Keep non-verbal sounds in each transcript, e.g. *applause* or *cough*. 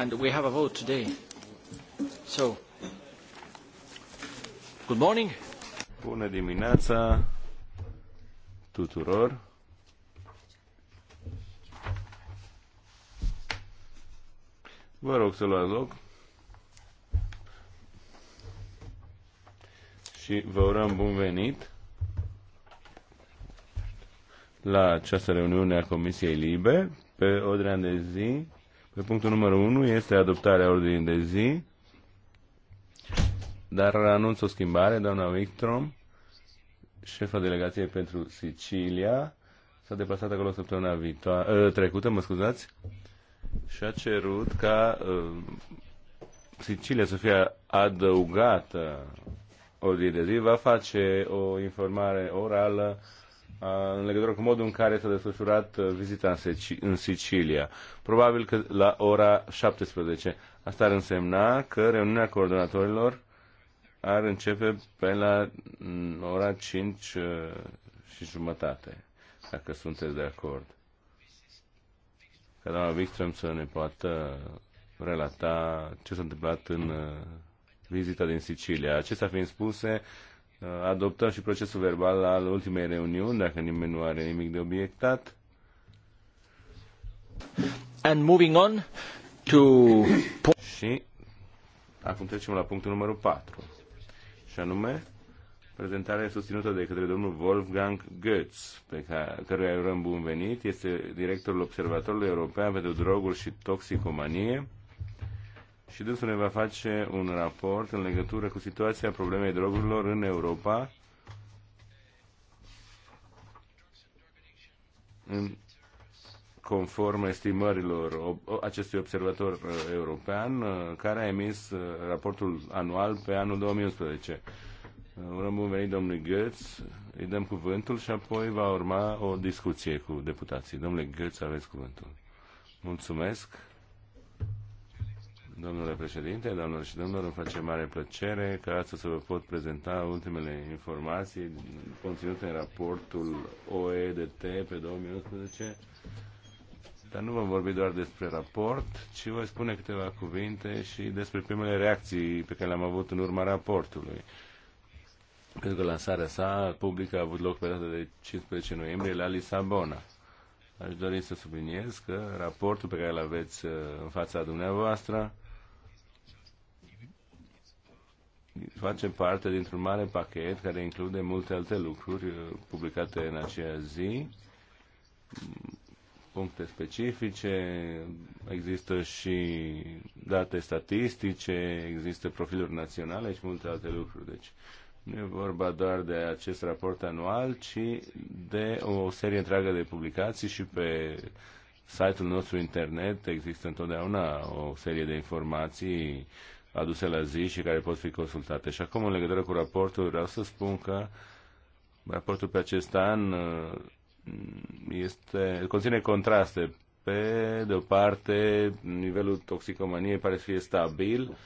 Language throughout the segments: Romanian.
and we have a vote today. So, good morning. Bună dimineața tuturor. Vă rog să luați loc. Și vă urăm bun venit la această reuniune a Comisiei Libe pe ordinea de zi Punctul numărul 1 este adoptarea ordinii de zi, dar anunț o schimbare, doamna Wictrom, șefa delegației pentru Sicilia, s-a deplasat acolo săptămâna viitoare, ă, trecută, mă scuzați, și a cerut ca uh, Sicilia să fie adăugată ordinii de zi, va face o informare orală Uh, în legătură cu modul în care s-a desfășurat uh, vizita în Sicilia. Probabil că la ora 17. Asta ar însemna că reuniunea coordonatorilor ar începe pe la mm, ora 5 uh, și jumătate, dacă sunteți de acord. Ca doamna Wikström să ne poată relata ce s-a întâmplat în vizita din Sicilia. Acestea fiind spuse, Uh, adoptăm și procesul verbal al ultimei reuniuni, dacă nimeni nu are nimic de obiectat. And moving on to... Și acum trecem la punctul numărul 4, și anume prezentarea susținută de către domnul Wolfgang Goetz, pe care, îi urăm bun venit, este directorul Observatorului European pentru Droguri și Toxicomanie, și dânsul ne va face un raport în legătură cu situația problemei drogurilor în Europa în conform estimărilor acestui observator uh, european uh, care a emis uh, raportul anual pe anul 2011. Urăm bun venit domnului Götz, îi dăm cuvântul și apoi va urma o discuție cu deputații. Domnule Götz, aveți cuvântul. Mulțumesc. Domnule președinte, doamnelor și domnilor, îmi face mare plăcere că astăzi să vă pot prezenta ultimele informații conținute în raportul OEDT pe 2011. Dar nu vom vorbi doar despre raport, ci voi spune câteva cuvinte și despre primele reacții pe care le-am avut în urma raportului. Pentru că lansarea sa publică a avut loc pe data de 15 noiembrie la Lisabona. Aș dori să subliniez că raportul pe care îl aveți uh, în fața dumneavoastră face parte dintr-un mare pachet care include multe alte lucruri uh, publicate în aceea zi, puncte specifice, există și date statistice, există profiluri naționale și multe alte lucruri. Deci nu e vorba doar de acest raport anual, ci de o serie întreagă de publicații și pe site-ul nostru internet există întotdeauna o serie de informații aduse la zi și care pot fi consultate. Și acum, în legătură cu raportul, vreau să spun că raportul pe acest an uh, este, conține contraste. Pe de o parte, nivelul toxicomaniei pare să fie stabil,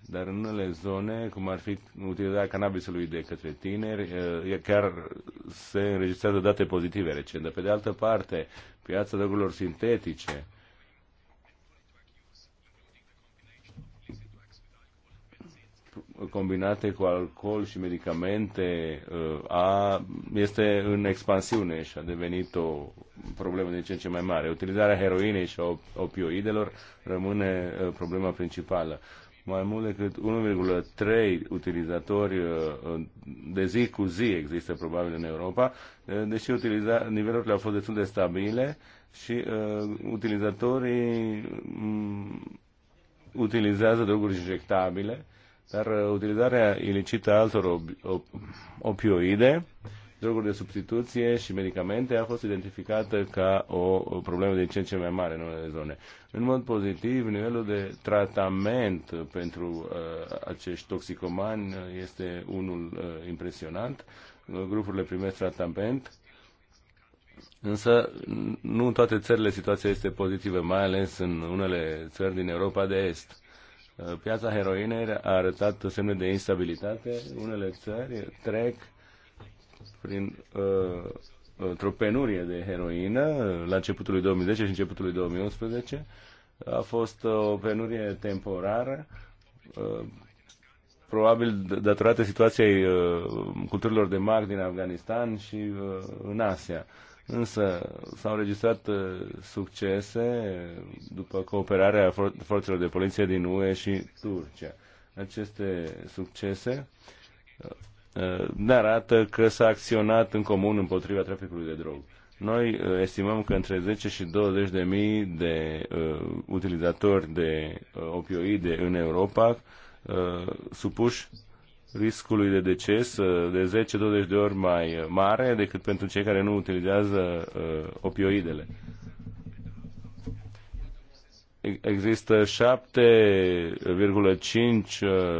dar în unele zone, cum ar fi utilizarea cannabisului de către tineri, uh, chiar se înregistrează date pozitive recent. Pe de altă parte, piața drogurilor sintetice combinate cu alcool și medicamente uh, a, este în expansiune și a devenit o problemă de ce în ce mai mare. Utilizarea heroinei și opioidelor rămâne uh, problema principală. Mai mult decât 1,3 utilizatori uh, de zi cu zi există probabil în Europa, deși utiliza, nivelurile au fost destul de stabile și utilizatorii mm, utilizează droguri injectabile dar uh, utilizarea ilicită a altor opioide, droguri de substituție și medicamente a fost identificată ca o problemă din ce în ce mai mare în unele zone. În mod pozitiv, nivelul de tratament pentru uh, acești toxicomani uh, este unul uh, impresionant. Uh, grupurile primesc tratament, însă nu în toate țările situația este pozitivă, mai ales în unele țări din Europa de Est Uh, piața heroinei a arătat semne de instabilitate. Unele țări trec prin uh, o penurie de heroină la începutul lui 2010 și începutul lui 2011. A fost uh, o penurie temporară, uh, probabil datorată situației culturilor de mag din Afganistan și în Asia. Însă s-au registrat uh, succese după cooperarea for- forțelor de poliție din UE și Turcia. Aceste succese uh, uh, ne arată că s-a acționat în comun împotriva traficului de drog. Noi estimăm că între 10 și 20 de mii de uh, utilizatori de uh, opioide în Europa uh, supuși riscului de deces uh, de 10-20 de ori mai mare decât pentru cei care nu utilizează uh, opioidele. Există 7,5 uh,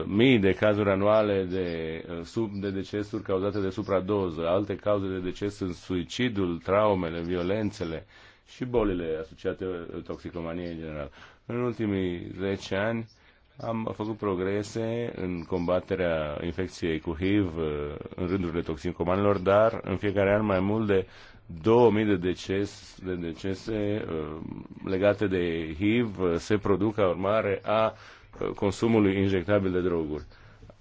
mii de cazuri anuale de, uh, sub, de decesuri cauzate de supradoză. Alte cauze de deces sunt suicidul, traumele, violențele și bolile asociate toxicomaniei în general. În ultimii 10 ani, uh, am făcut progrese în combaterea infecției cu HIV uh, în rândurile toxicomanilor, dar în fiecare an mai mult de 2000 de decese, de uh, decese legate de HIV uh, se produc ca urmare a consumului injectabil de droguri.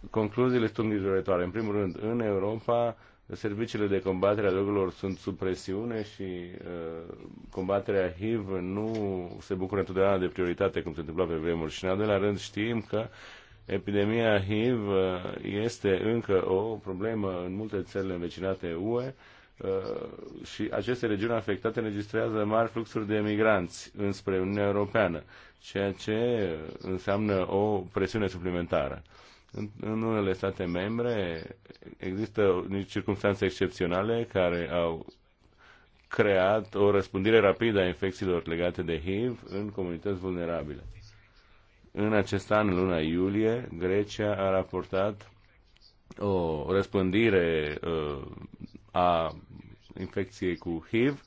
Concluziile sunt îngrijorătoare. În primul rând, în Europa serviciile de combatere a drogurilor sunt sub presiune și uh, combaterea HIV nu se bucură întotdeauna de prioritate, cum se întâmpla pe vremuri. Și în al doilea rând știm că epidemia HIV uh, este încă o problemă în multe țări învecinate UE uh, și aceste regiuni afectate înregistrează mari fluxuri de emigranți înspre Uniunea Europeană, ceea ce înseamnă o presiune suplimentară. Uh, în, în unele state membre există circunstanțe excepționale care au creat o răspândire rapidă a infecțiilor legate de HIV în comunități vulnerabile. În acest an, în luna iulie, Grecia a raportat o răspândire uh, a infecției cu HIV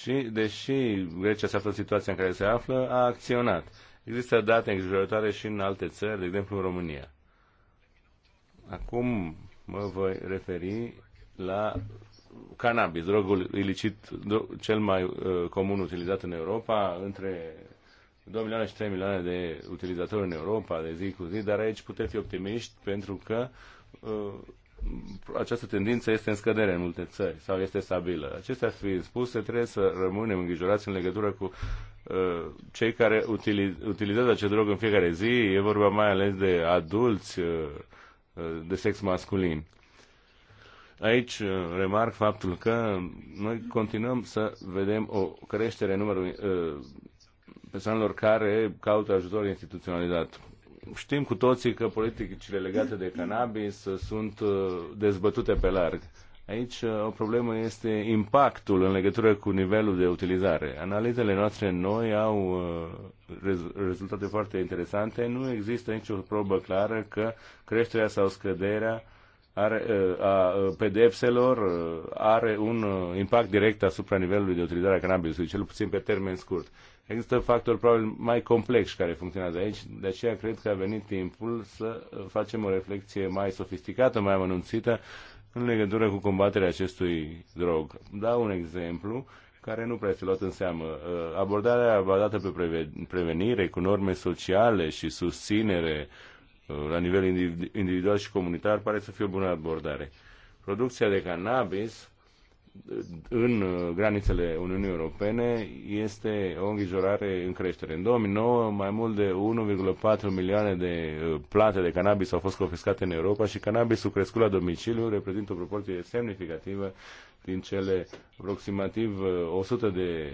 și, deși Grecia se află în situația în care se află, a acționat. Există date îngrijorătoare și în alte țări, de exemplu în România. Acum mă voi referi la cannabis, drogul ilicit cel mai uh, comun utilizat în Europa, între 2 milioane și 3 milioane de utilizatori în Europa de zi cu zi, dar aici puteți fi optimiști pentru că uh, această tendință este în scădere în multe țări sau este stabilă. Acestea fiind spuse, trebuie să rămânem îngrijorați în legătură cu uh, cei care utilizează acest drog în fiecare zi. E vorba mai ales de adulți uh, uh, de sex masculin. Aici remarc faptul că noi continuăm să vedem o creștere în numărul persoanelor care caută ajutor instituționalizat Știm cu toții că politicile legate de cannabis sunt uh, dezbătute pe larg. Aici uh, o problemă este impactul în legătură cu nivelul de utilizare. Analizele noastre noi au uh, rezultate foarte interesante. Nu există nicio probă clară că creșterea sau scăderea are, a pedepselor are un impact direct asupra nivelului de utilizare a cannabisului, cel puțin pe termen scurt. Există factori probabil mai complexi care funcționează aici, de aceea cred că a venit timpul să facem o reflexie mai sofisticată, mai amănunțită în legătură cu combaterea acestui drog. Dau un exemplu care nu prea este luat în seamă. Uh, abordarea bazată pe prevenire, cu norme sociale și susținere uh, la nivel individual și comunitar, pare să fie o bună abordare. Producția de cannabis în uh, granițele Uniunii Europene este o îngrijorare în creștere. În 2009, mai mult de 1,4 milioane de uh, plante de cannabis au fost confiscate în Europa și cannabisul crescut la domiciliu reprezintă o proporție semnificativă din cele aproximativ 100 uh, de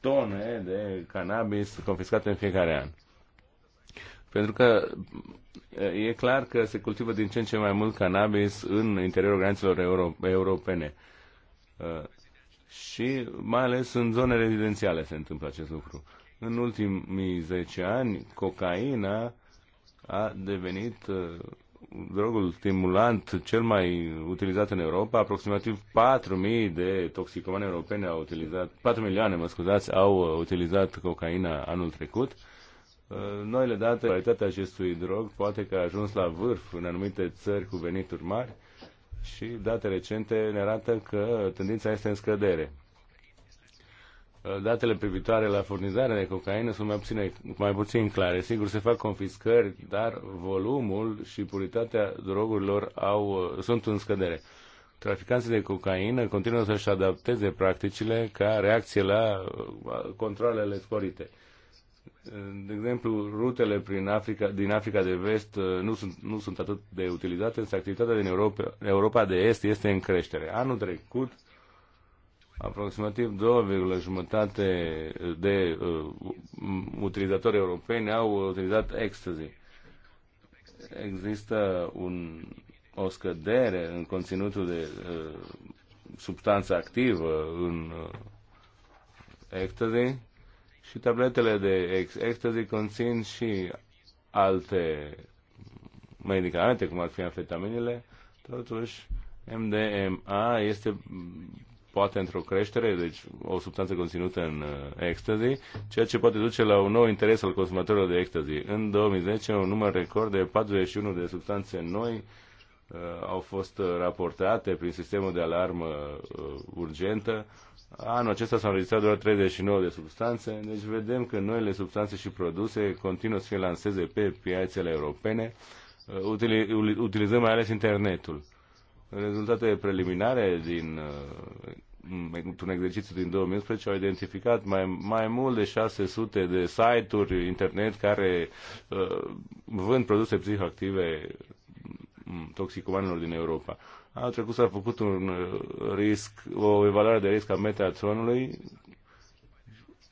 tone de cannabis confiscate în fiecare an. Pentru că e clar că se cultivă din ce în ce mai mult cannabis în interiorul granițelor euro- europene. Uh, și mai ales în zone rezidențiale se întâmplă acest lucru. În ultimii 10 ani, cocaina a devenit uh, drogul stimulant cel mai utilizat în Europa. Aproximativ 4.000 de toxicomani europene au utilizat, 4 milioane, mă scuzați, au uh, utilizat cocaina anul trecut. Uh, noile date, calitatea acestui drog poate că a ajuns la vârf în anumite țări cu venituri mari și date recente ne arată că tendința este în scădere. Datele privitoare la furnizarea de cocaină sunt mai puțin, mai puțin clare. Sigur, se fac confiscări, dar volumul și puritatea drogurilor au, sunt în scădere. Traficanții de cocaină continuă să-și adapteze practicile ca reacție la uh, controlele sporite de exemplu, rutele prin Africa, din Africa de Vest uh, nu sunt, nu sunt atât de utilizate, însă activitatea din Europa, Europa de Est este în creștere. Anul trecut, aproximativ 2,5 de uh, utilizatori europeni au utilizat ecstasy. Există un, o scădere în conținutul de uh, substanță activă în uh, ecstasy și tabletele de ecstasy conțin și alte medicamente, cum ar fi amfetaminele, totuși MDMA este poate într-o creștere, deci o substanță conținută în uh, ecstasy, ceea ce poate duce la un nou interes al consumatorilor de ecstasy. În 2010, un număr record de 41 de substanțe noi uh, au fost uh, raportate prin sistemul de alarmă uh, urgentă, Anul acesta s-au înregistrat doar 39 de substanțe, deci vedem că noile substanțe și produse continuă să se lanseze pe piațele europene, uh, utilizăm mai ales internetul. Rezultatele preliminare din uh, un exercițiu din 2011 au identificat mai, mai mult de 600 de site-uri internet care uh, vând produse psihoactive mm, toxicomanilor din Europa. Anul trecut s-a făcut un uh, risc, o evaluare de risc a metatronului,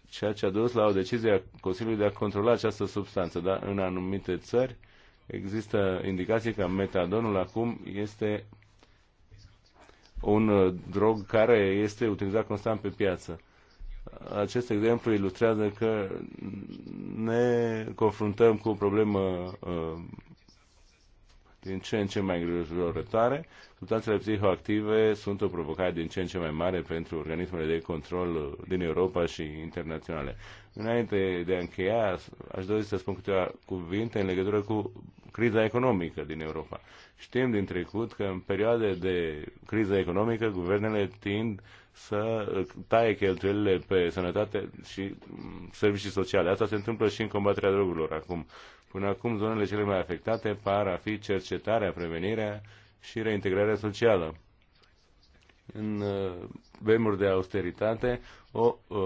ceea ce a dus la o decizie a Consiliului de a controla această substanță, dar în anumite țări există indicații că metadonul acum este un uh, drog care este utilizat constant pe piață. Acest exemplu ilustrează că ne confruntăm cu o problemă uh, din ce în ce mai îngrijorătoare. Substanțele psihoactive sunt o provocare din ce în ce mai mare pentru organismele de control din Europa și internaționale. Înainte de a încheia, aș dori să spun câteva cuvinte în legătură cu criza economică din Europa. Știm din trecut că în perioade de criză economică, guvernele tind să taie cheltuielile pe sănătate și servicii sociale. Asta se întâmplă și în combaterea drogurilor acum. Până acum, zonele cele mai afectate par a fi cercetarea, prevenirea și reintegrarea socială. În uh, vremuri de austeritate, o uh,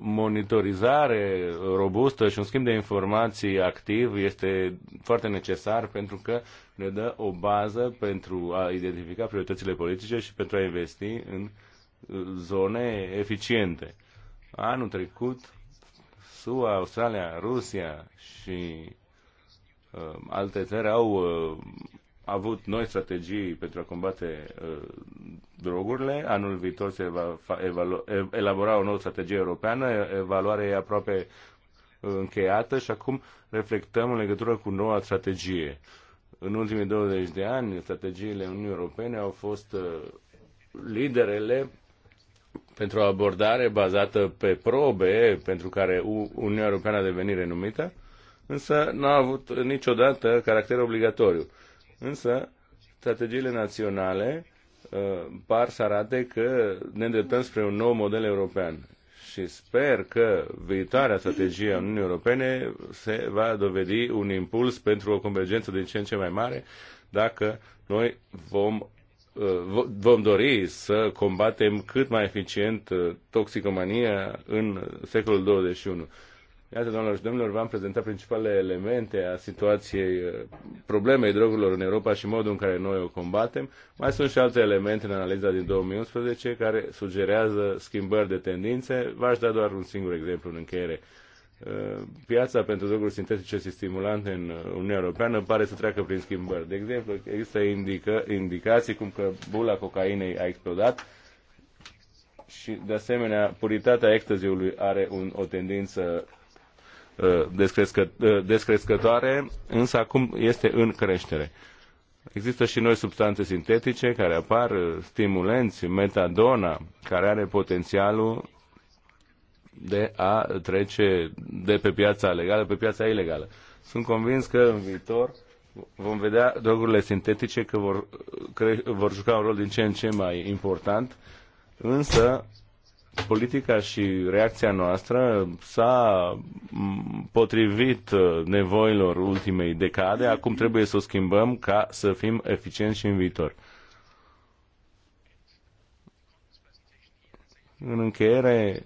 monitorizare robustă și un schimb de informații activ este foarte necesar pentru că ne dă o bază pentru a identifica prioritățile politice și pentru a investi în uh, zone eficiente. Anul trecut, SUA, Australia, Rusia și Ehm, alte țări au ehm, avut noi strategii pentru a combate ehm, drogurile. Anul viitor se va elabora o nouă strategie europeană, evaluarea e aproape încheiată și acum reflectăm în legătură cu noua strategie. În ultimii 20 de ani, strategiile Uniunii Europene au fost liderele pentru o abordare bazată pe probe pentru care Uniunea Europeană a devenit renumită însă nu a avut niciodată caracter obligatoriu. Însă, strategiile naționale uh, par să arate că ne îndreptăm spre un nou model european și sper că viitoarea strategie a Uniunii Europene se va dovedi un impuls pentru o convergență din ce în ce mai mare dacă noi vom, uh, vom dori să combatem cât mai eficient uh, toxicomania în secolul 21. Iată, doamnelor și domnilor, v-am prezentat principalele elemente a situației uh, problemei drogurilor în Europa și modul în care noi o combatem. Mai sunt și alte elemente în analiza din 2011 care sugerează schimbări de tendințe. V-aș da doar un singur exemplu în încheiere. Uh, piața pentru droguri sintetice și stimulante în Uniunea Europeană pare să treacă prin schimbări. De exemplu, există indică, indicații cum că bula cocainei a explodat, și, de asemenea, puritatea extaziului are un, o tendință Uh, descrescă, uh, descrescătoare, însă acum este în creștere. Există și noi substanțe sintetice care apar, uh, stimulenți, metadona, care are potențialul de a trece de pe piața legală pe piața ilegală. Sunt convins că în viitor vom vedea drogurile sintetice că vor, cre, vor juca un rol din ce în ce mai important, însă politica și reacția noastră s-a potrivit uh, nevoilor ultimei decade, acum trebuie să o schimbăm ca să fim eficienți și în viitor. În încheiere,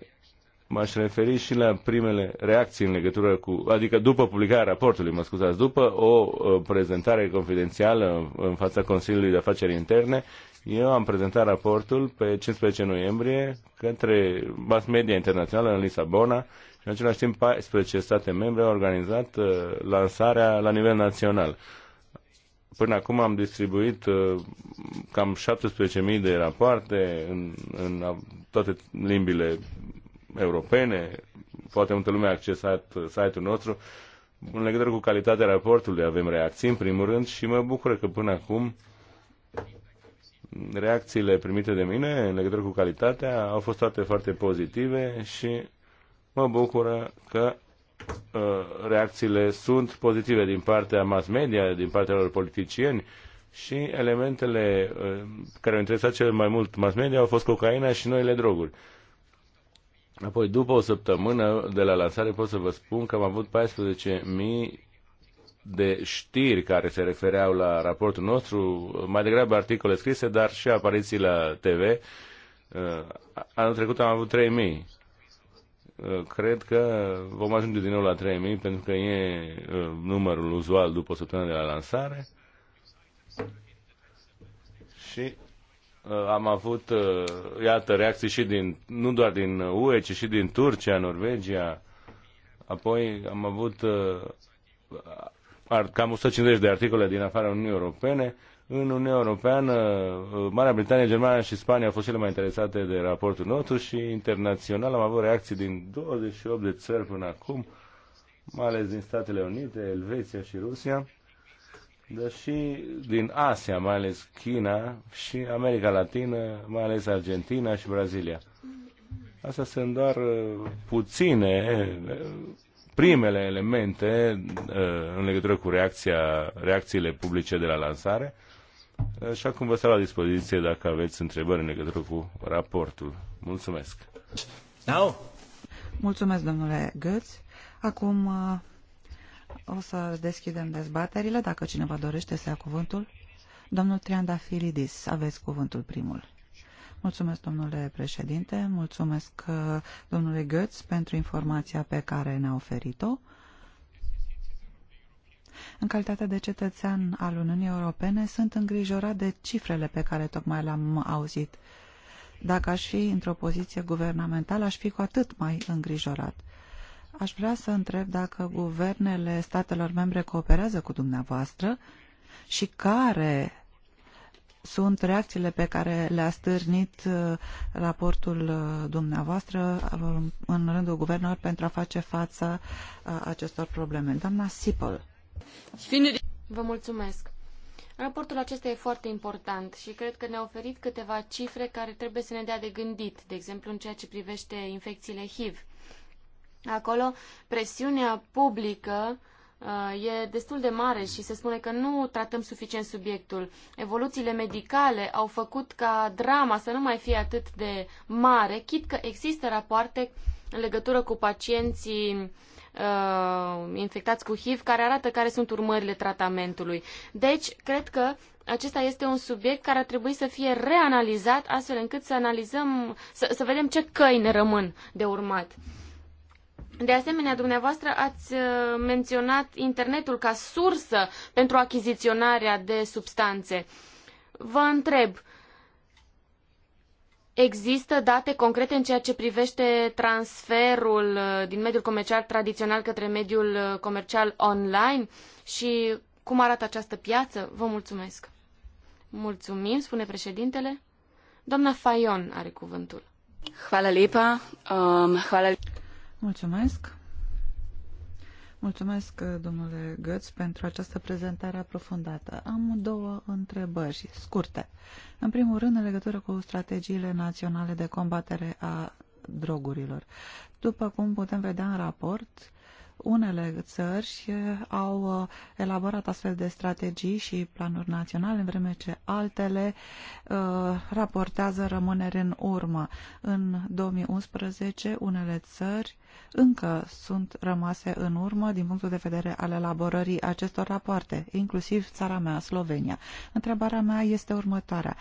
m-aș referi și la primele reacții în legătură cu, adică după publicarea raportului, mă scuzați, după o uh, prezentare confidențială în fața Consiliului de Afaceri Interne, eu am prezentat raportul pe 15 noiembrie către mass media internațională în Lisabona și în același timp 14 state membre au organizat uh, lansarea la nivel național. Până acum am distribuit uh, cam 17.000 de rapoarte în, în toate limbile europene. Poate multă lume a accesat uh, site-ul nostru. În legătură cu calitatea raportului avem reacții, în primul rând, și mă bucur că până acum uh, reacțiile primite de mine în legătură cu calitatea au fost toate foarte pozitive și mă bucură că uh, reacțiile sunt pozitive din partea mass media, din partea lor politicieni și elementele uh, care au interesat cel mai mult mass media au fost cocaina și noile droguri. Apoi, după o săptămână de la lansare, pot să vă spun că am avut 14.000 de știri care se refereau la raportul nostru, mai degrabă articole scrise, dar și apariții la TV. Uh, anul trecut am avut 3.000. Uh, cred că vom ajunge din nou la 3.000 pentru că e uh, numărul uzual după o săptămână de la lansare. Și am avut, iată, reacții și din, nu doar din UE, ci și din Turcia, Norvegia. Apoi am avut cam 150 de articole din afara Uniunii Europene. În Uniunea Europeană, uh, Marea Britanie, Germania și Spania au fost cele mai interesate de raportul nostru și internațional am avut reacții din 28 de țări până acum, mai ales din Statele Unite, Elveția și Rusia, dar și din Asia, mai ales China și America Latină, mai ales Argentina și Brazilia. Astea sunt doar uh, puține uh, primele elemente uh, în legătură cu reacția, reacțiile publice de la lansare. Uh, Așa cum vă stau la dispoziție dacă aveți întrebări în legătură cu raportul. Mulțumesc! Now. Mulțumesc, domnule Găț. Acum uh, o să deschidem dezbaterile, dacă cineva dorește să ia cuvântul. Domnul Trianda Filidis, aveți cuvântul primul. Mulțumesc, domnule președinte, mulțumesc uh, domnule Götz pentru informația pe care ne-a oferit-o. În calitate de cetățean al Uniunii Europene, sunt îngrijorat de cifrele pe care tocmai le-am auzit. Dacă aș fi într-o poziție guvernamentală, aș fi cu atât mai îngrijorat. Aș vrea să întreb dacă guvernele statelor membre cooperează cu dumneavoastră și care sunt reacțiile pe care le-a stârnit uh, raportul uh, dumneavoastră uh, în rândul guvernelor pentru a face față acestor probleme. Doamna Sipol. Vă mulțumesc. Raportul acesta e foarte important și cred că ne-a oferit câteva cifre care trebuie să ne dea de gândit, de exemplu în ceea ce privește infecțiile HIV. Acolo, presiunea publică Uh, e destul de mare și se spune că nu tratăm suficient subiectul. Evoluțiile medicale au făcut ca drama să nu mai fie atât de mare, chit că există rapoarte în legătură cu pacienții uh, infectați cu HIV care arată care sunt urmările tratamentului. Deci, cred că acesta este un subiect care ar trebui să fie reanalizat astfel încât să analizăm, să, să vedem ce căi ne rămân de urmat. De asemenea, dumneavoastră ați uh, menționat internetul ca sursă pentru achiziționarea de substanțe. Vă întreb, există date concrete în ceea ce privește transferul uh, din mediul comercial tradițional către mediul uh, comercial online și cum arată această piață? Vă mulțumesc. Mulțumim, spune președintele. Doamna Fayon are cuvântul. Hvala Lipa, Um, hvala Mulțumesc. Mulțumesc, domnule Găț, pentru această prezentare aprofundată. Am două întrebări scurte. În primul rând, în legătură cu strategiile naționale de combatere a drogurilor. După cum putem vedea în raport, uh, unele țări uh, au uh, elaborat astfel de strategii și planuri naționale, în vreme ce altele uh, raportează rămânere în urmă. În 2011, unele țări încă sunt rămase în urmă din punctul de vedere al elaborării acestor rapoarte, inclusiv țara mea, Slovenia. Întrebarea mea este următoarea.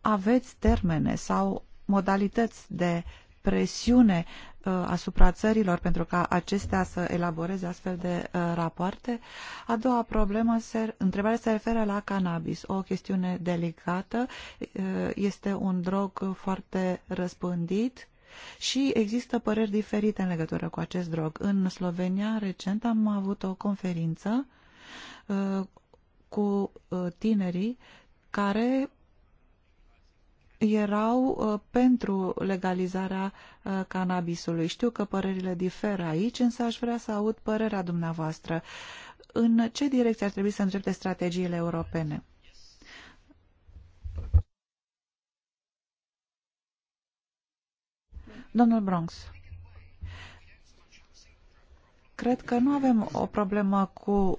Aveți termene sau modalități de presiune uh, asupra țărilor pentru ca acestea să elaboreze astfel de uh, rapoarte. A doua problemă, se, întrebarea se referă la cannabis, o chestiune delicată, uh, este un drog foarte răspândit, și există păreri diferite în legătură cu acest drog. În Slovenia, recent, am avut o conferință uh, cu tinerii care erau uh, pentru legalizarea uh, cannabisului. Știu că părerile diferă aici, însă aș vrea să aud părerea dumneavoastră. În ce direcție ar trebui să îndrepte strategiile europene? Domnul Bronx. Cred că nu avem o problemă cu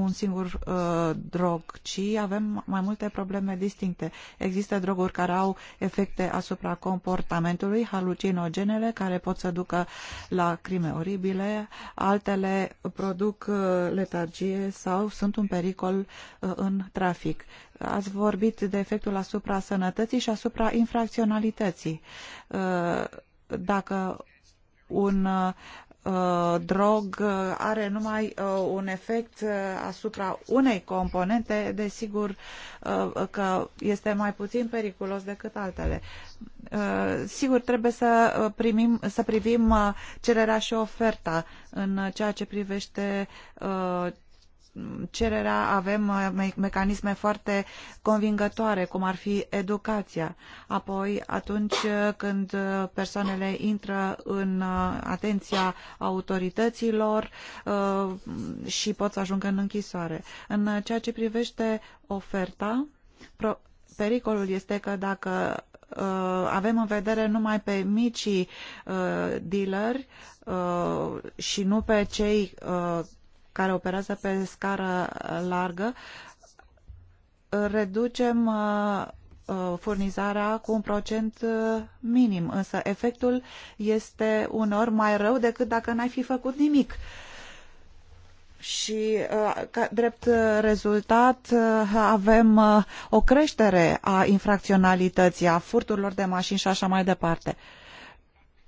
un singur uh, drog, ci avem mai multe probleme distincte. Există droguri care au efecte asupra comportamentului, halucinogenele care pot să ducă la crime oribile, altele produc uh, letargie sau sunt un pericol uh, în trafic. Ați vorbit de efectul asupra sănătății și asupra infracționalității. Uh, dacă un uh, Uh, drog uh, are numai uh, un efect asupra unei componente, desigur că este mai puțin periculos decât altele. Sigur, trebuie să, primim, să privim cererea și oferta în ceea ce privește cererea avem uh, mecanisme foarte convingătoare, cum ar fi educația. Apoi, atunci uh, când uh, persoanele intră în atenția autorităților și pot să ajungă în închisoare. În ceea ce privește oferta, pericolul este că dacă avem în vedere numai pe micii dealeri și nu pe cei care operează pe scară uh, largă, uh, reducem uh, furnizarea cu un procent minim, însă efectul este unor mai rău decât dacă n-ai fi făcut nimic. Și ca drept rezultat avem o creștere a infracționalității, a furturilor de mașini și așa mai departe.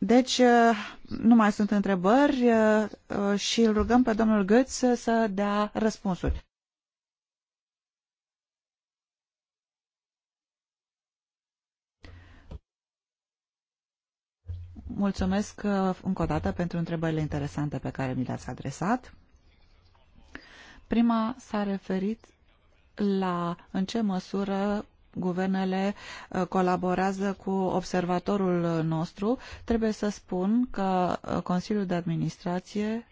Deci, uh, nu mai sunt întrebări uh, uh, și îl rugăm pe domnul Găț să dea răspunsuri. Mulțumesc încă o dată pentru întrebările interesante pe care mi le-ați adresat. Prima s-a referit la în ce măsură guvernele uh, colaborează cu observatorul nostru, trebuie să spun că uh, Consiliul de Administrație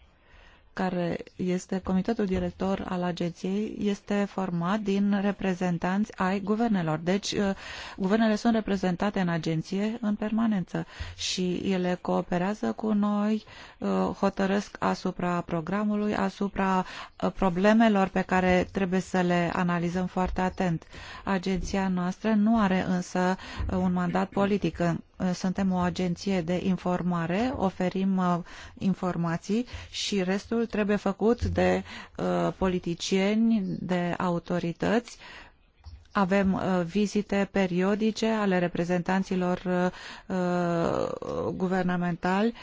care este comitetul director al agenției, este format din reprezentanți ai guvernelor. Deci, uh, guvernele sunt reprezentate în agenție în permanență și ele cooperează cu noi, uh, hotărăsc asupra programului, asupra uh, problemelor pe care trebuie să le analizăm foarte atent. Agenția noastră nu are însă un mandat politic Eh, suntem o agenție de informare, oferim eh, informații și restul trebuie făcut de eh, politicieni, de autorități avem uh, vizite periodice ale reprezentanților uh, uh, guvernamentali.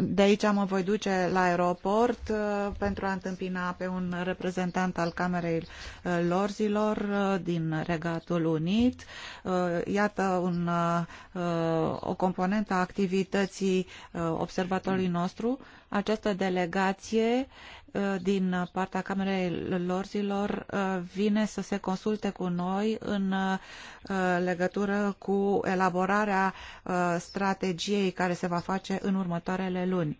De aici mă voi duce la aeroport pentru a întâmpina pe un reprezentant al Camerei Lorzilor din Regatul Unit. Iată un, o componentă a activității observatorului nostru. Această delegație uh, Uh, din partea Camerei Lorzilor uh, vine să se consulte cu noi în uh, legătură cu elaborarea strategiei care se va face în următoarele luni.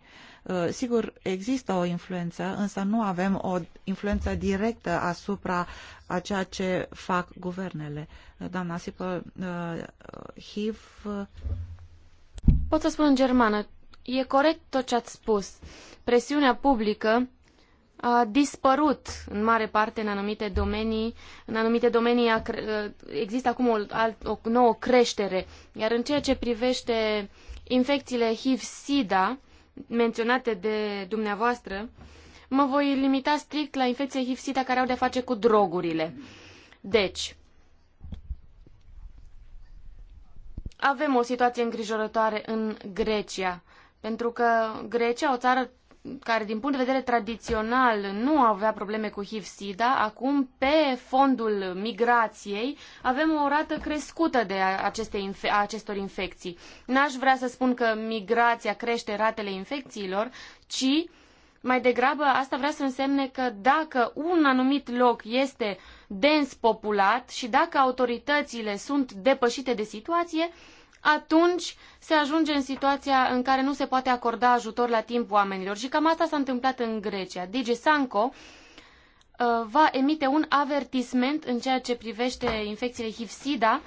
Sigur, există o influență, însă nu avem o influență directă asupra a ceea ce fac guvernele. Doamna Sipă, HIV... Pot să spun în germană. E corect tot ce ați spus. Presiunea publică a dispărut în mare parte în anumite domenii. În anumite domenii ă, există acum o, o nouă creștere. Iar în ceea ce privește infecțiile HIV-SIDA, menționate de dumneavoastră, mă voi limita strict la infecțiile HIV-SIDA care au de-a face cu drogurile. Deci, avem o situație îngrijorătoare în Grecia, pentru că Grecia, o țară care din punct de vedere tradițional nu avea probleme cu HIV-SIDA, acum pe fondul migrației avem o rată crescută de aceste infe- acestor infecții. N-aș vrea să spun că migrația crește ratele infecțiilor, ci mai degrabă asta vrea să însemne că dacă un anumit loc este dens populat și dacă autoritățile sunt depășite de situație, atunci se ajunge în situația în care nu se poate acorda ajutor la timp oamenilor. Și cam asta s-a întâmplat în Grecia. Digi Sanco uh, va emite un avertisment în ceea ce privește infecțiile HIV-SIDA.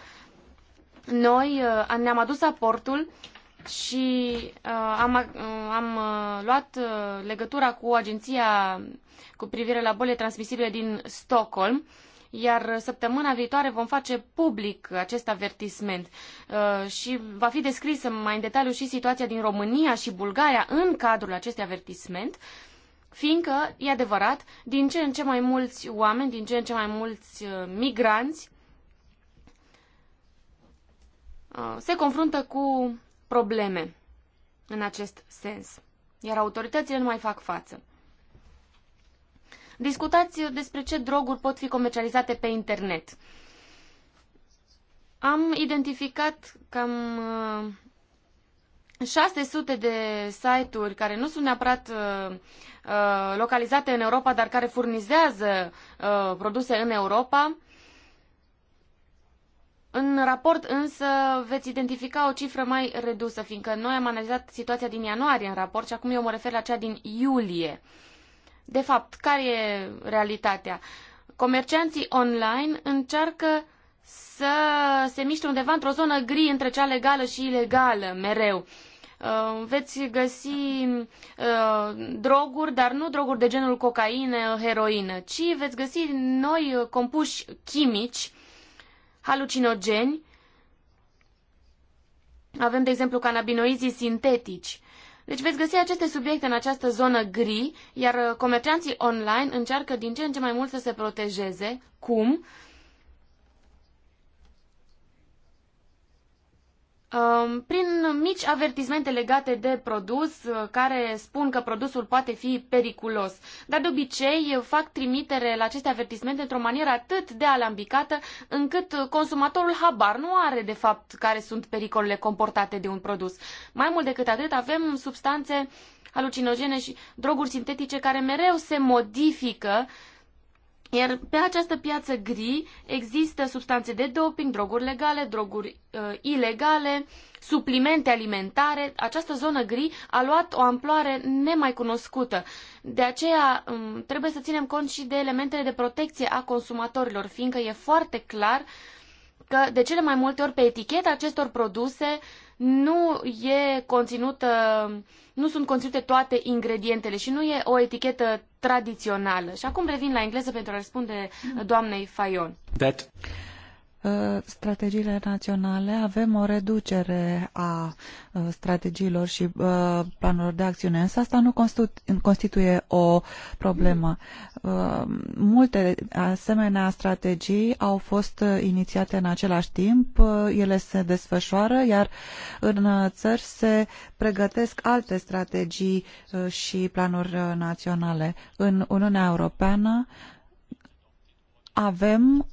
Noi uh, ne-am adus aportul și uh, am, am luat legătura cu agenția cu privire la bolile transmisibile din Stockholm iar săptămâna viitoare vom face public acest avertisment uh, și va fi descrisă mai în detaliu și situația din România și Bulgaria în cadrul acestui avertisment, fiindcă, e adevărat, din ce în ce mai mulți oameni, din ce în ce mai mulți uh, migranți uh, se confruntă cu probleme în acest sens, iar autoritățile nu mai fac față. Discutați despre ce droguri pot fi comercializate pe internet. Am identificat cam 600 uh, de site-uri care nu sunt neapărat uh, uh, localizate în Europa, dar care furnizează uh, produse în Europa. În raport însă veți identifica o cifră mai redusă, fiindcă noi am analizat situația din ianuarie în raport și acum eu mă refer la cea din iulie. Uh, de fapt, care e realitatea? Comercianții online încearcă să se miște undeva într-o zonă gri între cea legală și ilegală, mereu. Uh, veți găsi uh, droguri, dar nu droguri de genul cocaină, heroină, ci veți găsi noi compuși chimici, halucinogeni. Avem, de exemplu, canabinoizii sintetici deci veți găsi aceste subiecte în această zonă gri, iar uh, comercianții online încearcă din ce în ce mai mult să se protejeze. Cum? Um, prin mici avertismente legate de produs uh, care spun că produsul poate fi periculos. Dar de obicei uh, fac trimitere la aceste avertismente într-o manieră atât de alambicată încât uh, consumatorul habar nu are de fapt care sunt pericolele comportate de un produs. Mai mult decât atât avem substanțe alucinogene și droguri sintetice care mereu se modifică uh, iar pe această piață gri există substanțe de doping, droguri legale, droguri uh, ilegale, suplimente alimentare. Această zonă gri a luat o amploare nemai cunoscută. De aceea um, trebuie să ținem cont și de elementele de protecție a consumatorilor, fiindcă e foarte clar că de cele mai multe ori pe eticheta acestor produse uh, nu e conținută, nu sunt conținute toate ingredientele și nu e o etichetă tradițională. Și acum revin la engleză pentru a răspunde mm. doamnei Fayon. That... Ă, strategiile naționale avem o reducere a ă, strategiilor și ă, planurilor de acțiune, însă asta nu constituie o problemă. Multe asemenea strategii au fost inițiate în același timp, ele se desfășoară, iar în țări se pregătesc alte strategii și planuri naționale. În Uniunea Europeană avem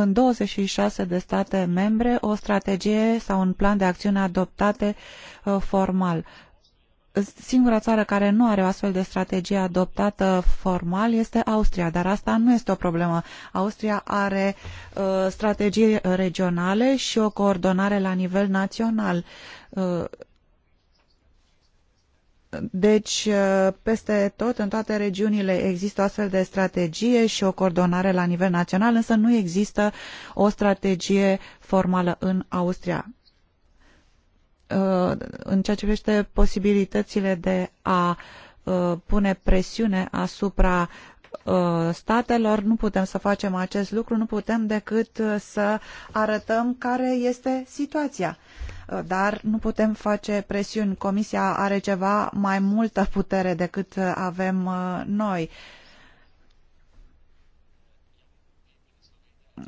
în 26 de state membre o strategie sau un plan de acțiune adoptate uh, formal. Singura țară care nu are o astfel de strategie adoptată formal este Austria, dar asta nu este o problemă. Austria are uh, strategii regionale și o coordonare la nivel național. Uh, deci, uh, peste tot, în toate regiunile, există o astfel de strategie și o coordonare la nivel național, însă nu există o strategie formală în Austria. Uh, în ceea ce privește posibilitățile de a uh, pune presiune asupra statelor, nu putem să facem acest lucru, nu putem decât să arătăm care este situația dar nu putem face presiuni. Comisia are ceva mai multă putere decât avem uh, noi.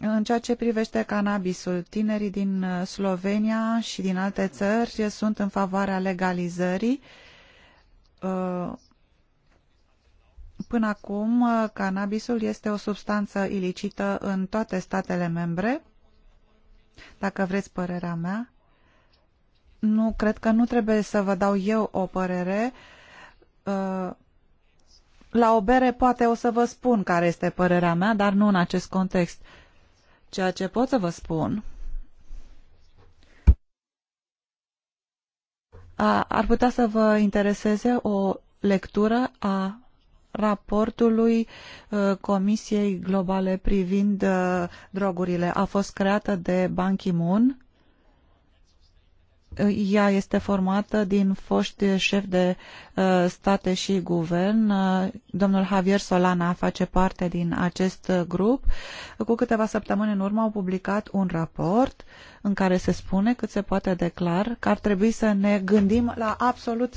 În ceea ce privește cannabisul, tinerii din uh, Slovenia și din alte țări sunt în favoarea legalizării. Uh, până acum, cannabisul este o substanță ilicită în toate statele membre. Dacă vreți părerea mea, nu cred că nu trebuie să vă dau eu o părere. Uh, la o bere poate o să vă spun care este părerea mea, dar nu în acest context. Ceea ce pot să vă spun ar putea să vă intereseze o lectură a raportului uh, Comisiei Globale privind uh, drogurile. A fost creată de Ban Ki-moon ea este formată din foști șefi de uh, state și guvern. Uh, domnul Javier Solana face parte din acest grup. Cu câteva săptămâni în urmă au publicat un raport în care se spune cât se poate declar că ar trebui să ne gândim la absolut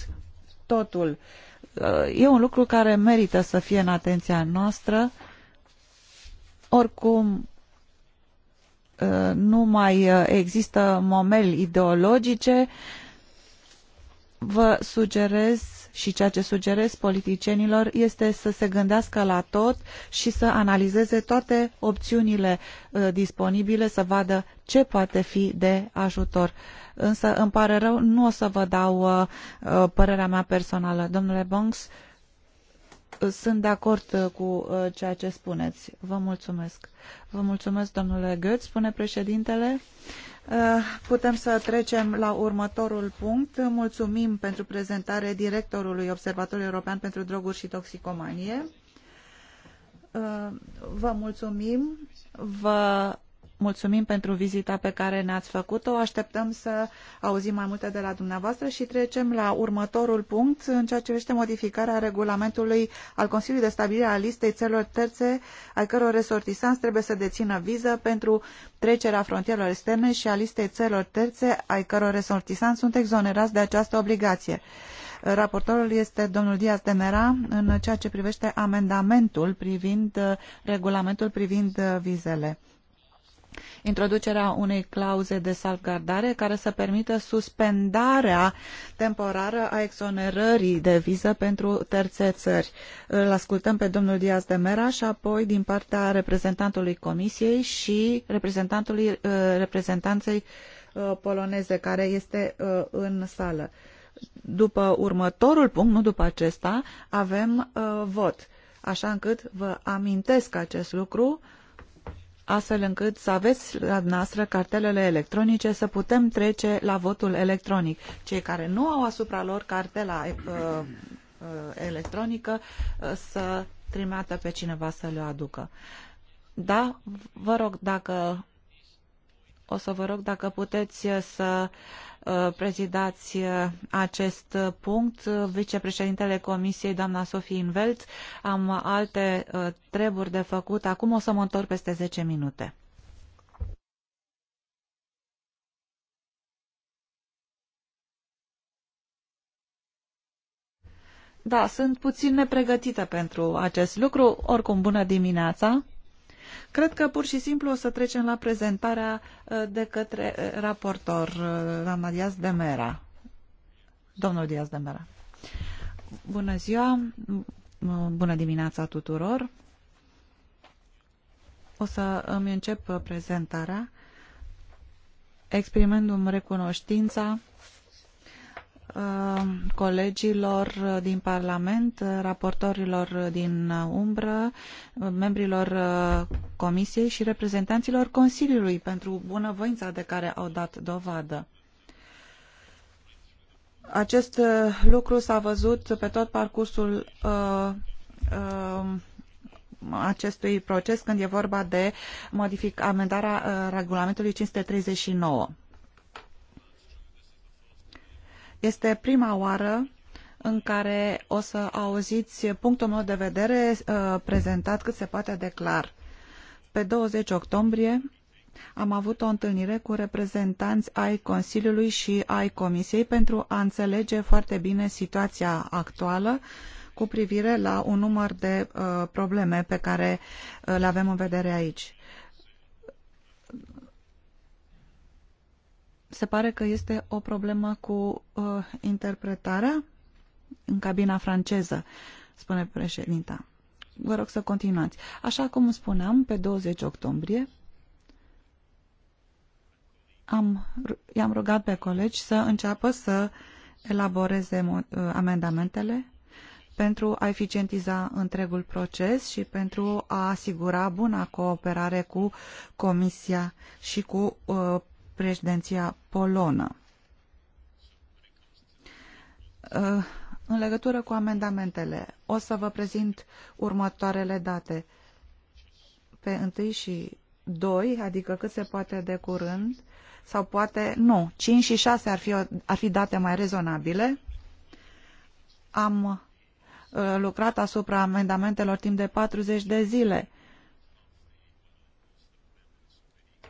totul. Uh, e un lucru care merită să fie în atenția noastră. Oricum, Uh, nu mai uh, există momeli ideologice, vă sugerez și ceea ce sugerez politicienilor este să se gândească la tot și să analizeze toate opțiunile uh, disponibile, să vadă ce poate fi de ajutor. Însă, îmi pare rău, nu o să vă dau părerea mea personală. Domnule Bongs, sunt de acord uh, cu uh, ceea ce spuneți. Vă mulțumesc. Vă mulțumesc, domnule Goetz, spune președintele. Uh, putem să trecem la următorul punct. Mulțumim pentru prezentare directorului Observatorului European pentru Droguri și Toxicomanie. Vă mulțumim. Vă mulțumim pentru vizita pe care ne-ați făcut-o. Așteptăm să auzim mai multe de la dumneavoastră și trecem la următorul punct în ceea ce privește modificarea regulamentului al Consiliului de Stabilire a listei țelor terțe al căror resortisanți trebuie să dețină viză pentru trecerea frontierelor externe și a listei țelor terțe ai căror resortisanți sunt exonerați de această obligație. Raportorul este domnul Diaz de Mera în ceea ce privește amendamentul privind uh, regulamentul privind uh, vizele introducerea unei clauze de salvgardare care să permită suspendarea temporară a exonerării de viză pentru terțe țări. Îl ascultăm pe domnul Diaz de Mera și apoi din partea reprezentantului Comisiei și reprezentantului uh, reprezentanței uh, poloneze care este uh, în sală. După următorul punct, nu după acesta, avem vot. Așa încât vă amintesc acest lucru, astfel încât să aveți la noastră cartelele electronice, să putem trece la votul electronic. Cei care nu au asupra lor cartela uh, uh, electronică uh, să trimeată pe cineva să le aducă. Da, vă rog, dacă o să vă rog dacă puteți uh, să uh, prezidați uh, acest punct. Vicepreședintele Comisiei, doamna Sofie Invelt, am alte treburi de făcut. Acum o să mă întorc peste 10 minute. Da, sunt puțin nepregătită pentru acest lucru. Oricum, bună dimineața! Cred că pur și simplu o să trecem la prezentarea uh, de către uh, raportor, uh, doamna Diaz de Mera. Domnul Diaz de Mera. Bună ziua, bună dimineața tuturor. O să îmi încep prezentarea exprimându-mi recunoștința Uh, colegilor din Parlament, uh, raportorilor din umbră, uh, membrilor Comisiei și reprezentanților Consiliului pentru bunăvoința de care au dat dovadă. Acest lucru s-a văzut pe tot parcursul uh, uh, acestui proces când e vorba de modific amendarea uh, regulamentului 539. Este prima oară în care o să auziți punctul meu de vedere uh, prezentat cât se poate de clar. Pe 20 octombrie am avut o întâlnire cu reprezentanți ai Consiliului și ai Comisiei pentru a înțelege foarte bine situația actuală cu privire la un număr de uh, probleme pe care uh, le avem în vedere aici. Se pare că este o problemă cu uh, interpretarea în cabina franceză, spune președinta. Vă rog să continuați. Așa cum spuneam, pe 20 octombrie am, i-am rugat pe colegi să înceapă să elaboreze uh, amendamentele pentru a eficientiza întregul proces și pentru a asigura buna cooperare cu Comisia și cu uh, președinția polonă. Uh, în legătură cu amendamentele, o să vă prezint următoarele date. Pe 1 și 2, adică cât se poate de curând, sau poate nu, 5 și 6 ar fi, ar fi date mai rezonabile. Am uh, lucrat asupra amendamentelor timp de 40 de zile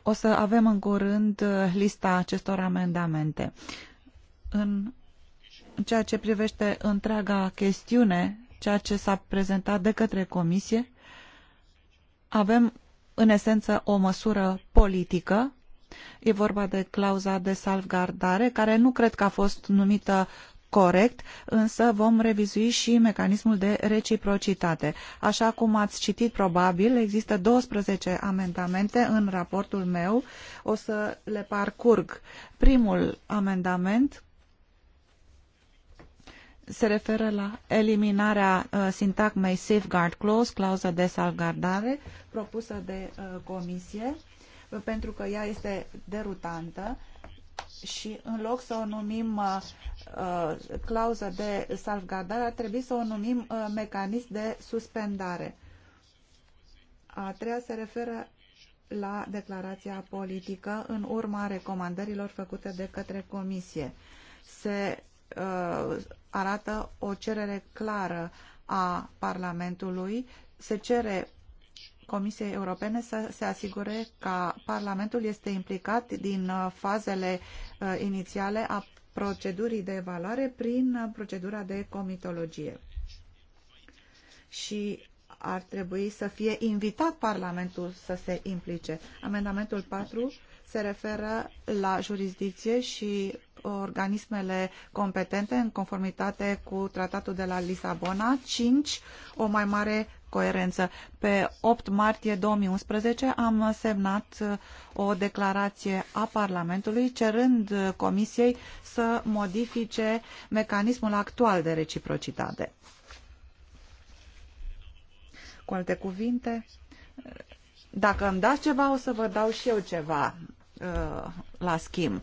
O să avem în curând uh, lista acestor amendamente. În ceea ce privește întreaga chestiune, ceea ce s-a prezentat de către Comisie, avem în esență o măsură politică. E vorba de clauza de salvgardare, care nu cred că a fost numită corect, însă vom revizui și mecanismul de reciprocitate. Așa cum ați citit probabil, există 12 amendamente în raportul meu. O să le parcurg. Primul amendament se referă la eliminarea uh, sintagmei safeguard clause, clauză de salvgardare, propusă de uh, comisie, pentru că ea este derutantă și în loc să o numim uh, uh, clauză de salvgardare, ar trebui să o numim uh, mecanism de suspendare. A treia se referă la declarația politică în urma recomandărilor făcute de către Comisie. Se uh, arată o cerere clară a Parlamentului, se cere Comisiei Europene să se asigure că Parlamentul este implicat din uh, fazele uh, inițiale a procedurii de evaluare prin uh, procedura de comitologie. Și ar trebui să fie invitat Parlamentul să se implice. Amendamentul 4 se referă la jurisdicție și organismele competente în conformitate cu tratatul de la Lisabona. 5. O mai mare coerență. Pe 8 martie 2011 am semnat uh, o declarație a Parlamentului cerând uh, Comisiei să modifice mecanismul actual de reciprocitate. Cu alte cuvinte, uh, dacă îmi dați ceva, o să vă dau și eu ceva la schimb.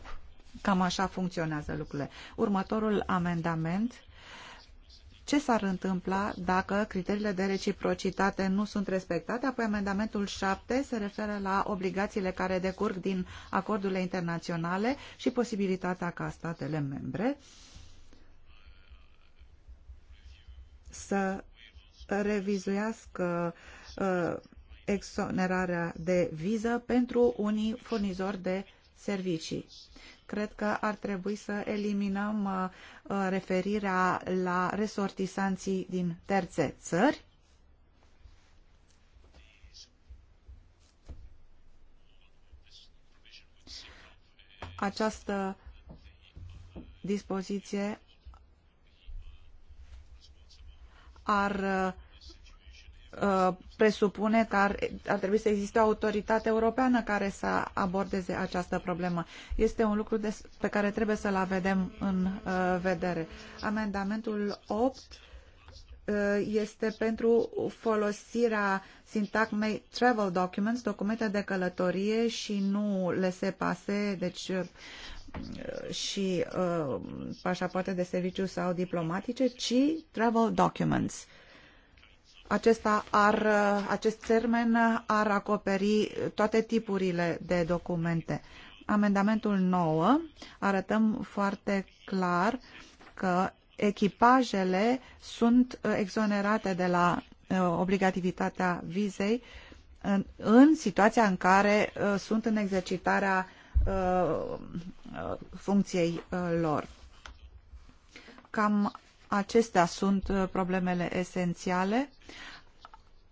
Cam așa funcționează lucrurile. Următorul amendament ce s-ar întâmpla dacă criteriile de reciprocitate nu sunt respectate? Apoi amendamentul 7 se referă la obligațiile care decurg din acordurile internaționale și posibilitatea ca statele membre să revizuiască uh, exonerarea de viză pentru unii furnizori de servicii cred că ar trebui să eliminăm uh, uh, referirea la resortisanții din terțe țări. Această dispoziție ar uh, Uh, presupune că ar, ar trebui să existe o autoritate europeană care să abordeze această problemă. Este un lucru des, pe care trebuie să-l avem în uh, vedere. Amendamentul 8 uh, este pentru folosirea sintagmei travel documents, documente de călătorie și nu le se pase, deci uh, și uh, pașapoarte de serviciu sau diplomatice, ci travel documents. Uh, acesta ar, acest termen ar acoperi toate tipurile de documente. Amendamentul 9 arătăm foarte clar că echipajele sunt exonerate de la uh, obligativitatea vizei în, în situația în care uh, sunt în exercitarea uh, funcției lor. Cam Acestea sunt uh, problemele esențiale.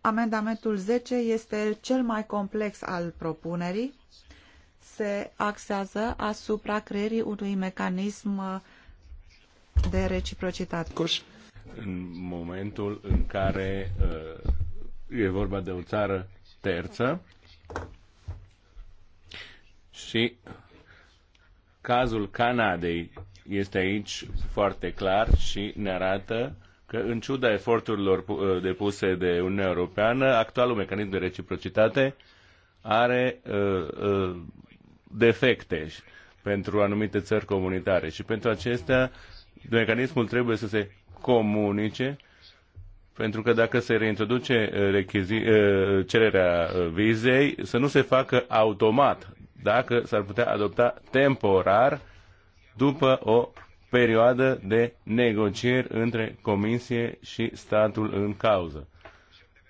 Amendamentul 10 este cel mai complex al propunerii. Se axează asupra creierii unui mecanism uh, de reciprocitate. În momentul în care uh, e vorba de o țară terță și cazul Canadei este aici foarte clar și ne arată că în ciuda eforturilor uh, depuse de Uniunea Europeană, actualul mecanism de reciprocitate are uh, uh, defecte pentru anumite țări comunitare și pentru acestea mecanismul trebuie să se comunice pentru că dacă se reintroduce uh, rechizi, uh, cererea vizei, să nu se facă automat, dacă s-ar putea adopta temporar după o perioadă de negocieri între Comisie și statul în cauză.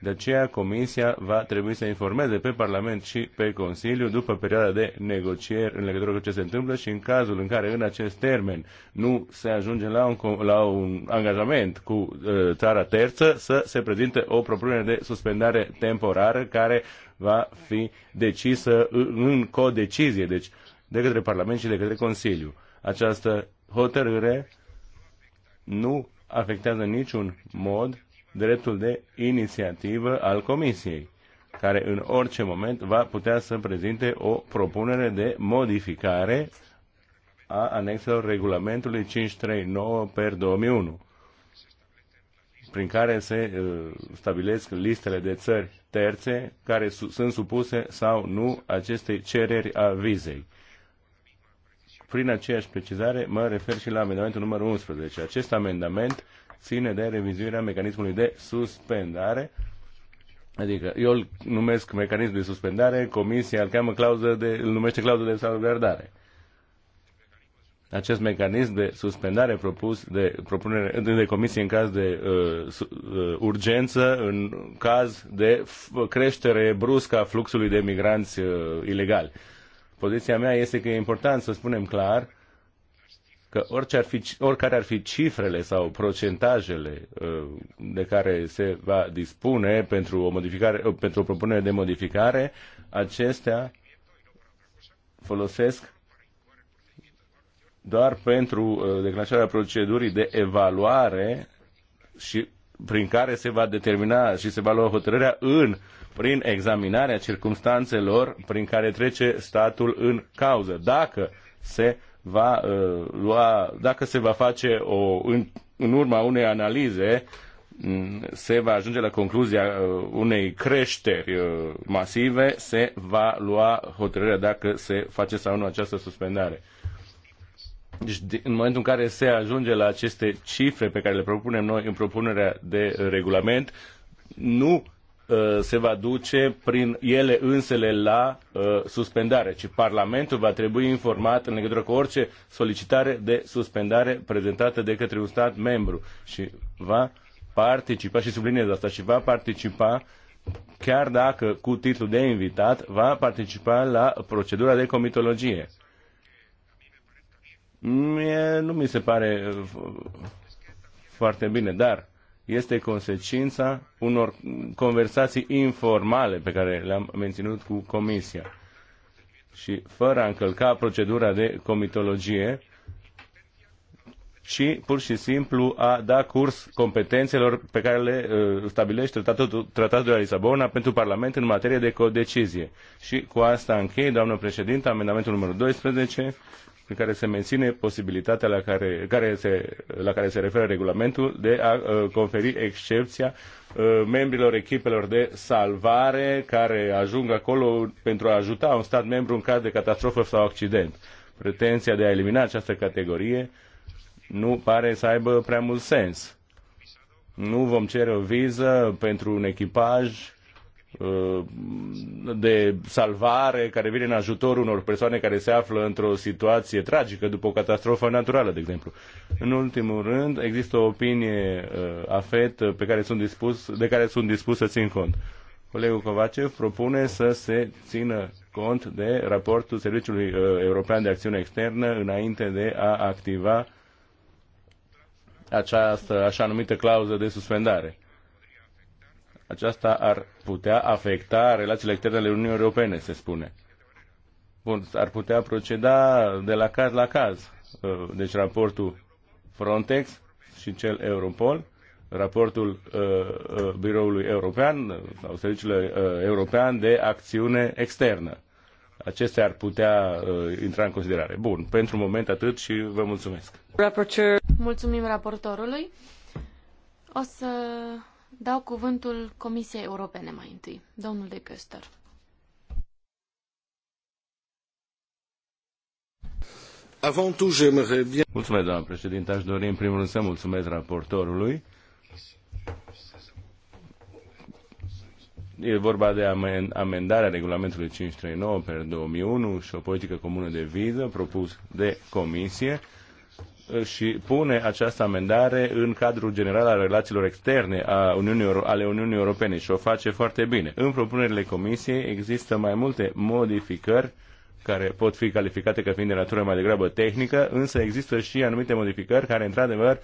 De aceea, Comisia va trebui să informeze pe Parlament și pe Consiliu după perioada de negocieri în legătură cu ce se întâmplă și în cazul în care în acest termen nu se ajunge la un, la un angajament cu uh, țara terță, să se prezinte o propunere de suspendare temporară care va fi decisă în codecizie, deci de către Parlament și de către Consiliu. Această hotărâre nu afectează niciun mod dreptul de inițiativă al Comisiei, care în orice moment va putea să prezinte o propunere de modificare a anexelor regulamentului 539 per 2001, prin care se uh, stabilesc listele de țări terțe care sunt supuse sau nu acestei cereri a vizei prin aceeași precizare mă refer și la amendamentul numărul 11. Acest amendament ține de revizuirea mecanismului de suspendare, adică eu îl numesc mecanism de suspendare, comisia îl, cheamă clauză de, îl numește clauză de salvgardare. Acest mecanism de suspendare propus de, propunere, de, de comisie în caz de uh, uh, urgență, în caz de creștere bruscă a fluxului de migranți uh, ilegali. Uh, Poziția mea este că e important să spunem clar că orice ar fi, oricare ar fi cifrele sau procentajele uh, de care se va dispune pentru o, modificare, uh, pentru o propunere de modificare, acestea folosesc doar pentru uh, declanșarea procedurii de evaluare și prin care se va determina și se va lua hotărârea în prin examinarea circumstanțelor prin care trece statul în cauză. Dacă se va uh, lua, dacă se va face o, în, în urma unei analize, se va ajunge la concluzia uh, unei creșteri uh, masive, se va lua hotărârea dacă se face sau nu această suspendare. Deci, în momentul în care se ajunge la aceste cifre pe care le propunem noi în propunerea de regulament, nu Uh, se va duce prin ele însele la uh, suspendare, ci Parlamentul va trebui informat în legătură cu orice solicitare de suspendare prezentată de către un stat membru și va participa, și subliniez asta, și va participa chiar dacă cu titlu de invitat, va participa la procedura de comitologie. Mie nu mi se pare uh, foarte bine, dar este consecința unor conversații informale pe care le-am menținut cu Comisia. Și fără a încălca procedura de comitologie, ci pur și simplu a da curs competențelor pe care le uh, stabilește tratatul, tratatul de la Lisabona pentru Parlament în materie de codecizie. Și cu asta închei, doamnă președinte, amendamentul numărul 12 prin care se menține posibilitatea la care, care se, la care se referă regulamentul de a uh, conferi excepția uh, membrilor echipelor de salvare care ajung acolo pentru a ajuta un stat membru în caz de catastrofă sau accident. Pretenția de a elimina această categorie nu pare să aibă prea mult sens. Nu vom cere o viză pentru un echipaj Uh, de salvare care vine în ajutor unor persoane care se află într-o situație tragică după o catastrofă naturală, de exemplu. În ultimul rând, există o opinie uh, afet pe care sunt dispus, de care sunt dispus să țin cont. Colegul Covacev propune să se țină cont de raportul Serviciului uh, European de Acțiune Externă înainte de a activa această așa numită clauză de suspendare aceasta ar putea afecta relațiile externe ale Uniunii Europene, se spune. Bun, ar putea proceda de la caz la caz. Uh, deci raportul Frontex și cel Europol, raportul uh, uh Biroului European uh, sau Serviciului uh, European de Acțiune Externă. Acestea ar putea uh, intra în considerare. Bun, pentru moment atât și vă mulțumesc. Raporteur. Mulțumim raportorului. O să Dau cuvântul Comisiei Europene mai întâi. Domnul de Köster. Avant tout, j'aimerais bien... Mulțumesc, doamnă președinte. Aș dori în primul rând să mulțumesc raportorului. E vorba de amendarea regulamentului 539 per 2001 și o politică comună de viză propus de comisie și pune această amendare în cadrul general al relațiilor externe a Uniunii, ale Uniunii Europene și o face foarte bine. În propunerile Comisiei există mai multe modificări care pot fi calificate ca fiind de natură mai degrabă tehnică, însă există și anumite modificări care, într-adevăr,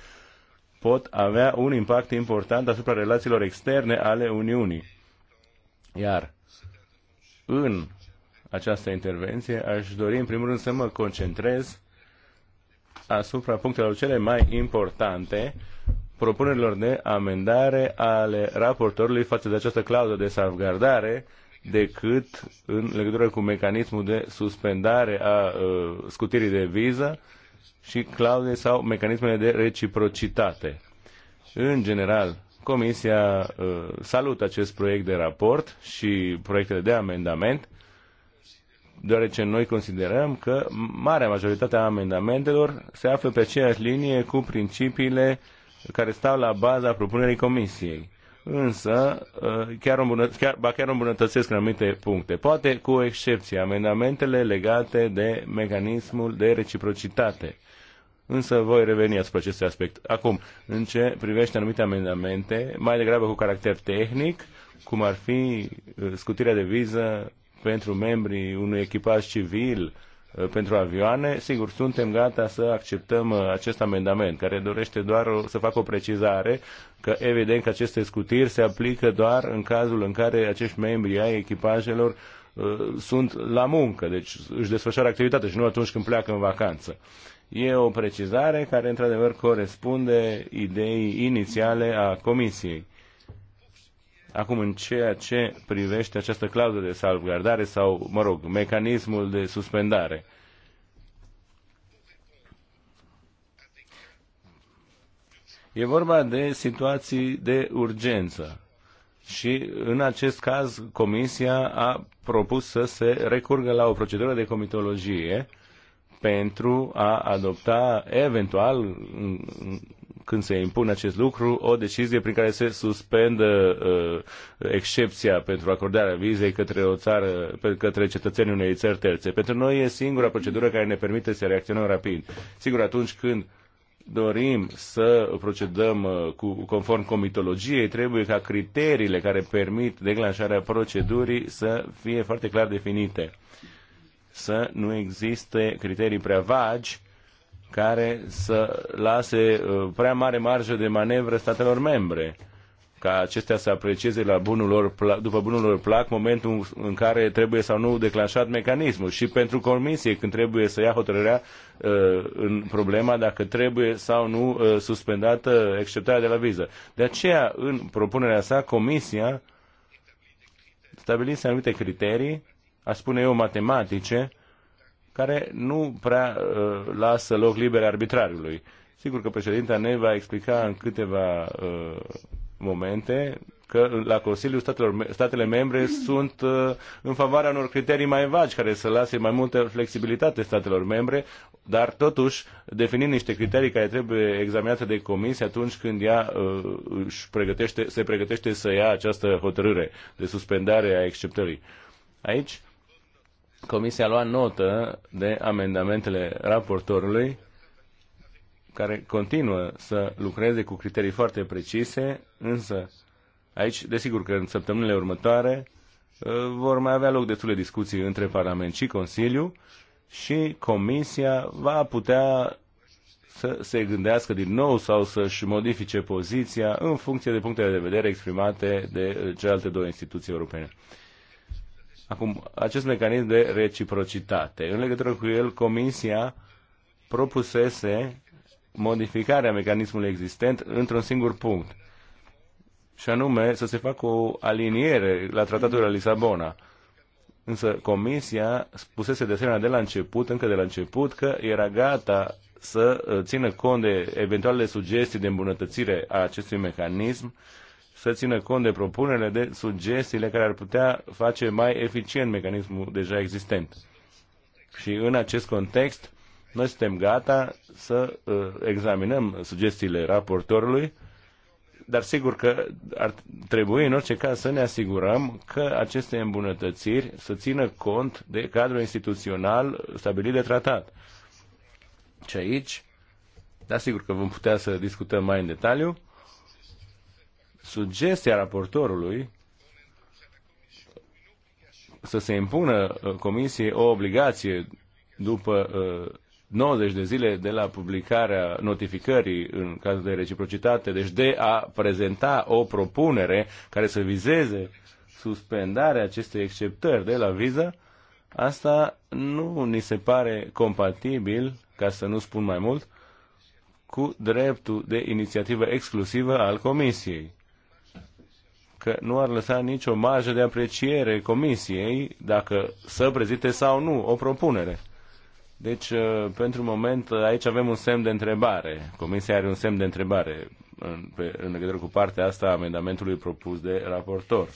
pot avea un impact important asupra relațiilor externe ale Uniunii. Iar în această intervenție aș dori, în primul rând, să mă concentrez asupra punctelor cele mai importante propunerilor de amendare ale raportorului față de această clauză de salvgardare decât în legătură cu mecanismul de suspendare a uh, scutirii de viză și clauze sau mecanismele de reciprocitate. În general, Comisia uh, salută acest proiect de raport și proiectele de amendament deoarece noi considerăm că marea majoritate a amendamentelor se află pe aceeași linie cu principiile care stau la baza propunerii Comisiei. Însă, ă, chiar, îmbunătă- chiar, ba chiar îmbunătățesc în anumite puncte, poate cu excepție amendamentele legate de mecanismul de reciprocitate. Însă voi reveni asupra acestui aspect. Acum, în ce privește anumite amendamente, mai degrabă cu caracter tehnic, cum ar fi ă, scutirea de viză pentru membrii unui echipaj civil uh, pentru avioane, sigur, suntem gata să acceptăm uh, acest amendament, care dorește doar să facă o precizare că evident că aceste scutiri se aplică doar în cazul în care acești membri ai echipajelor uh, sunt la muncă, deci își desfășoară activitatea și nu atunci când pleacă în vacanță. E o precizare care, într-adevăr, corespunde ideii inițiale a Comisiei. Acum, în ceea ce privește această clauză de salvgardare sau, mă rog, mecanismul de suspendare, E vorba de situații de urgență. Și în acest caz, Comisia a propus să se recurgă la o procedură de comitologie pentru a adopta eventual când se impune acest lucru, o decizie prin care se suspendă uh, excepția pentru acordarea vizei către o țară, către cetățenii unei țări terțe. Pentru noi e singura procedură care ne permite să reacționăm rapid. Sigur, atunci când dorim să procedăm uh, cu, conform comitologiei, trebuie ca criteriile care permit declanșarea procedurii să fie foarte clar definite să nu existe criterii prea vagi care să lase uh, prea mare marjă de manevră statelor membre ca acestea să aprecieze la bunul lor plac, după bunul lor plac momentul în care trebuie sau nu declanșat mecanismul și pentru comisie când trebuie să ia hotărârea uh, în problema dacă trebuie sau nu uh, suspendată exceptarea de la viză. De aceea, în propunerea sa, comisia stabilise anumite criterii a spune eu, matematice, care nu prea uh, lasă loc liber arbitrariului. Sigur că președinta ne va explica în câteva uh, momente că la Consiliul Statelor, statele membre sunt uh, în favoarea unor criterii mai vagi care să lase mai multă flexibilitate statelor membre, dar totuși definind niște criterii care trebuie examinate de comisie atunci când ea uh, își pregătește, se pregătește să ia această hotărâre de suspendare a exceptării. Aici Comisia a luat notă de amendamentele raportorului care continuă să lucreze cu criterii foarte precise, însă aici, desigur că în săptămânile următoare ă, vor mai avea loc destule discuții între Parlament și Consiliu și Comisia va putea să se gândească din nou sau să-și modifice poziția în funcție de punctele de vedere exprimate de ă, celelalte două instituții europene. Acum, acest mecanism de reciprocitate. În legătură cu el, Comisia propusese modificarea mecanismului existent într-un singur punct. Și anume să se facă o aliniere la Tratatul de la Lisabona. Însă Comisia spusese de asemenea de la început, încă de la început, că era gata să uh, țină cont de eventuale sugestii de îmbunătățire a acestui mecanism să țină cont de propunerile, de sugestiile care ar putea face mai eficient mecanismul deja existent. Și în acest context, noi suntem gata să uh, examinăm sugestiile raportorului, dar sigur că ar trebui în orice caz să ne asigurăm că aceste îmbunătățiri să țină cont de cadrul instituțional stabilit de tratat. Și aici, da, sigur că vom putea să discutăm mai în detaliu, sugestia raportorului să se impună uh, Comisiei o obligație după 90 uh, de zile de la publicarea notificării în cazul de reciprocitate, deci de a prezenta o propunere care să vizeze suspendarea acestei exceptări de la viză, asta nu ni se pare compatibil, ca să nu spun mai mult, cu dreptul de inițiativă exclusivă al Comisiei că nu ar lăsa nicio marjă de apreciere comisiei dacă să prezinte sau nu o propunere. Deci, uh, pentru moment, uh, aici avem un semn de întrebare. Comisia are un semn de întrebare în, pe, în legătură cu partea asta a amendamentului propus de raportor.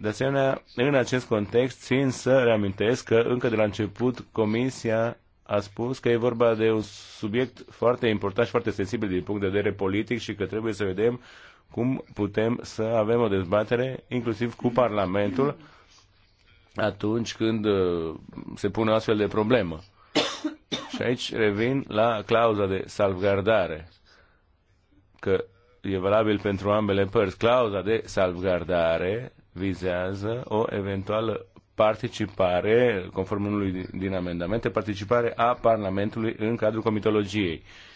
De asemenea, în acest context, țin să reamintesc că încă de la început Comisia a spus că e vorba de un subiect foarte important și foarte sensibil din punct de vedere politic și că trebuie să vedem cum putem să avem o dezbatere inclusiv cu Parlamentul atunci când uh, se pune o astfel de problemă. Și aici revin la clauza de salvgardare, că e valabil pentru ambele părți. Clauza de salvgardare vizează o eventuală participare, conform unului din amendamente, participare a Parlamentului în cadrul comitologiei. Uh,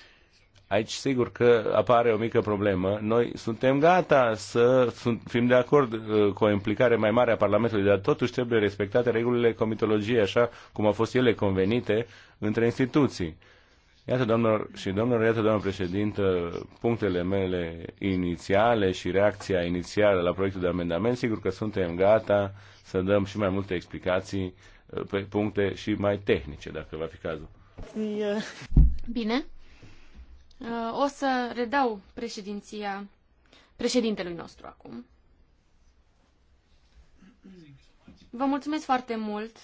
Aici sigur că apare o mică problemă. Noi suntem gata să fim de acord uh, cu o implicare mai mare a Parlamentului, dar totuși trebuie respectate regulile comitologiei, așa cum au fost ele convenite între instituții. Iată, domnilor și domnilor, iată, doamnă președintă, punctele mele inițiale și reacția inițială la proiectul de amendament. Sigur că suntem gata să dăm și mai multe explicații uh, pe puncte și mai tehnice, dacă va fi cazul. Bine. Uh, o să redau președinția președintelui nostru acum. Vă mulțumesc foarte mult,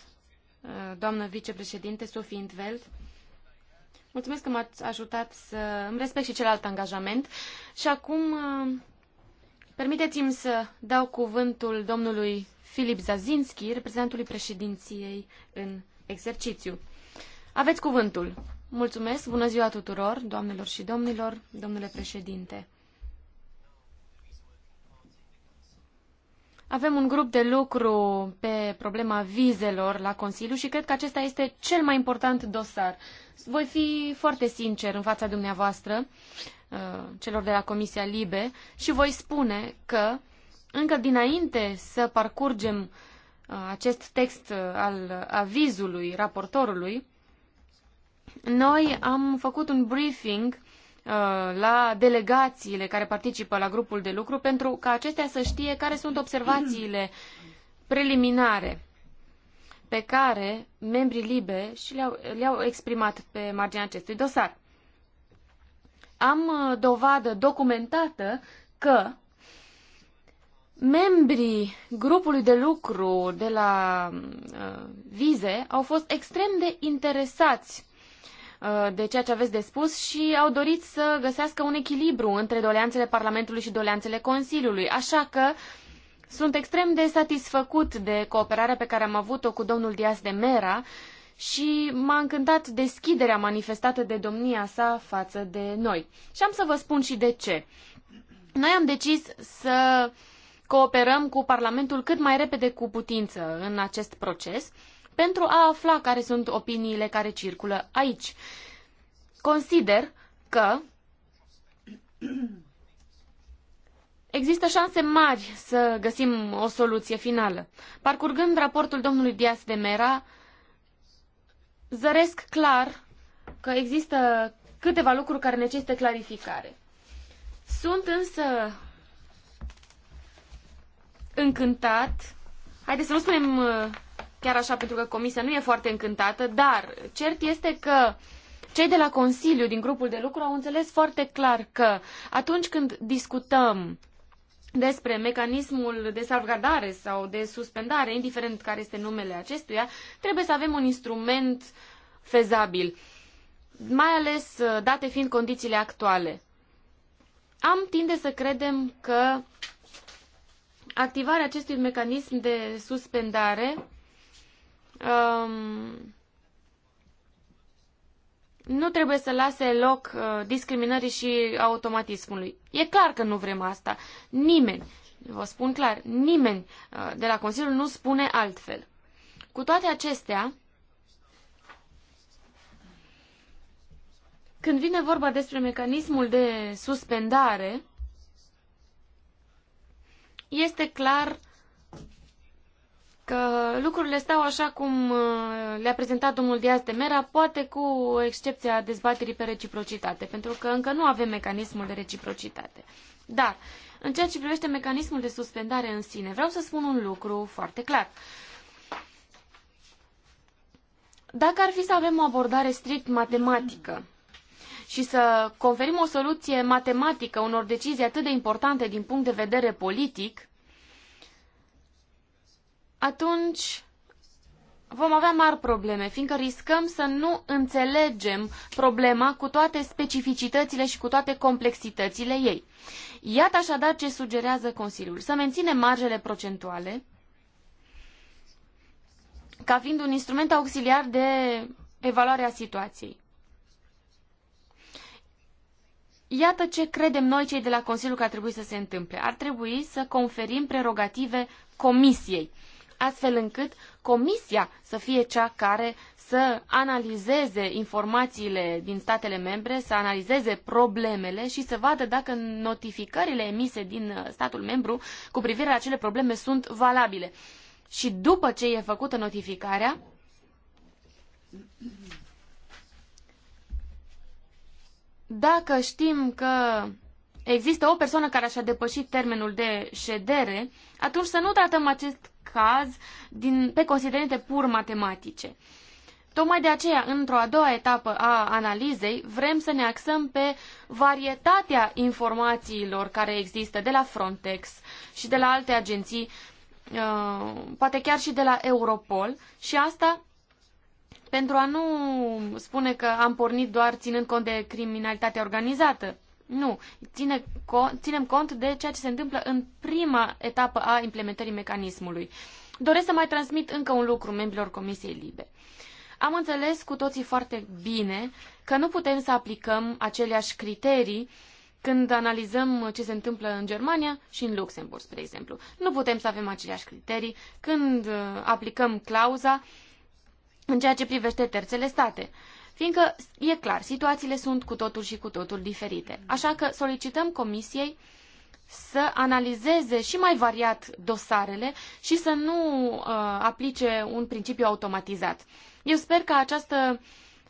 uh, doamnă vicepreședinte Sofie Intveld. Mulțumesc că m-ați ajutat să îmi respect și celălalt angajament. Și acum, uh, permiteți-mi să dau cuvântul domnului Filip Zazinski, reprezentantului președinției în exercițiu. Aveți cuvântul. Mulțumesc, bună ziua tuturor, doamnelor și domnilor, domnule președinte. Avem un grup de lucru pe problema vizelor la Consiliu și cred că acesta este cel mai important dosar. Voi fi foarte sincer în fața dumneavoastră, uh, celor de la Comisia Libe, și voi spune că încă dinainte să parcurgem uh, acest text uh, al avizului raportorului, noi am făcut un briefing uh, la delegațiile care participă la grupul de lucru pentru ca acestea să știe care sunt observațiile preliminare pe care membrii LIBE și le-au, le-au exprimat pe marginea acestui dosar. Am uh, dovadă documentată că membrii grupului de lucru de la uh, vize au fost extrem de interesați Uh, de ceea ce aveți de spus și au dorit să găsească un echilibru între doleanțele Parlamentului și doleanțele Consiliului. Așa că sunt extrem de satisfăcut de cooperarea pe care am avut-o cu domnul Dias de Mera și m-a încântat deschiderea manifestată de domnia sa față de noi. Și am să vă spun și de ce. Noi am decis să cooperăm cu Parlamentul cât mai repede cu putință în acest proces pentru a afla care sunt opiniile care circulă aici. Consider că Există șanse mari să găsim o soluție finală. Parcurgând raportul domnului Dias de Mera, zăresc clar că există câteva lucruri care necesită clarificare. Sunt însă încântat, haideți să nu spunem uh, chiar așa pentru că Comisia nu e foarte încântată, dar cert este că cei de la Consiliu, din grupul de lucru, au înțeles foarte clar că atunci când discutăm despre mecanismul de salvgardare sau de suspendare, indiferent care este numele acestuia, trebuie să avem un instrument fezabil, mai ales uh, date fiind condițiile actuale. Am tinde să credem că activarea acestui mecanism de suspendare um, nu trebuie să lase loc uh, discriminării și automatismului. E clar că nu vrem asta. Nimeni, vă spun clar, nimeni uh, de la Consiliu nu spune altfel. Cu toate acestea, când vine vorba despre mecanismul de suspendare, este clar uh, că lucrurile stau așa cum uh, le-a prezentat domnul Diaz de Mera, poate cu excepția dezbaterii pe reciprocitate, pentru că încă nu avem mecanismul de reciprocitate. Dar, în ceea ce privește mecanismul de suspendare în sine, vreau să spun un lucru foarte clar. Dacă ar fi să avem o abordare strict matematică și să conferim o soluție matematică unor decizii atât de importante din punct de vedere politic, atunci vom avea mari probleme, fiindcă riscăm să nu înțelegem problema cu toate specificitățile și cu toate complexitățile ei. Iată așadar ce sugerează Consiliul. Să menținem marjele procentuale ca fiind un instrument auxiliar de evaluare a situației. Iată ce credem noi cei de la Consiliu că ar trebui să se întâmple. Ar trebui să conferim prerogative Comisiei astfel încât Comisia să fie cea care să analizeze informațiile din statele membre, să analizeze problemele și să vadă dacă notificările emise din statul membru cu privire la acele probleme sunt valabile. Și după ce e făcută notificarea, dacă știm că există o persoană care și-a depășit termenul de ședere, atunci să nu tratăm acest caz din, pe considerente pur matematice. Tocmai de aceea, într-o a doua etapă a analizei, vrem să ne axăm pe varietatea informațiilor care există de la Frontex și de la alte agenții, uh, poate chiar și de la Europol, și asta pentru a nu spune că am pornit doar ținând cont de criminalitatea organizată. Nu, ține, ținem cont de ceea ce se întâmplă în prima etapă a implementării mecanismului. Doresc să mai transmit încă un lucru membrilor Comisiei Libe. Am înțeles cu toții foarte bine că nu putem să aplicăm aceleași criterii când analizăm ce se întâmplă în Germania și în Luxemburg, spre exemplu. Nu putem să avem aceleași criterii când uh, aplicăm clauza în ceea ce privește terțele state fiindcă, e clar, situațiile sunt cu totul și cu totul diferite. Așa că solicităm Comisiei să analizeze și mai variat dosarele și să nu uh, aplice un principiu automatizat. Eu sper că această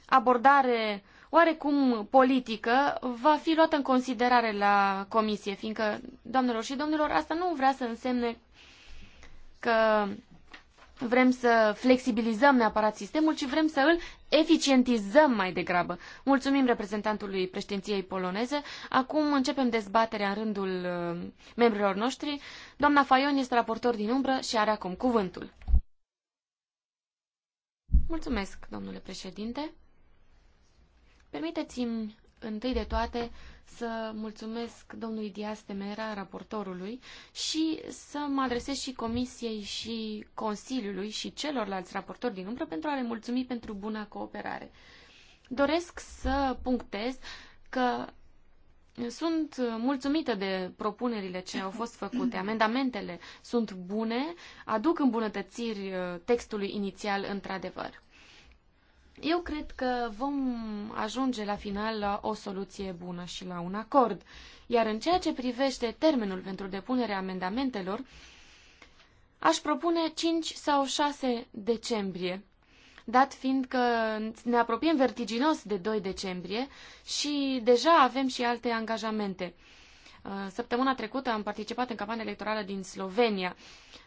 abordare oarecum politică va fi luată în considerare la comisie, fiindcă, doamnelor și domnilor, asta nu vrea să însemne că vrem să flexibilizăm neapărat sistemul, ci vrem să îl eficientizăm mai degrabă. Mulțumim reprezentantului președinției poloneze. Acum începem dezbaterea în rândul uh, membrilor noștri. Doamna Faion este raportor din umbră și are acum cuvântul. Mulțumesc, domnule președinte. Permiteți-mi întâi de toate să mulțumesc domnului Diastemera, de Mera, raportorului, și să mă adresez și Comisiei și Consiliului și celorlalți raportori din umbră pentru a le mulțumi pentru buna cooperare. Doresc să punctez că sunt mulțumită de propunerile ce au fost făcute. Amendamentele sunt bune, aduc îmbunătățiri uh, textului inițial într-adevăr. Eu cred că vom ajunge la final la o soluție bună și la un acord. Iar în ceea ce privește termenul pentru depunerea amendamentelor, aș propune 5 sau 6 decembrie, dat fiind că ne apropiem vertiginos de 2 decembrie și deja avem și alte angajamente. Uh, săptămâna trecută am participat în campania electorală din Slovenia,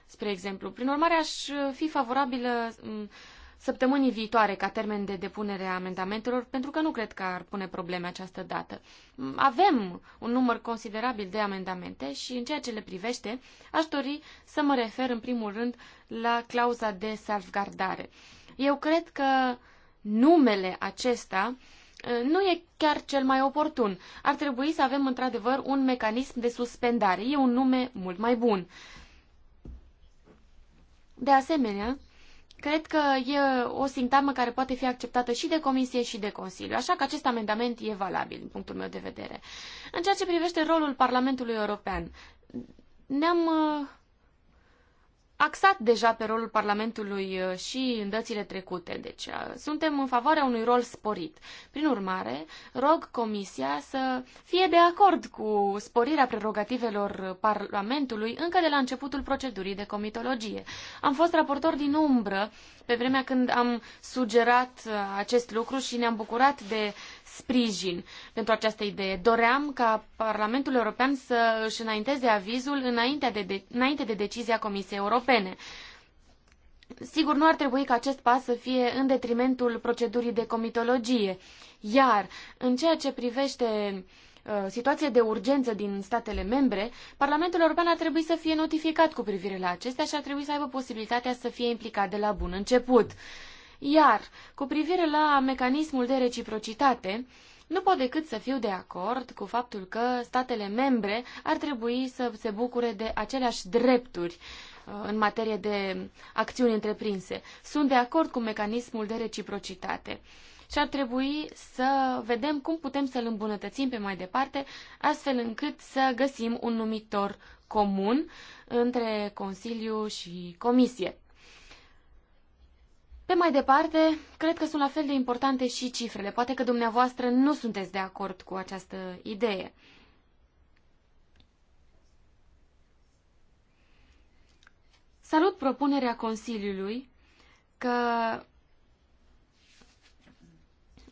spre exemplu. Prin urmare, aș fi favorabilă mm, săptămânii viitoare ca termen de depunere a amendamentelor, pentru că nu cred că ar pune probleme această dată. Avem un număr considerabil de amendamente și în ceea ce le privește, aș dori să mă refer în primul rând la clauza de salvgardare. Eu cred că numele acesta nu e chiar cel mai oportun. Ar trebui să avem într-adevăr un mecanism de suspendare. E un nume mult mai bun. De asemenea, Cred că e o sintagmă care poate fi acceptată și de Comisie și de Consiliu, așa că acest amendament e valabil din punctul meu de vedere. În ceea ce privește rolul Parlamentului European, ne-am uh, axat deja pe rolul Parlamentului uh, și în dățile trecute, deci uh, suntem în favoarea unui rol sporit. Prin urmare, rog Comisia să fie de acord cu sporirea prerogativelor Parlamentului încă de la începutul procedurii de comitologie. Am fost raportor din umbră pe vremea când am sugerat uh, acest lucru și ne-am bucurat de sprijin pentru această idee. Doream ca Parlamentul European să își înainteze avizul înainte de, de, înainte de decizia Comisiei Europene. Sigur, nu ar trebui ca acest pas să fie în detrimentul procedurii de comitologie. Iar, în ceea ce privește situație uh, situația de urgență din statele membre, Parlamentul European ar trebui să fie notificat cu privire la acestea și ar trebui să aibă posibilitatea să fie implicat de la bun început. Uh, iar, cu privire la mecanismul de reciprocitate, nu pot decât să fiu de acord cu faptul că statele membre ar trebui să se bucure de aceleași drepturi uh, în materie de acțiuni întreprinse. Sunt de acord cu mecanismul de reciprocitate și ar trebui să vedem cum putem să-l îmbunătățim pe mai departe, astfel încât să găsim un numitor comun între Consiliu și Comisie. Pe mai departe, cred că sunt la fel de importante și cifrele. Poate că dumneavoastră nu sunteți de acord cu această idee. Salut propunerea Consiliului că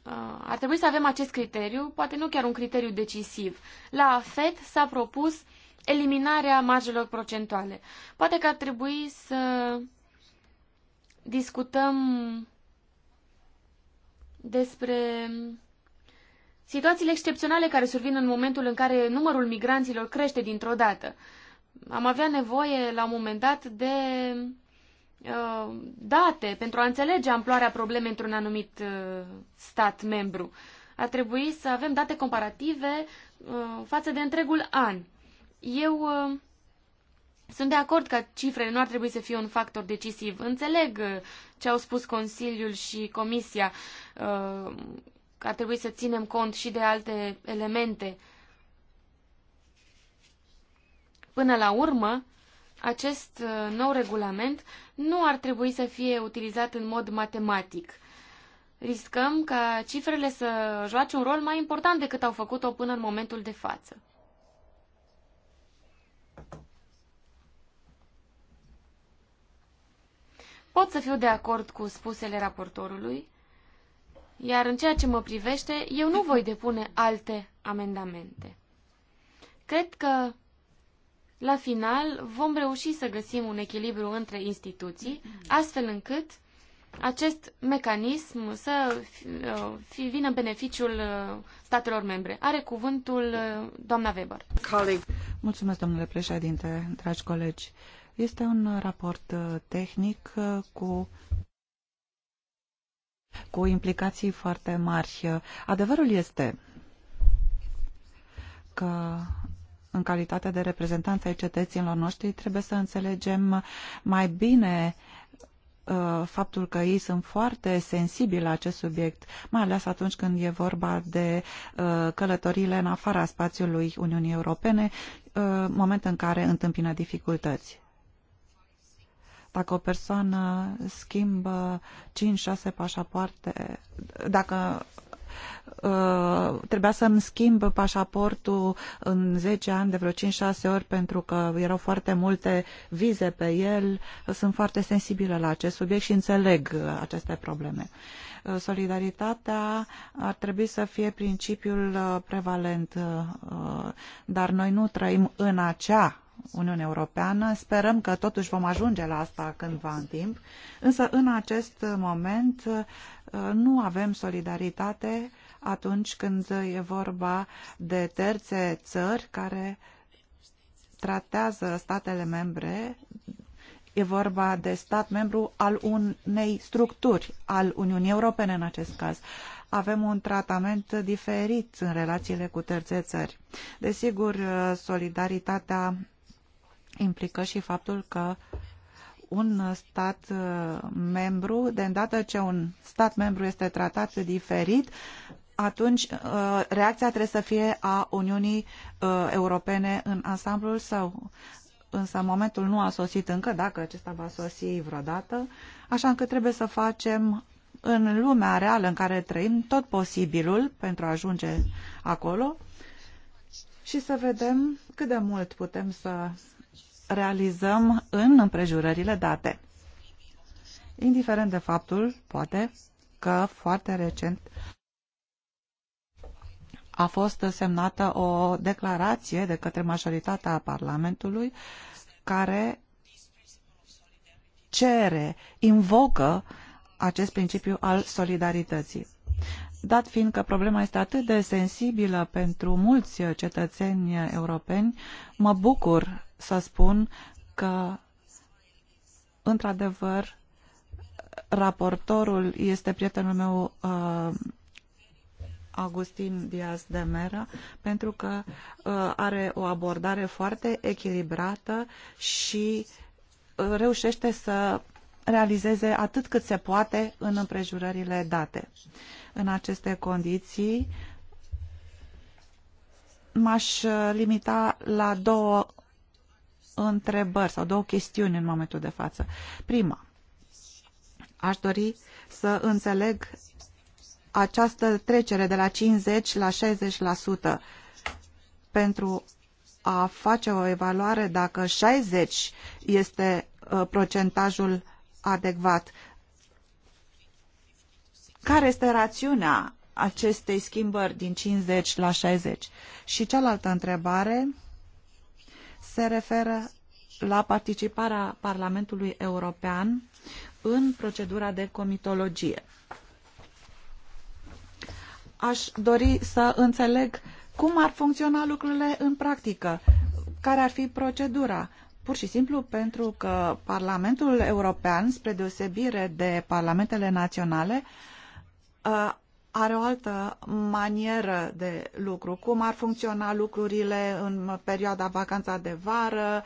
uh, ar trebui să avem acest criteriu, poate nu chiar un criteriu decisiv. La FED s-a propus eliminarea marjelor procentuale. Poate că ar trebui să discutăm despre situațiile excepționale care survin în momentul în care numărul migranților crește dintr-o dată. Am avea nevoie, la un moment dat, de uh, date pentru a înțelege amploarea problemei într-un anumit uh, stat membru. Ar trebui să avem date comparative uh, față de întregul an. Eu uh, sunt de acord că cifrele nu ar trebui să fie un factor decisiv. Înțeleg uh, ce au spus Consiliul și Comisia, uh, că ar trebui să ținem cont și de alte elemente. Până la urmă, acest uh, nou regulament nu ar trebui să fie utilizat în mod matematic. Riscăm ca cifrele să joace un rol mai important decât au făcut-o până în momentul de față. Pot să fiu de acord cu spusele raportorului, iar în ceea ce mă privește, eu nu voi depune alte amendamente. Cred că, la final, vom reuși să găsim un echilibru între instituții, astfel încât acest mecanism să fi, uh, vină în beneficiul uh, statelor membre. Are cuvântul uh, doamna Weber. Mulțumesc, domnule președinte, dragi colegi. Uh, este un raport uh, tehnic uh, cu cu implicații foarte mari. Adevărul este că în calitate de reprezentanți ai cetățenilor noștri trebuie să înțelegem mai bine uh, faptul că ei sunt foarte sensibili la acest subiect, mai ales atunci când e vorba de călătorile în afara spațiului Uniunii Europene, moment în care întâmpină dificultăți. Dacă o persoană schimbă 5-6 pașapoarte, dacă Uh, trebuia să-mi schimb pașaportul în 10 ani de vreo 5-6 ori pentru că erau foarte multe vize pe el. Sunt foarte sensibilă la acest subiect și înțeleg aceste probleme. Uh, solidaritatea ar trebui să fie principiul uh, prevalent, uh, dar noi nu trăim în acea Uniunea Europeană. Sperăm că totuși vom ajunge la asta cândva în timp, însă în acest moment uh, nu avem solidaritate atunci când e vorba de terțe țări care tratează statele membre E vorba de stat membru al unei structuri, al Uniunii Europene în acest caz. Avem un tratament diferit în relațiile cu terțe țări. Desigur, uh, solidaritatea implică și faptul că un stat uh, membru, de îndată ce un stat membru este tratat diferit, atunci uh, reacția trebuie să fie a Uniunii uh, Europene în ansamblul său. Însă momentul nu a sosit încă, dacă acesta va sosi vreodată, așa încât trebuie să facem în lumea reală în care trăim tot posibilul pentru a ajunge acolo și să vedem cât de mult putem să realizăm în împrejurările date. Indiferent de faptul, poate, că foarte recent a fost semnată o declarație de către majoritatea Parlamentului care cere, invocă acest principiu al solidarității. Dat fiind că problema este atât de sensibilă pentru mulți cetățeni europeni, mă bucur să spun că, într-adevăr, raportorul este prietenul meu uh, Agustin Diaz de Mera, pentru că uh, are o abordare foarte echilibrată și uh, reușește să realizeze atât cât se poate în împrejurările date. În aceste condiții m-aș limita la două întrebări sau două chestiuni în momentul de față. Prima, aș dori să înțeleg această trecere de la 50 la 60% pentru a face o evaluare dacă 60 este uh, procentajul adecvat. Care este rațiunea acestei schimbări din 50 la 60? Și cealaltă întrebare se referă la participarea Parlamentului European în procedura de comitologie. Aș dori să înțeleg cum ar funcționa lucrurile în practică, care ar fi procedura, pur și simplu pentru că Parlamentul European, spre deosebire de parlamentele naționale, uh, are o altă manieră de lucru, cum ar funcționa lucrurile în perioada vacanța de vară,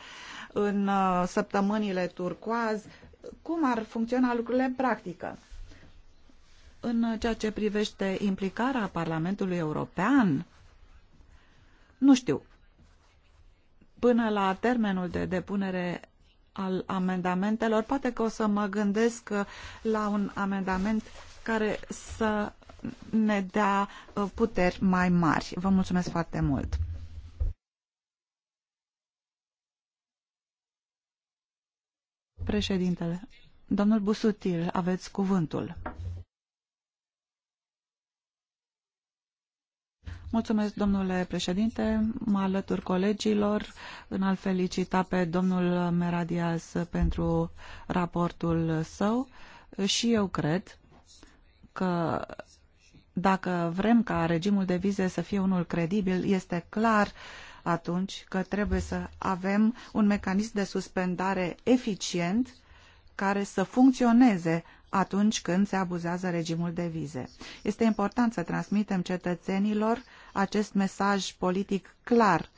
în uh, săptămânile turcoaz, cum ar funcționa lucrurile în practică. În ceea ce privește implicarea Parlamentului European, nu știu, până la termenul de depunere al amendamentelor, poate că o să mă gândesc uh, la un amendament care să ne dea uh, puteri mai mari. Vă mulțumesc foarte mult! Președintele, domnul Busutil, aveți cuvântul. Mulțumesc, domnule președinte. Mă alătur colegilor în a-l felicita pe domnul Meradias pentru raportul său și eu cred că dacă vrem ca regimul de vize să fie unul credibil, este clar atunci că trebuie să avem un mecanism de suspendare eficient care să funcționeze atunci când se abuzează regimul de vize. Este important să transmitem cetățenilor acest mesaj politic clar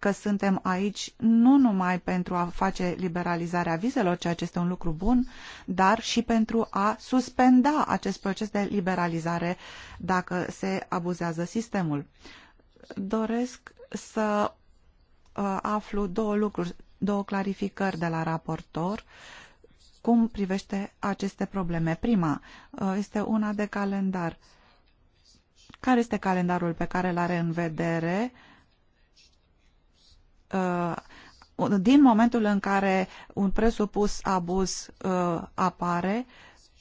că suntem aici nu numai pentru a face liberalizarea vizelor, ceea ce este un lucru bun, dar și pentru a suspenda acest proces de liberalizare dacă se abuzează sistemul. Doresc să uh, aflu două lucruri, două clarificări de la raportor cum privește aceste probleme. Prima uh, este una de calendar. Care este calendarul pe care îl are în vedere Uh, din momentul în care un presupus abuz uh, apare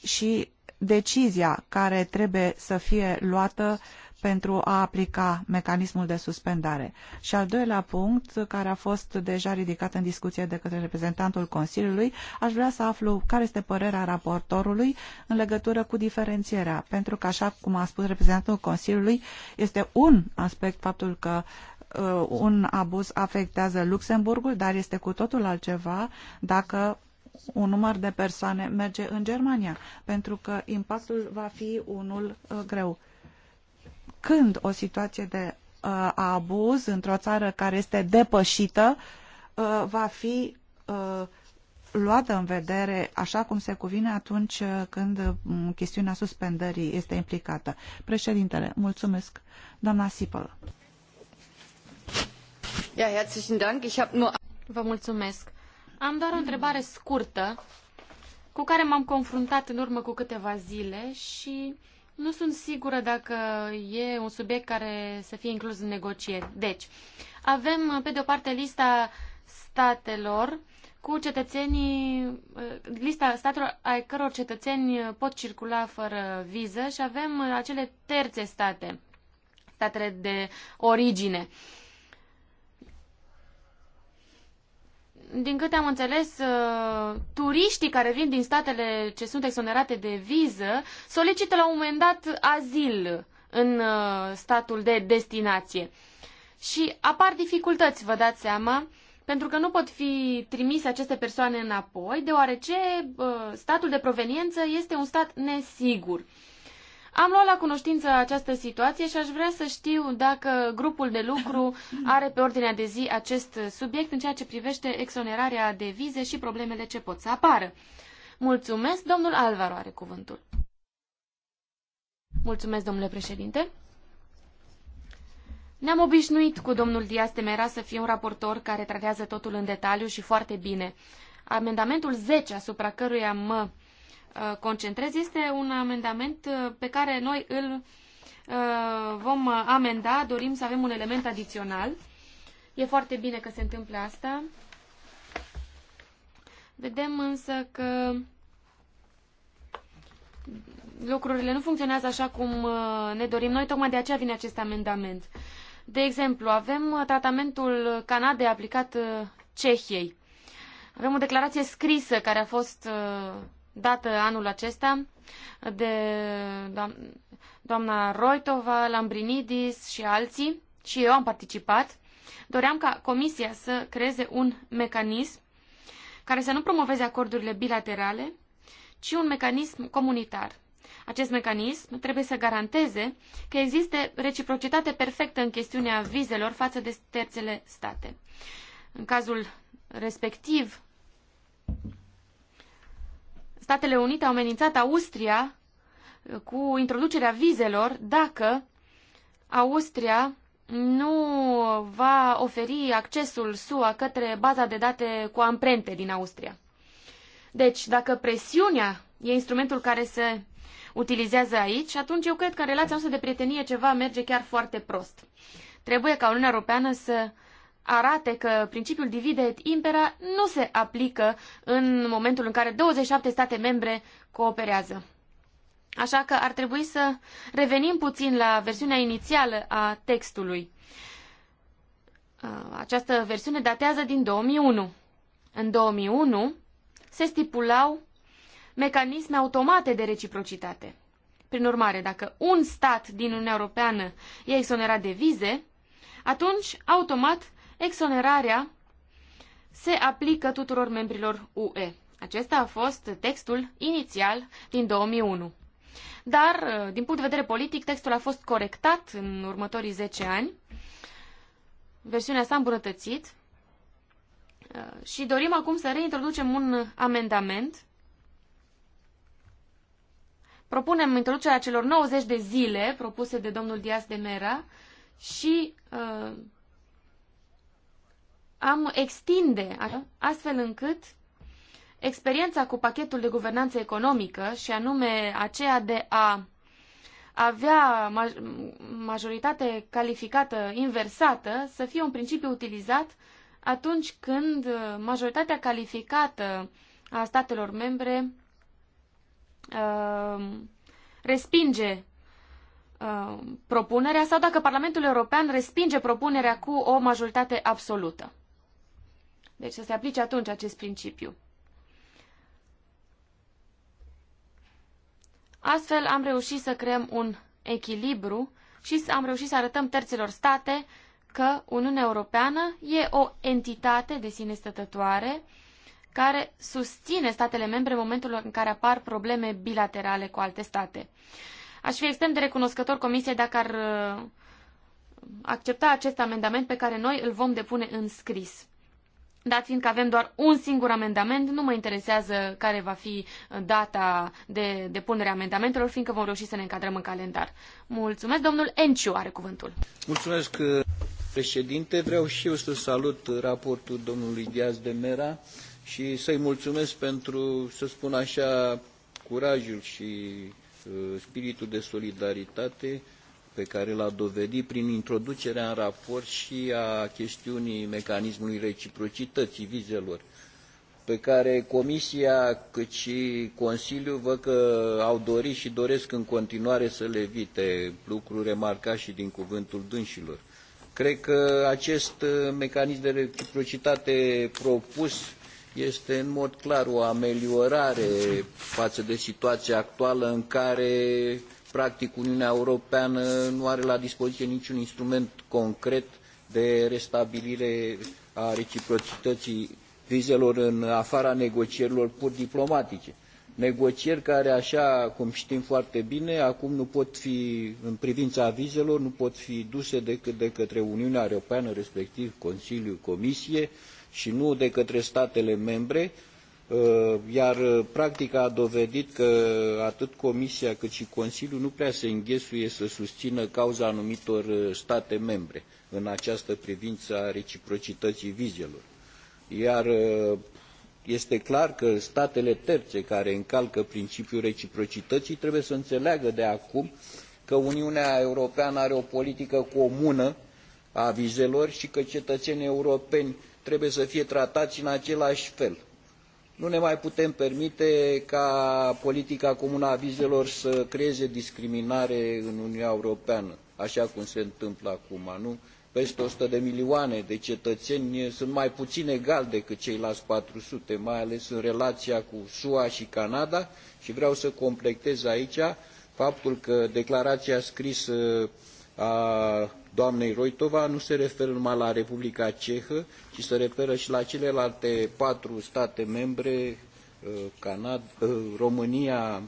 și decizia care trebuie să fie luată pentru a aplica mecanismul de suspendare. Și al doilea punct, care a fost deja ridicat în discuție de către reprezentantul Consiliului, aș vrea să aflu care este părerea raportorului în legătură cu diferențierea, pentru că, așa cum a spus reprezentantul Consiliului, este un aspect faptul că Uh, un abuz afectează Luxemburgul, dar este cu totul altceva dacă un număr de persoane merge în Germania, pentru că impactul va fi unul uh, greu. Când o situație de uh, abuz într-o țară care este depășită va fi luată în vedere așa cum se cuvine atunci când mm, chestiunea suspendării este implicată. Președintele, mulțumesc. Doamna Sipăl. Am doar o întrebare scurtă cu care m-am confruntat în urmă cu câteva zile și nu sunt sigură dacă e un subiect care să fie inclus în negocieri. Deci, avem pe de o parte lista statelor cu cetățenii, eh, lista statelor ai căror cetățeni pot circula fără viză și avem acele terțe state, statele de origine. Uh, din câte am înțeles, uh, turiștii care vin din statele ce sunt exonerate de viză solicită la un moment dat azil în uh, statul de destinație. Și apar dificultăți, vă dați seama, pentru că nu pot fi trimise aceste persoane înapoi, deoarece uh, statul de proveniență este un stat nesigur. Am luat la cunoștință această situație și aș vrea să știu dacă grupul de lucru *laughs* are pe ordinea de zi acest subiect în ceea ce privește exonerarea de vize și problemele ce pot să apară. Mulțumesc, domnul Alvaro are cuvântul. Mulțumesc, domnule președinte. Ne-am obișnuit cu domnul Diaz Temera să fie un raportor care tratează totul în detaliu și foarte bine. Amendamentul 10, asupra căruia mă Uh, concentrez, este un amendament uh, pe care noi îl uh, vom amenda, dorim să avem un element adițional. E foarte bine că se întâmplă asta. Vedem însă că lucrurile nu funcționează așa cum ne dorim noi, tocmai de aceea vine acest amendament. De exemplu, avem tratamentul Canadei aplicat Cehiei. Avem o declarație scrisă care a fost dată anul acesta de doamna Roitova, Lambrinidis și alții, și eu am participat, doream ca Comisia să creeze un mecanism care să nu promoveze acordurile bilaterale, ci un mecanism comunitar. Acest mecanism trebuie să garanteze că există reciprocitate perfectă în chestiunea vizelor față de terțele state. În cazul respectiv, Statele Unite au amenințat Austria uh, cu introducerea vizelor dacă Austria nu va oferi accesul SUA către baza de date cu amprente din Austria. Deci, dacă presiunea e instrumentul care se utilizează aici, atunci eu cred că relația noastră de prietenie ceva merge chiar foarte prost. Trebuie ca Uniunea Europeană să uh, arate că principiul divide et impera nu se aplică în momentul în care 27 state membre cooperează. Așa că ar trebui să revenim puțin la versiunea inițială a textului. Uh, această versiune datează din 2001. În 2001 se stipulau mecanisme automate de reciprocitate. Prin urmare, dacă un stat din Uniunea Europeană e exonerat de vize, atunci, automat, Exonerarea se aplică tuturor membrilor UE. Acesta a fost textul inițial din 2001. Dar, uh, din punct de vedere politic, textul a fost corectat în următorii 10 ani. Versiunea s-a îmbunătățit uh, și dorim acum să reintroducem un amendament. Propunem introducerea celor 90 de zile propuse de domnul Dias de Mera și uh, am extinde astfel încât experiența cu pachetul de guvernanță economică și anume aceea de a avea majoritate calificată inversată să fie un principiu utilizat atunci când majoritatea calificată a statelor membre uh, respinge uh, propunerea sau dacă Parlamentul European respinge propunerea cu o majoritate absolută. Deci să se aplice atunci acest principiu. Astfel am reușit să creăm un echilibru și am reușit să arătăm terților state că Uniunea Europeană e o entitate de sine stătătoare care susține statele membre în momentul în care apar probleme bilaterale cu alte state. Aș fi extrem de recunoscător Comisiei dacă ar uh, accepta acest amendament pe care noi îl vom depune în scris. Dat fiind că avem doar un singur amendament, nu mă interesează care va fi uh, data de depunere a amendamentelor, fiindcă vom reuși să ne încadrăm în calendar. Mulțumesc. Domnul Enciu are cuvântul. Mulțumesc, uh, președinte. Vreau și eu să salut raportul domnului Diaz de Mera și să-i mulțumesc pentru, să spun așa, curajul și uh, spiritul de solidaritate uh, pe care l-a dovedit prin introducerea în raport și a chestiunii mecanismului reciprocității vizelor pe care Comisia cât și Consiliul văd că au dorit și doresc în continuare să le evite, lucru remarcat și din cuvântul dânșilor. Cred că acest uh, mecanism de reciprocitate propus este în mod clar o ameliorare față de situația actuală în care practic Uniunea Europeană nu are la dispoziție niciun instrument concret de restabilire a reciprocității vizelor în afara negocierilor pur diplomatice. Negocieri care, așa cum știm foarte bine, acum nu pot fi, în privința vizelor, nu pot fi duse decât de către Uniunea Europeană, respectiv Consiliu, Comisie, și nu de către statele membre, uh, Uh, iar uh, practica a dovedit că atât Comisia cât și Consiliul nu prea se înghesuie să susțină cauza anumitor uh, state membre în această privință a reciprocității vizelor. Iar este clar că statele terțe care încalcă principiul reciprocității trebuie să înțeleagă de acum că Uniunea Europeană are o politică comună a vizelor și că cetățenii europeni trebuie să fie tratați în același fel nu ne mai putem permite ca politica comună a vizelor să creeze discriminare în Uniunea Europeană, așa cum se întâmplă acum, nu? Peste 100 de milioane de cetățeni sunt mai puțin egali decât ceilalți 400, mai ales în relația cu SUA și Canada și vreau să completez aici faptul că declarația scrisă a doamnei Roitova nu se referă numai la Republica Cehă, ci se referă și la celelalte patru state membre, uh, Canada, uh, România,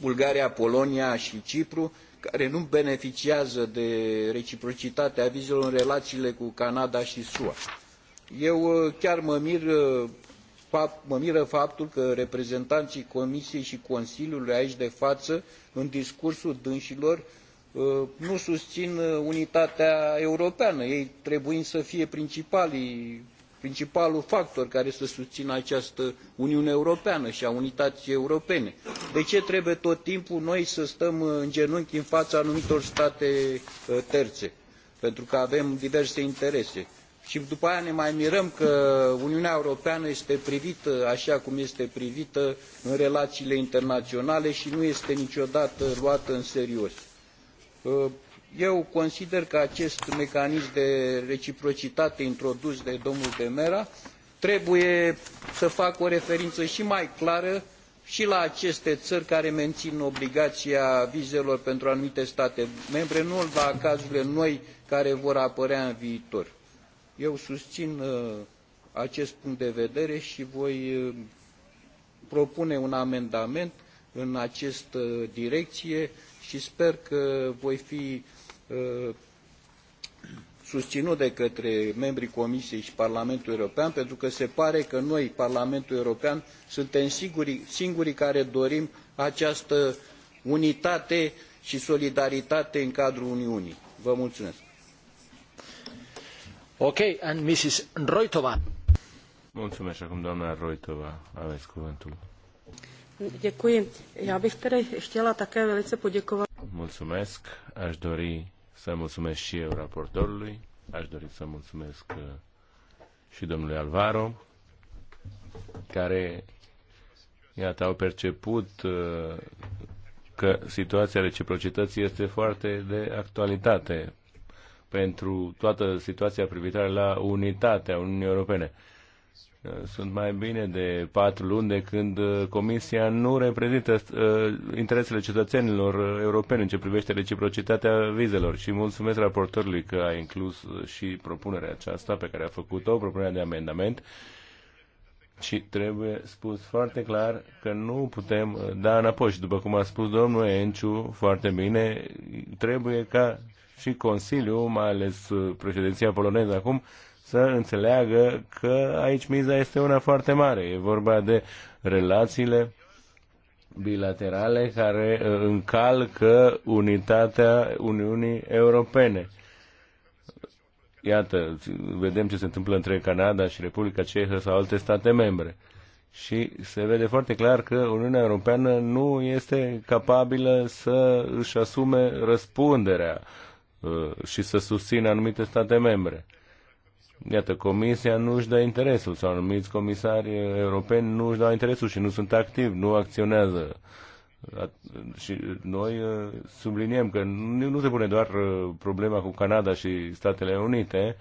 Bulgaria, Polonia și Cipru, care nu beneficiază de reciprocitatea vizelor în relațiile cu Canada și SUA. Eu uh, chiar mă, mir, mă miră faptul că reprezentanții Comisiei și Consiliului aici de față, în discursul dânșilor, Uh, nu susțin uh, unitatea europeană, ei trebuind să fie principalii principalul factor care să susțină această Uniune Europeană și a unității europene. De ce trebuie tot timpul noi să stăm uh, în genunchi în fața anumitor state terțe? Pentru că avem diverse interese. Și după aia ne mai mirăm că Uniunea Europeană este privită așa cum este privită în relațiile internaționale și nu este niciodată luată în serios. Uh, eu consider că acest mecanism de reciprocitate introdus de domnul Demera trebuie să facă o referință și mai clară și la aceste țări care mențin obligația vizelor pentru anumite state membre, nu la cazurile noi care vor apărea în viitor. Eu susțin uh, acest punct de vedere și voi uh, propune un amendament în această direcție și sper că voi fi uh, susținut de către membrii Comisiei și Parlamentul European, pentru că se pare că noi, Parlamentul European, suntem singurii, singurii care dorim această unitate și solidaritate în cadrul Uniunii. Vă mulțumesc. Ok, and Mrs. Roitova. Mulțumesc acum, doamna Roitova, aveți cuvântul. Děkuji. Já bych tedy chtěla také velice poděkovat. Mulțumesc. Aș dori să mulțumesc și eu raportorului. Aș dori să mulțumesc uh, și domnului Alvaro, care, iată, au perceput uh, că situația reciprocității este foarte de actualitate pentru toată situația privitoare la unitatea Uniunii Europene sunt mai bine de patru luni de când uh, Comisia nu reprezintă uh, interesele cetățenilor uh, europeni în ce privește reciprocitatea vizelor și mulțumesc raportorului că a inclus și propunerea aceasta pe care a făcut-o, propunerea de amendament și trebuie spus foarte clar că nu putem da înapoi și după cum a spus domnul Enciu foarte bine, trebuie ca și Consiliul, mai ales președinția poloneză acum, să înțeleagă că aici miza este una foarte mare. E vorba de relațiile bilaterale care uh, încalcă unitatea Uniunii Europene. Iată, vedem ce se întâmplă între Canada și Republica Cehă sau alte state membre. Și se vede foarte clar că Uniunea Europeană nu este capabilă să își asume răspunderea uh, și să susțină anumite state membre. Iată, Comisia nu își dă interesul sau anumiți comisari europeni nu își dau interesul și nu sunt activi, nu acționează. Și noi uh, subliniem că nu se pune doar uh, problema cu Canada și Statele Unite,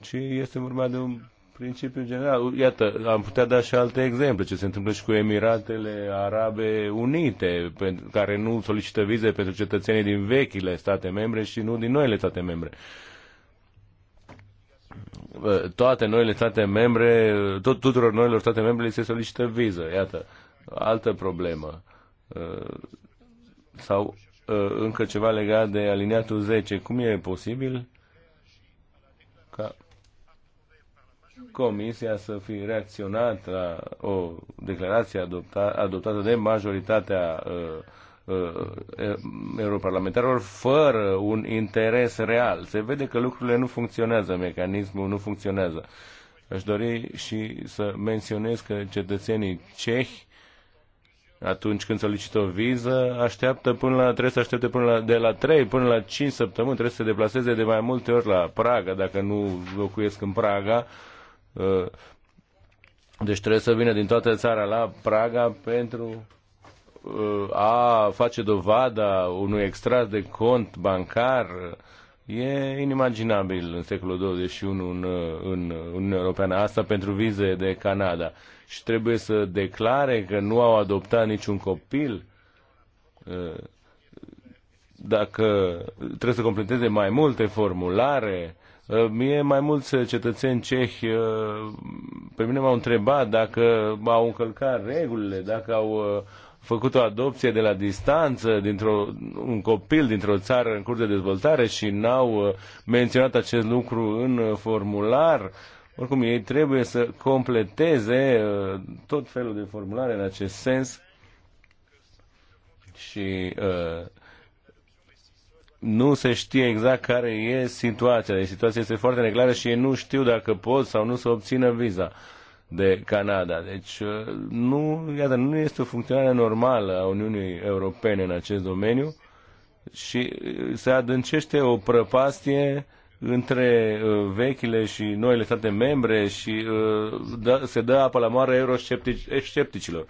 ci este vorba de un principiu general. Iată, am putea da și alte exemple, ce se întâmplă și cu Emiratele Arabe Unite, care nu solicită vize pentru cetățenii din vechile state membre și nu din noile state membre. Uh, toate noile state membre, tot, tuturor noilor state membre se solicită viză. Iată, altă problemă. Uh, sau uh, încă ceva legat de aliniatul 10. Cum e posibil ca Comisia să fi reacționat la o declarație adoptată de majoritatea uh, Uh, uh, europarlamentarilor fără un interes real. Se vede că lucrurile nu funcționează, mecanismul nu funcționează. Aș dori și să menționez că cetățenii cehi atunci când solicită o viză, așteaptă până la, trebuie să aștepte până la, de la 3 până la 5 săptămâni, trebuie să se deplaseze de mai multe ori la Praga, dacă nu locuiesc în Praga. Uh, deci trebuie să vină din toată țara la Praga pentru a face dovada unui extras de cont bancar e inimaginabil în secolul 21 în, în Uniunea Europeană. Asta pentru vize de Canada. Și trebuie să declare că nu au adoptat niciun copil dacă trebuie să completeze mai multe formulare. Mie mai mulți cetățeni cehi pe mine m-au întrebat dacă au încălcat regulile, dacă au făcut o adopție de la distanță dintr un copil dintr-o țară în curs de dezvoltare și n-au uh, menționat acest lucru în uh, formular. Oricum, ei trebuie să completeze uh, tot felul de formulare în acest sens și nu se știe exact care e situația. Deci situația este foarte neclară și ei nu știu dacă pot sau nu să obțină viza. Uh, de Canada. Deci uh, nu, iată, nu este o funcționare normală a Uniunii Europene în acest domeniu și uh, se adâncește o prăpastie între uh, vechile și noile state membre și da, se dă apă la moare euroscepticilor.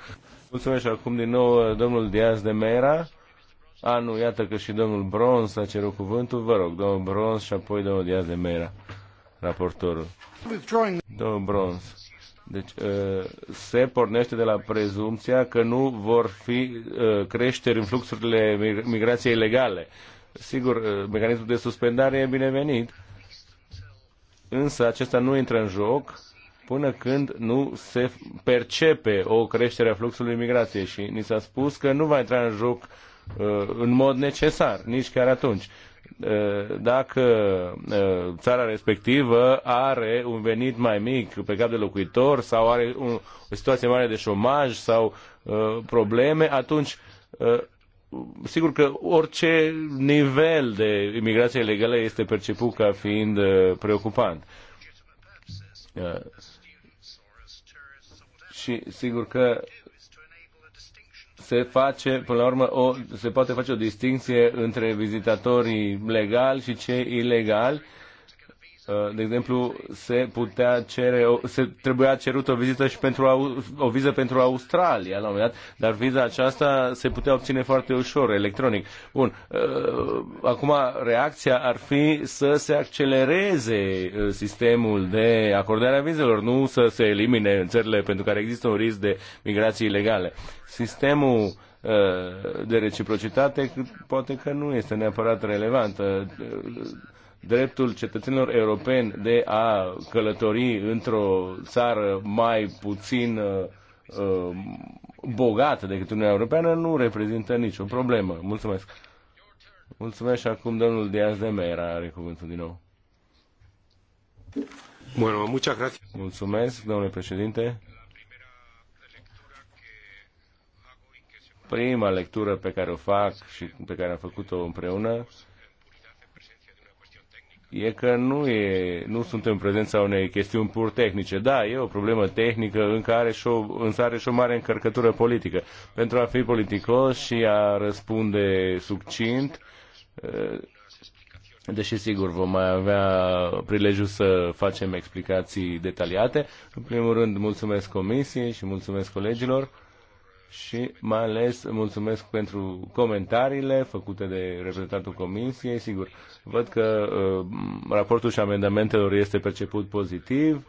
Mulțumesc și acum din nou domnul Diaz de Mera. A, nu, iată că și domnul Bronz a cerut cuvântul. Vă rog, domnul Bronz și apoi domnul Diaz de Mera, raportorul. Domnul Bronz. Deci uh, se pornește de la prezumția că nu vor fi uh, creșteri în fluxurile migrației legale. Sigur, uh, mecanismul de suspendare e binevenit, însă acesta nu intră în joc până când nu se percepe o creștere a fluxului migrației și ni s-a spus că nu va intra în joc în mod necesar, nici chiar atunci. Eh, dacă eh, țara respectivă are un venit mai mic pe cap de locuitor sau are un, o situație mare de șomaj sau uh, probleme, atunci uh, sigur că orice nivel de imigrație ilegală este perceput ca fiind uh, preocupant. Și sigur că se face, până la urmă, o, se poate face o distinție între vizitatorii legali și cei ilegali Uh, de exemplu, se putea cere, se trebuia cerut o vizită și pentru o viză pentru Australia la un moment dat, dar viza aceasta se putea obține foarte ușor, electronic. Bun, uh, acum reacția ar fi să se accelereze uh, sistemul de acordare a vizelor, nu să se elimine în țările pentru care există un risc de migrații ilegale. Sistemul de reciprocitate poate că nu este neapărat relevant dreptul cetățenilor europeni de a călători într-o țară mai puțin uh, uh, bogată decât Uniunea Europeană nu reprezintă nicio problemă. Mulțumesc. Mulțumesc și acum domnul Diaz de Mera are cuvântul din nou. Bueno, muchas gracias. Mulțumesc, domnule președinte. Prima lectură pe care o fac și pe care am făcut-o împreună e că nu, e, nu suntem în prezența unei chestiuni pur tehnice. Da, e o problemă tehnică în care și o, însă are și o mare încărcătură politică. Pentru a fi politicos și a răspunde succint, eh, deși sigur vom mai avea prilejul să facem explicații detaliate. În primul rând, mulțumesc comisiei și mulțumesc colegilor și mai ales mulțumesc pentru comentariile făcute de reprezentantul Comisiei. Sigur, văd că uh, raportul și amendamentelor este perceput pozitiv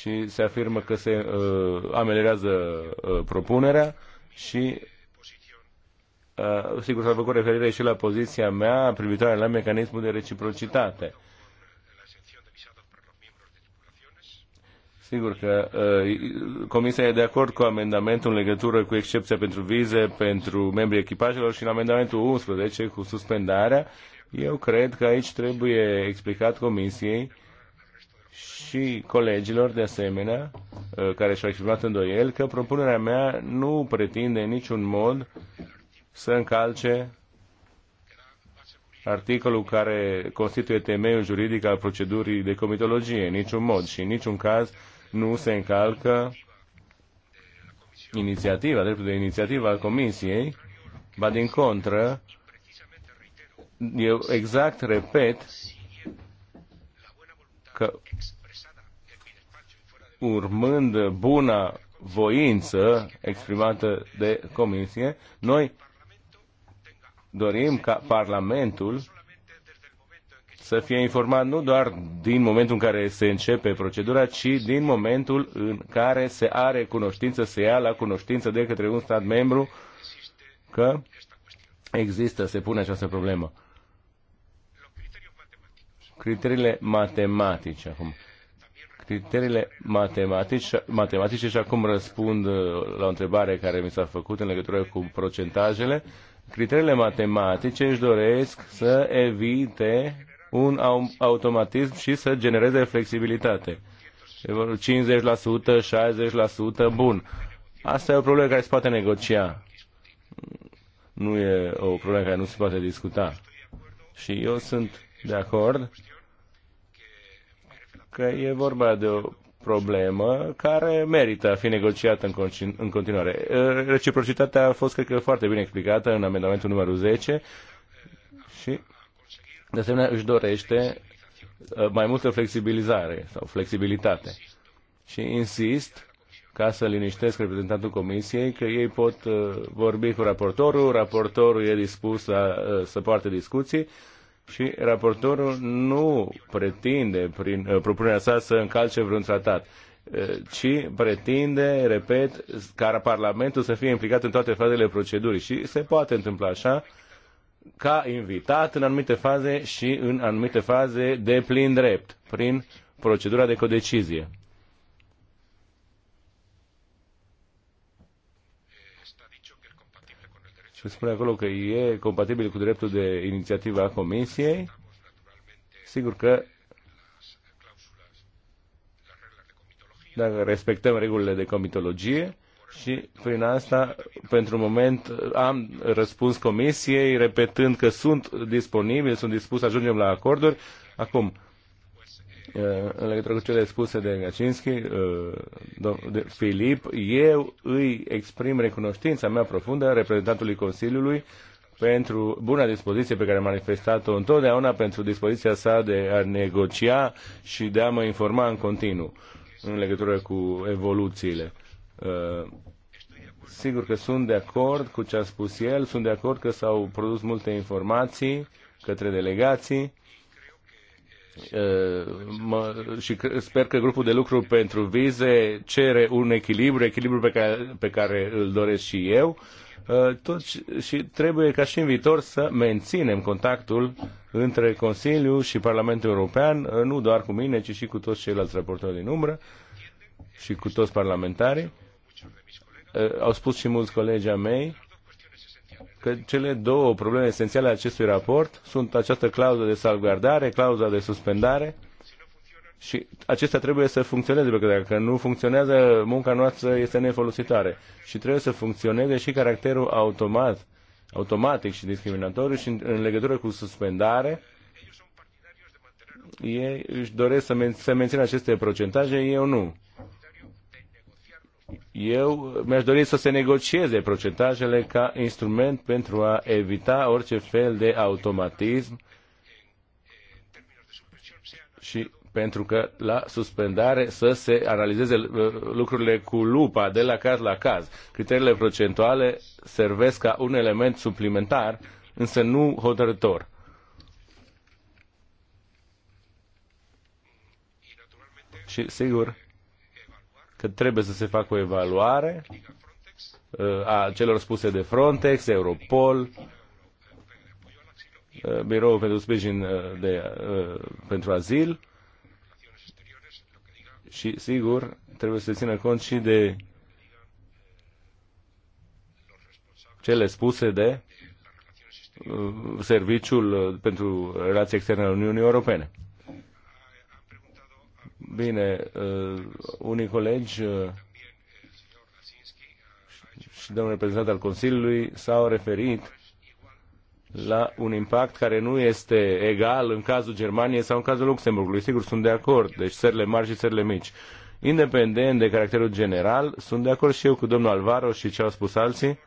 și se afirmă că se uh, ameliorează uh, propunerea și uh, sigur s-a făcut referire și la poziția mea privitoare la mecanismul de reciprocitate. Uh, Sigur că uh, Comisia e de acord cu amendamentul în legătură cu excepția pentru vize pentru membrii echipajelor și în amendamentul 11 cu suspendarea. Eu cred că aici trebuie explicat Comisiei și colegilor de asemenea uh, care și-au exprimat îndoiel, că propunerea mea nu pretinde în niciun mod să încalce articolul care constituie temeiul juridic al procedurii de comitologie, în niciun mod și în niciun caz nu se încalcă inițiativa, dreptul de inițiativă al Comisiei, ba din contră, eu exact repet că urmând buna voință exprimată de Comisie, noi dorim ca Parlamentul să fie informat nu doar din momentul în care se începe procedura, ci din momentul în care se are cunoștință, se ia la cunoștință de către un stat membru că există, se pune această problemă. Criteriile matematice acum. Criteriile matematice, matematice și acum răspund uh, la o întrebare care mi s-a făcut în legătură cu procentajele. Criteriile matematice își doresc să evite un automatism și să genereze flexibilitate. 50%, 60%, bun. Asta e o problemă care se poate negocia. Nu e o problemă care nu se poate discuta. Și eu sunt de acord că e vorba de o problemă care merită a fi negociată în continuare. Reciprocitatea a fost, cred că, foarte bine explicată în amendamentul numărul 10 și de asemenea, își dorește uh, mai multă flexibilizare sau flexibilitate. Și insist ca să liniștesc reprezentantul Comisiei că ei pot uh, vorbi cu raportorul, raportorul e dispus să, uh, să poarte discuții și raportorul nu pretinde prin propunerea sa să încalce vreun tratat ci pretinde, repet, ca Parlamentul să fie implicat în toate fazele procedurii. Și se poate întâmpla așa, ca invitat în anumite faze și în anumite faze de plin drept, prin procedura de codecizie. Se spune acolo că e compatibil cu dreptul de inițiativă a Comisiei. Sigur că dacă respectăm regulile de comitologie, și prin asta, pentru moment, am răspuns comisiei repetând că sunt disponibil, sunt dispus să ajungem la acorduri. Acum, eh, în legătură cu cele spuse de Gacinski, eh, de Filip, eu îi exprim recunoștința mea profundă reprezentantului Consiliului pentru buna dispoziție pe care a manifestat-o întotdeauna, pentru dispoziția sa de a negocia și de a mă informa în continuu în legătură cu evoluțiile. Uh, sigur că sunt de acord cu ce a spus el, sunt de acord că s-au produs multe informații către delegații uh, mă, și sper că grupul de lucru pentru vize cere un echilibru, echilibru pe care, pe care îl doresc și eu. Uh, tot și trebuie ca și în viitor să menținem contactul între Consiliu și Parlamentul European, nu doar cu mine, ci și cu toți ceilalți raportori din umbră și cu toți parlamentarii Eh, au spus și mulți colegi ai mei, că cele două probleme esențiale ale acestui raport sunt această clauză de salvgardare, clauza de suspendare și acestea trebuie să funcționeze, pentru că dacă nu funcționează, munca noastră este nefolositoare și trebuie să funcționeze și caracterul automat, automatic și discriminatoriu și în, în legătură cu suspendare, ei își doresc să, men- să mențină aceste procentaje, eu nu eu mi-aș dori să se negocieze procentajele ca instrument pentru a evita orice fel de automatism și pentru că la suspendare să se analizeze uh, lucrurile cu lupa de la caz la caz. Criteriile procentuale servesc ca un element suplimentar, însă nu hotărător. Și sigur, că trebuie să se facă o evaluare uh, a celor spuse de Frontex, Europol, uh, Biroul pentru Sprijin uh, de, pentru Azil și, sigur, trebuie să țină cont și de cele spuse de Serviciul pentru Relații Externe ale Uniunii Europene. Bine, uh, unii colegi uh, și de un reprezentant al Consiliului s-au referit la un impact care nu este egal în cazul Germaniei sau în cazul Luxemburgului. Sigur, sunt de acord, deci țările mari și țările mici. Independent de caracterul general, sunt de acord și eu cu domnul Alvaro și ce au spus alții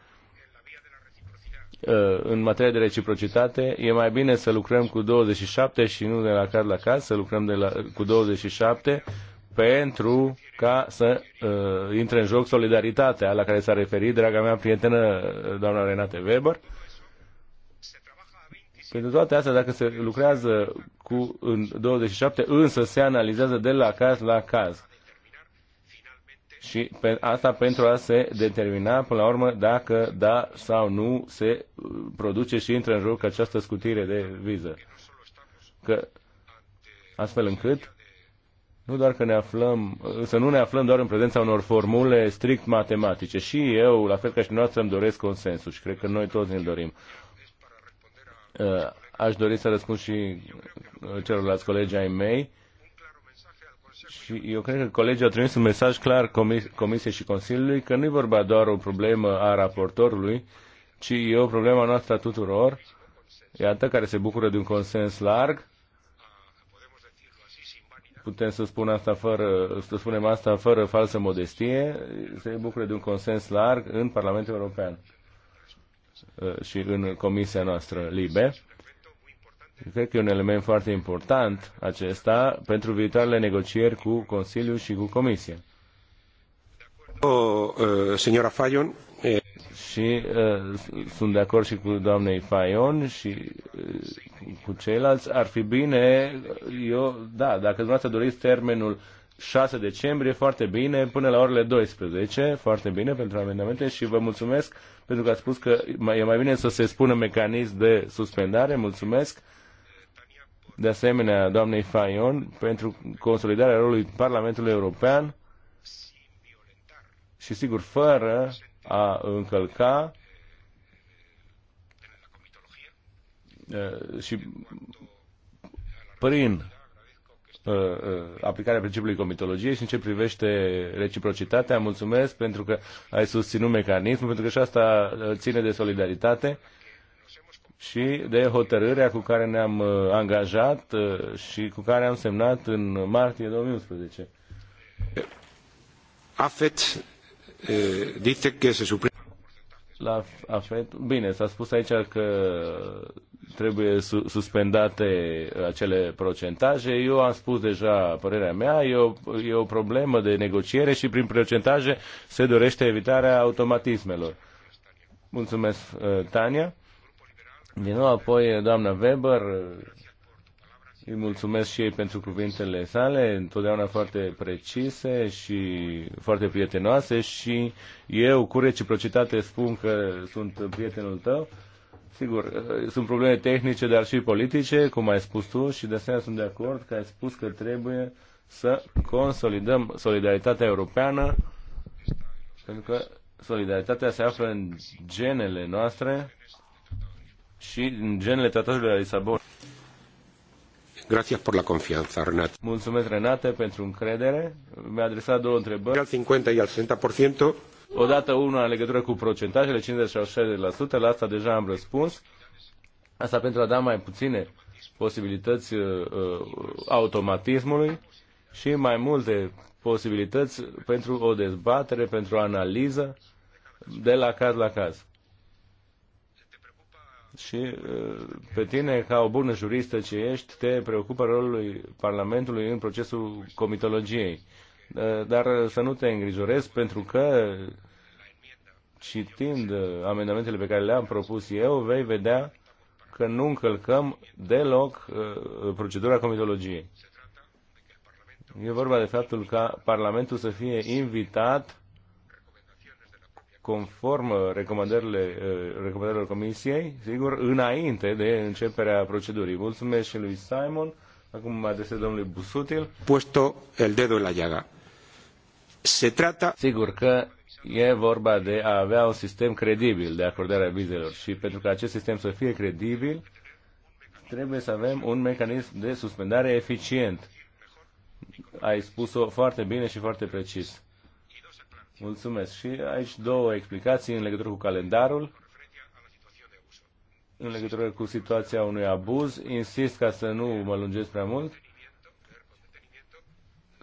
Uh, în materie de reciprocitate, e mai bine să lucrăm cu 27 și nu de la caz la caz, să lucrăm de la, cu 27 pentru ca să uh, intre în joc solidaritatea la care s-a referit draga mea prietenă, uh, doamna Renate Weber. Pentru toate astea, dacă se lucrează cu în 27, însă se analizează de la caz la caz și pe, asta pentru a se determina până la urmă dacă da sau nu se uh, produce și intră în joc această scutire de viză. Că, astfel încât nu doar că ne aflăm, uh, să nu ne aflăm doar în prezența unor formule strict matematice. Și eu, la fel ca și noastră, îmi doresc consensul și cred că noi toți ne-l dorim. Uh, aș dori să răspund și celorlalți colegi ai mei și eu cred că colegii au trimis un mesaj clar comis- Comisiei și Consiliului că nu e vorba doar o problemă a raportorului, ci e o problemă a noastră a tuturor, iată, care se bucură de un consens larg. Putem să, spun asta fără, să spunem asta fără falsă modestie, se bucură de un consens larg în Parlamentul European uh, și în Comisia noastră LIBE Cred că e un element foarte important acesta pentru viitoarele negocieri cu Consiliul și cu Comisia. O, eh, señora Fayon. Eh. Și uh, sunt de acord și cu doamnei Fayon și uh, cu ceilalți. Ar fi bine, eu, da, dacă dumneavoastră doriți termenul 6 decembrie, foarte bine, până la orele 12, foarte bine pentru amendamente și vă mulțumesc pentru că ați spus că e mai bine să se spună mecanism de suspendare, mulțumesc de asemenea doamnei Fayon pentru consolidarea rolului Parlamentului European și sigur fără a încălca și prin aplicarea principiului comitologiei și în ce privește reciprocitatea, mulțumesc pentru că ai susținut mecanismul, pentru că și asta ține de solidaritate și de hotărârea cu care ne-am uh, angajat uh, și cu care am semnat în martie 2011. AFET uh, dite că se suprim. La AFET, bine, s-a spus aici că trebuie su- suspendate acele procentaje. Eu am spus deja părerea mea, e o, e o problemă de negociere și prin procentaje se dorește evitarea automatismelor. Mulțumesc, Tania. Din nou, apoi, doamna Weber, îi mulțumesc și ei pentru cuvintele sale, întotdeauna foarte precise și foarte prietenoase și eu cu reciprocitate spun că sunt prietenul tău. Sigur, sunt probleme tehnice, dar și politice, cum ai spus tu, și de asemenea sunt de acord că ai spus că trebuie să consolidăm solidaritatea europeană, pentru că solidaritatea se află în genele noastre și în genele tratatului de la Lisabon. Gracias por la confianza, Renat. Mulțumesc, Renate, pentru încredere. Mi-a adresat două întrebări. Al 50 și al 60%. Odată una în legătură cu procentajele, 50 60%, la asta deja am răspuns. Asta pentru a da mai puține posibilități uh, uh, automatismului și mai multe posibilități pentru o dezbatere, pentru o analiză de la caz la caz și uh, pe tine, ca o bună juristă ce ești, te preocupă rolul Parlamentului în procesul comitologiei. Uh, dar să nu te îngrijorezi pentru că citind uh, amendamentele pe care le-am propus eu, vei vedea că nu încălcăm deloc procedura comitologiei. E vorba de faptul ca Parlamentul să fie invitat conform uh, uh, recomandărilor Comisiei, sigur, înainte de începerea procedurii. Mulțumesc și lui Simon. Acum mă adresez domnului Busutil. Puesto el dedo la llaga. Se trata... Sigur că e vorba de a avea un sistem credibil de acordare a vizelor și pentru că acest sistem să fie credibil, trebuie să avem un mecanism de suspendare eficient. Ai spus-o foarte bine și foarte precis. Mulțumesc. Și aici două explicații în legătură cu calendarul. În legătură cu situația unui abuz, insist ca să nu mă lungesc prea mult,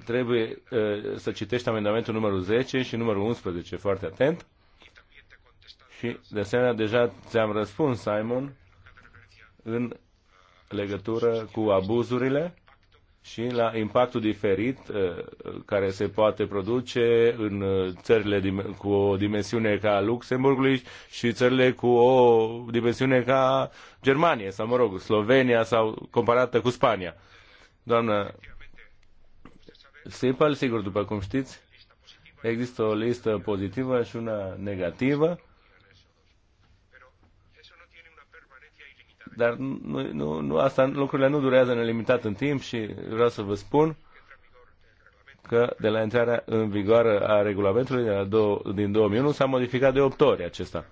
trebuie uh, să citești amendamentul numărul 10 și numărul 11 foarte atent. Și, de asemenea, deja ți-am răspuns, Simon, în legătură cu abuzurile și la impactul diferit uh, care se poate produce în uh, țările cu o dimensiune ca Luxemburgului și țările cu o dimensiune ca Germania sau, mă rog, Slovenia sau comparată cu Spania. Doamnă Sipal, sigur, după cum știți, există o listă pozitivă și una negativă Dar nu, nu, nu, asta, lucrurile nu durează nelimitat în timp și vreau să vă spun că de la intrarea în vigoare a regulamentului de la do- din 2001 s-a modificat de 8 ori acesta.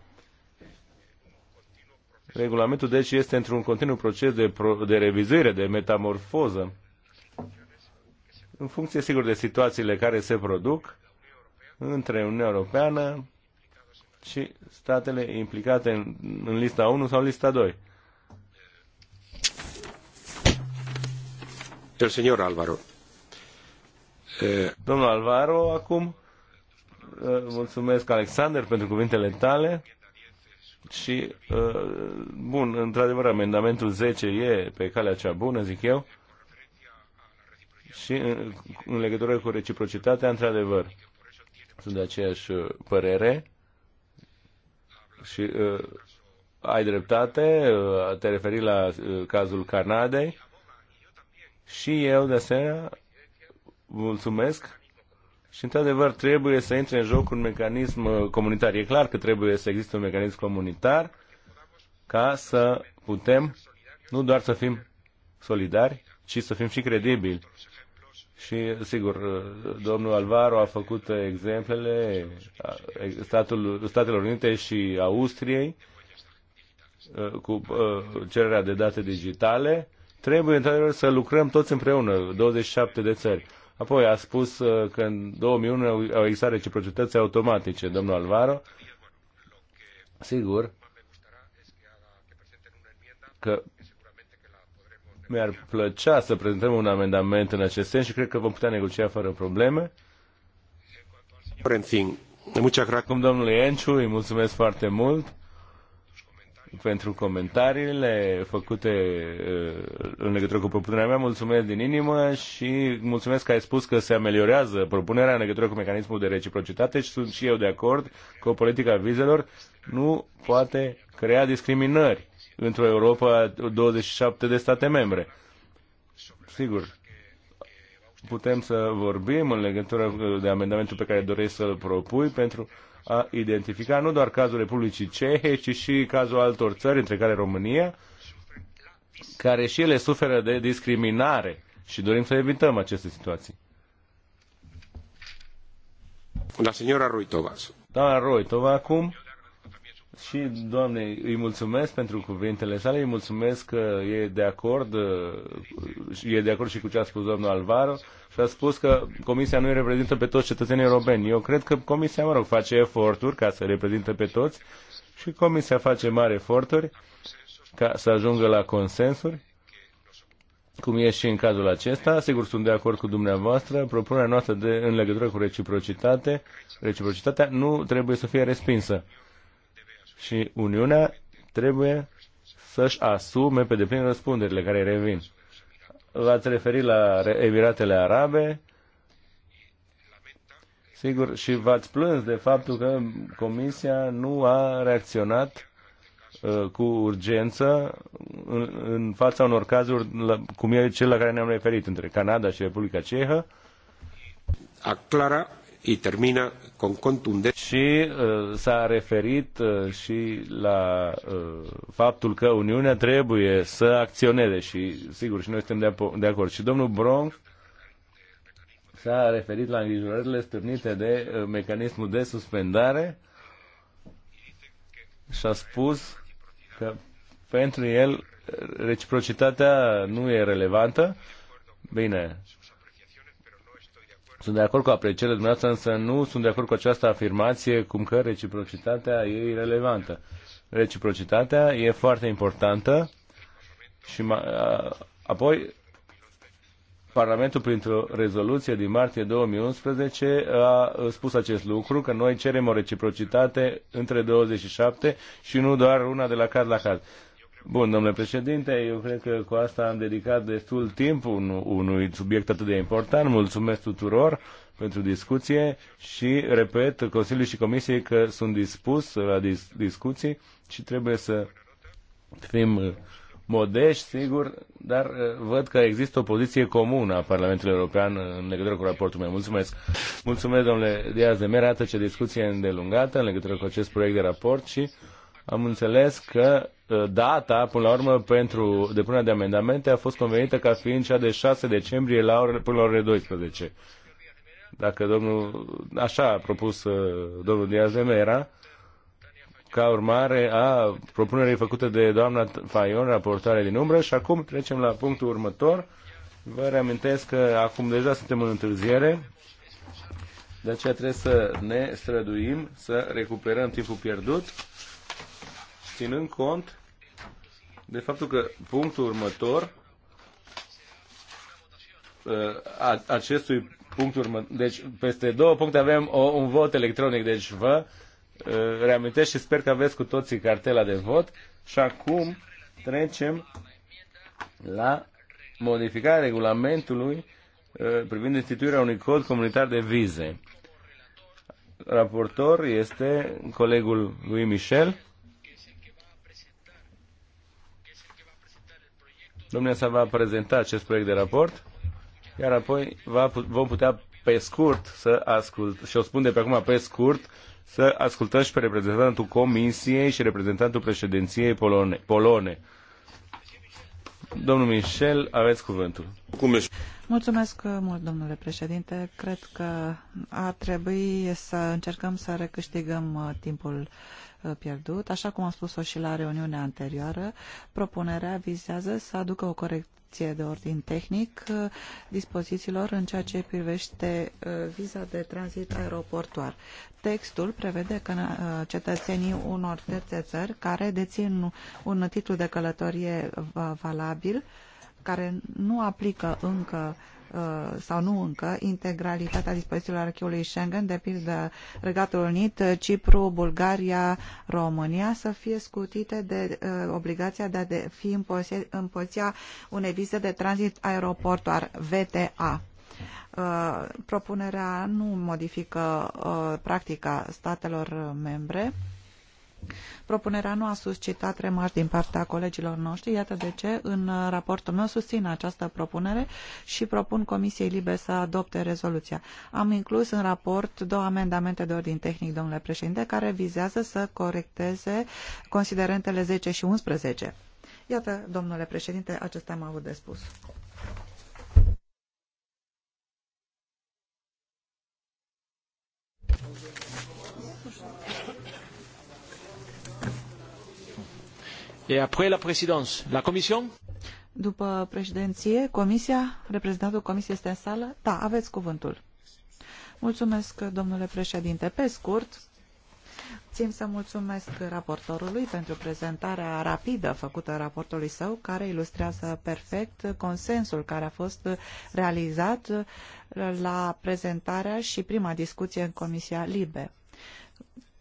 Regulamentul deci este într-un continuu proces de, pro- de revizuire, de metamorfoză, în funcție sigur de situațiile care se produc între Uniunea Europeană și statele implicate în, în lista 1 sau lista 2. del señor Alvaro. Eh, Domnul Alvaro, acum, eh, mulțumesc, Alexander, pentru cuvintele tale. Și, eh, bun, într-adevăr, amendamentul 10 e pe calea cea bună, zic eu. Și în legătură cu reciprocitatea, într-adevăr, sunt de aceeași părere și uh, ai dreptate, uh, te referi la uh, cazul Canadei și eu, de asemenea, mulțumesc și, într-adevăr, trebuie să intre în joc un mecanism uh, comunitar. E clar că trebuie să existe un mecanism comunitar ca să putem nu doar să fim solidari, ci să fim și credibili. Și, sigur, uh, domnul Alvaro a făcut exemplele uh, statul, Statelor Unite și Austriei cu cererea de date digitale Trebuie, într-adevăr, să lucrăm toți împreună, 27 de țări. Apoi a spus uh, că în 2001 au existat reciprocități automatice, domnul Alvaro. Sigur că mi-ar plăcea să prezentăm un amendament în acest sens și cred că vom putea negocia fără probleme. În fin, Enciu, îi mulțumesc foarte mult pentru comentariile făcute uh, în legătură cu propunerea mea. Mulțumesc din inimă și mulțumesc că ai spus că se ameliorează propunerea în legătură cu mecanismul de reciprocitate și sunt și eu de acord că politica vizelor nu poate crea discriminări într-o Europa 27 de state membre. Sigur, putem să vorbim în legătură de amendamentul pe care doresc să-l propui pentru a identifica nu doar cazul Republicii Cehe, ci și cazul altor țări, între care România, care și ele suferă de discriminare și dorim să evităm aceste situații. La signora Roitova. Doamna Roitova, acum și doamne, îi mulțumesc pentru cuvintele sale, îi mulțumesc că e de acord, e de acord și cu ce a spus domnul Alvaro și a spus că Comisia nu îi reprezintă pe toți cetățenii europeni. Eu cred că Comisia, mă rog, face eforturi ca să reprezintă pe toți și Comisia face mari eforturi ca să ajungă la consensuri, cum e și în cazul acesta. Sigur, sunt de acord cu dumneavoastră. Propunerea noastră de, în legătură cu reciprocitate, reciprocitatea nu trebuie să fie respinsă. Și Uniunea trebuie să-și asume pe deplin răspunderile care revin. V-ați referit la Emiratele Arabe, sigur, și v-ați plâns de faptul că Comisia nu a reacționat uh, cu urgență în, în fața unor cazuri la, cum e cel la care ne-am referit între Canada și Republica Cehă. clara y termina con contundencia. Și uh, s-a referit uh, și la uh, faptul că Uniunea trebuie să acționeze și, sigur, și noi suntem de, de acord. Și domnul Bronx s-a referit la îngrijorările stârnite de uh, mecanismul de suspendare și a spus că pentru el reciprocitatea nu e relevantă. Bine, sunt de acord cu aprecierile dumneavoastră, însă nu sunt de acord cu această afirmație cum că reciprocitatea e irrelevantă. Reciprocitatea e foarte importantă și apoi Parlamentul, printr-o rezoluție din martie 2011, a spus acest lucru, că noi cerem o reciprocitate între 27 și nu doar una de la caz la caz. Bun, domnule președinte, eu cred că cu asta am dedicat destul timp un, unui subiect atât de important. Mulțumesc tuturor pentru discuție și, repet, Consiliul și Comisiei că sunt dispus la dis- discuții și trebuie să fim modești, sigur, dar uh, văd că există o poziție comună a Parlamentului European în legătură cu raportul meu. Mulțumesc! Mulțumesc, domnule Diaz de Mera, atât ce discuție îndelungată în legătură cu acest proiect de raport și am înțeles că ă, data, până la urmă, pentru depunerea de amendamente a fost convenită ca fiind cea de 6 decembrie la ore, până la ore 12. Dacă domnul, așa a propus ă, domnul Diaz de Mera, ca urmare a propunerii făcute de doamna Faion, raportoare din umbră, și acum trecem la punctul următor. Vă reamintesc că acum deja suntem în întârziere, de aceea trebuie să ne străduim, să recuperăm timpul pierdut ținând cont de faptul că punctul următor uh, a, acestui punct următor. Deci, peste două puncte avem o, un vot electronic. Deci, vă uh, reamintesc și sper că aveți cu toții cartela de vot. Și acum trecem la modificarea regulamentului uh, privind instituirea unui cod comunitar de vize. Raportor este colegul lui Michel. Domnul să va prezenta acest proiect de raport, iar apoi va, vom putea pe scurt să ascult, și o spun de pe acum pe scurt, să ascultăm și pe reprezentantul Comisiei și reprezentantul președinției polone. polone. Domnul Michel, aveți cuvântul. Cum ești? Mulțumesc mult, domnule președinte. Cred că ar trebui să încercăm să recâștigăm uh, timpul Uh, pierdut. Așa cum am spus-o și la reuniunea anterioară, propunerea vizează să aducă o corecție de ordin tehnic uh, dispozițiilor în ceea ce privește uh, viza de tranzit aeroportuar. Textul prevede că cetățenii unor terțe țări care dețin un titlu de călătorie valabil, care nu aplică încă uh, Uh, sau nu încă integralitatea dispozițiilor archiului Schengen, de pildă Regatul Unit, Cipru, Bulgaria, România, să fie scutite de uh, obligația de a fi în, poze, în poziția unei vize de tranzit aeroportuar VTA. Uh, propunerea nu modifică practica statelor membre, Propunerea nu a suscitat remarci din partea colegilor noștri, iată de ce în raportul meu susțin această propunere și propun Comisiei Libe să adopte rezoluția. Am inclus în raport două amendamente de ordin tehnic, domnule președinte, care vizează să corecteze considerentele 10 și 11. Iată, domnule președinte, acestea am avut de spus. Thank you. après la présidence, la commission După președinție, comisia, reprezentantul comisiei este în sală? Da, aveți cuvântul. Mulțumesc, domnule președinte. Pe scurt, Țin să mulțumesc raportorului pentru prezentarea rapidă făcută raportului său, care ilustrează perfect consensul care a fost realizat la prezentarea și prima discuție în Comisia Libe.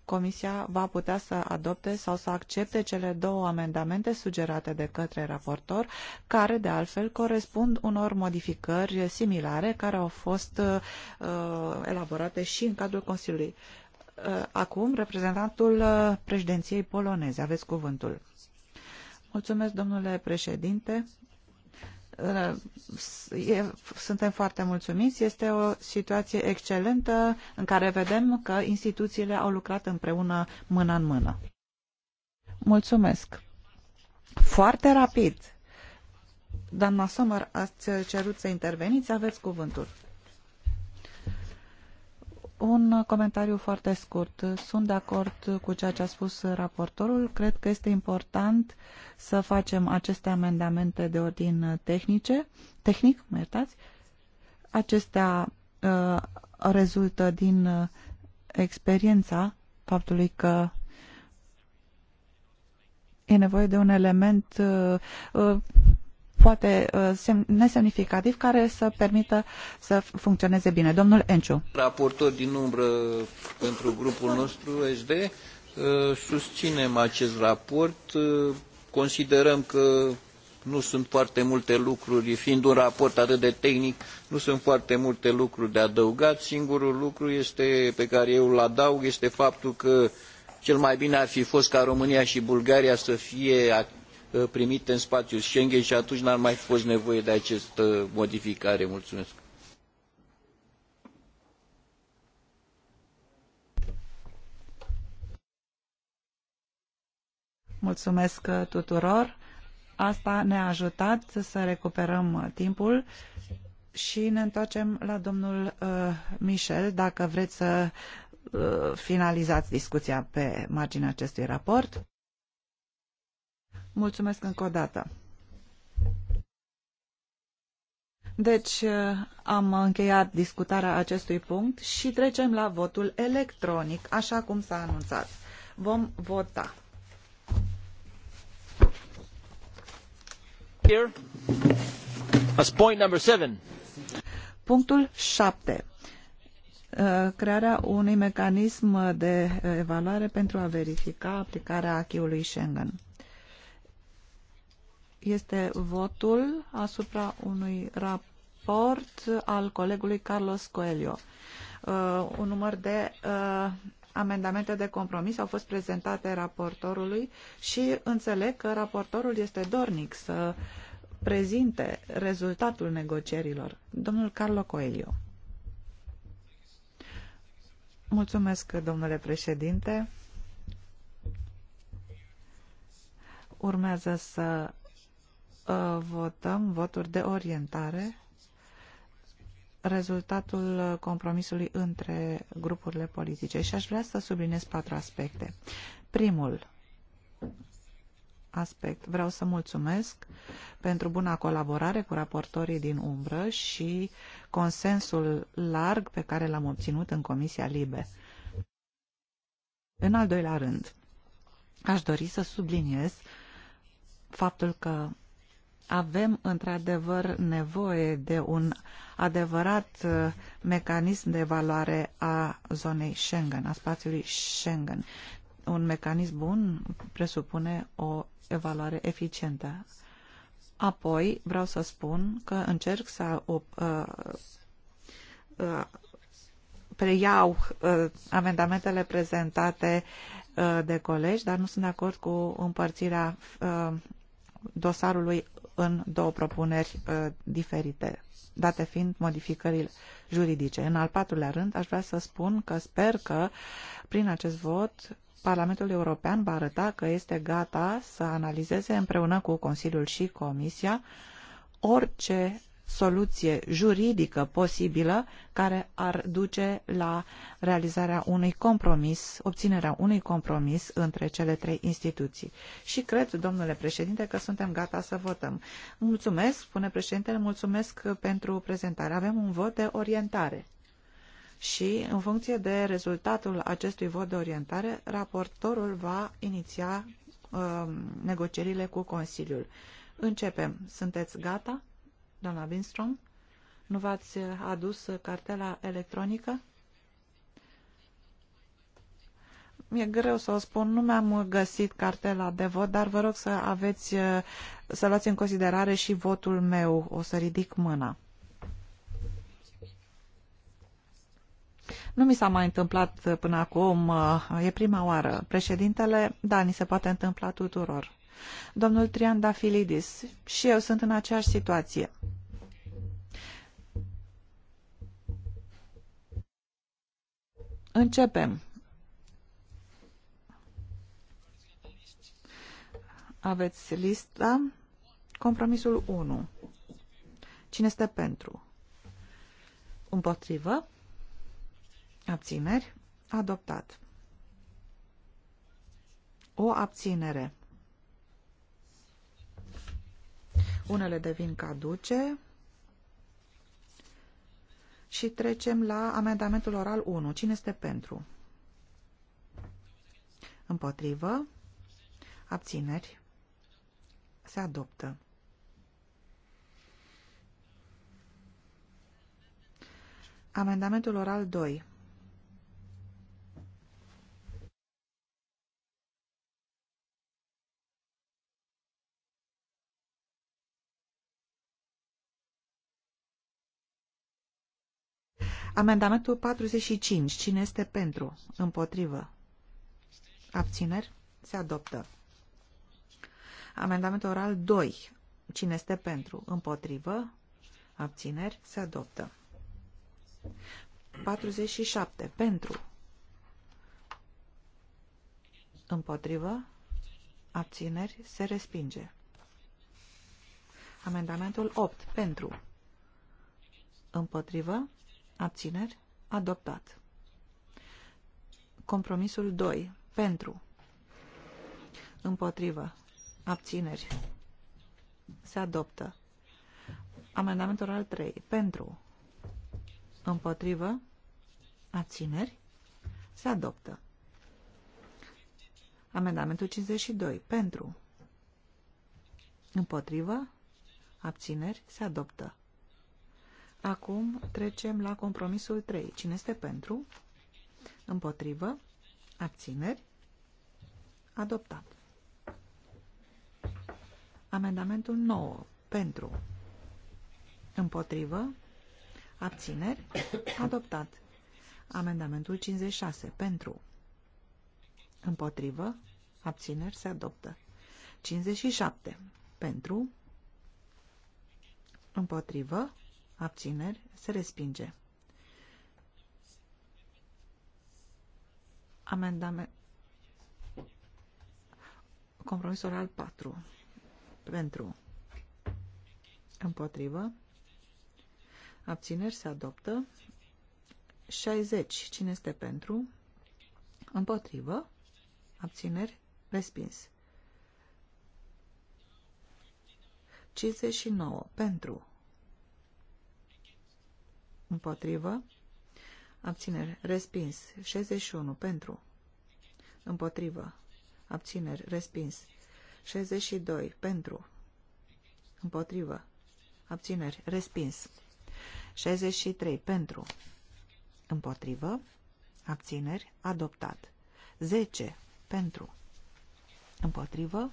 Comisia va putea să adopte sau să accepte cele două amendamente sugerate de către raportor, care de altfel corespund unor modificări similare care au fost uh, elaborate și în cadrul Consiliului. Uh, acum, reprezentantul uh, președinției poloneze. Aveți cuvântul. Mulțumesc, domnule președinte e, suntem foarte mulțumiți. Este o situație excelentă în care vedem că instituțiile au lucrat împreună mână în mână. Mulțumesc. Foarte rapid. Doamna Sommer, ați cerut să interveniți, aveți cuvântul. Un comentariu foarte scurt. Sunt de acord cu ceea ce a spus raportorul. Cred că este important să facem aceste amendamente de ordin tehnice, tehnic, mă iertați. Acestea uh, rezultă din uh, experiența faptului că e nevoie de un element uh, uh poate uh, nesemnificativ care să permită să funcționeze bine. Domnul Enciu. Raportor din umbră pentru grupul nostru SD, uh, susținem acest raport. Uh, considerăm că nu sunt foarte multe lucruri, fiind un raport atât de tehnic, nu sunt foarte multe lucruri de adăugat. Singurul lucru este, pe care eu îl adaug este faptul că cel mai bine ar fi fost ca România și Bulgaria să fie Uh, primite în spațiul Schengen și atunci n-ar mai fost nevoie de această modificare. Mulțumesc. Mulțumesc tuturor. Asta ne-a ajutat să recuperăm timpul și ne întoarcem la domnul uh, Michel, dacă vreți să uh, finalizați discuția pe marginea acestui raport. Mulțumesc încă o dată. Deci eh, am încheiat discutarea acestui punct și trecem la votul electronic, așa cum s-a anunțat. Vom vota. Here. As point number seven. Punctul 7. Eh, crearea unui mecanism de evaluare pentru a verifica aplicarea acquis Schengen este votul asupra unui raport al colegului Carlos Coelho. Uh, un număr de uh, amendamente de compromis au fost prezentate raportorului și înțeleg că raportorul este dornic să prezinte rezultatul negocierilor. Domnul Carlo Coelho. Mulțumesc, domnule președinte. Urmează să Uh, votăm voturi de orientare rezultatul compromisului între grupurile politice și aș vrea să subliniez patru aspecte. Primul aspect, vreau să mulțumesc pentru buna colaborare cu raportorii din umbră și consensul larg pe care l-am obținut în Comisia Libe. În al doilea rând, aș dori să subliniez faptul că avem într-adevăr nevoie de un adevărat uh, mecanism de evaluare a zonei Schengen, a spațiului Schengen. Un mecanism bun presupune o evaluare eficientă. Apoi vreau să spun că încerc să uh, uh, preiau uh, amendamentele prezentate uh, de colegi, dar nu sunt de acord cu împărțirea uh, dosarului în două propuneri uh, diferite, date fiind modificările juridice. În al patrulea rând, aș vrea să spun că sper că prin acest vot Parlamentul European va arăta că este gata să analizeze împreună cu Consiliul și Comisia orice soluție juridică posibilă care ar duce la realizarea unui compromis, obținerea unui compromis între cele trei instituții. Și cred, domnule președinte, că suntem gata să votăm. Mulțumesc, spune președintele, mulțumesc pentru prezentare. Avem un vot de orientare și în funcție de rezultatul acestui vot de orientare, raportorul va iniția uh, negocierile cu Consiliul. Începem. Sunteți gata? doamna Winstrom? Nu v-ați uh, adus uh, cartela electronică? Mi-e greu să o spun, nu mi-am uh, găsit cartela de vot, dar vă rog să aveți, să luați în considerare și votul meu. O să ridic mâna. Nu mi s-a mai întâmplat până acum, e prima oară. Președintele, da, ni se poate întâmpla tuturor. Domnul Triandafilidis, și eu sunt în aceeași situație. Începem. Aveți lista. Compromisul 1. Cine este pentru? Împotrivă. Abțineri. Adoptat. O abținere. unele devin caduce și trecem la amendamentul oral 1. Cine este pentru? Împotrivă? Abțineri? Se adoptă. Amendamentul oral 2. Amendamentul 45. Cine este pentru? Împotrivă. Abțineri? Se adoptă. Amendamentul oral 2. Cine este pentru? Împotrivă. Abțineri? Se adoptă. 47. Pentru. Împotrivă. Abțineri? Se respinge. Amendamentul 8. Pentru. Împotrivă. Abțineri? Adoptat. Compromisul 2. Pentru. Împotrivă. Abțineri. Se adoptă. Amendamentul al 3. Pentru. Împotrivă. Abțineri. Se adoptă. Amendamentul 52. Pentru. Împotrivă. Abțineri. Se adoptă. Acum trecem la compromisul 3. Cine este pentru? Împotrivă? Abțineri? Adoptat. Amendamentul 9. Pentru. Împotrivă. Abțineri. Adoptat. Amendamentul 56. Pentru. Împotrivă. Abțineri. Se adoptă. 57. Pentru. Împotrivă abțineri, se respinge. Amendament. Compromis oral 4. Pentru. Împotrivă. Abțineri se adoptă. 60. Cine este pentru? Împotrivă. Abțineri. Respins. 59. Pentru. Împotrivă. Abțineri. Respins. 61. Pentru. Împotrivă. Abțineri. Respins. 62. Pentru. Împotrivă. Abțineri. Respins. 63. Pentru. Împotrivă. Abțineri. Adoptat. 10. Pentru. Împotrivă.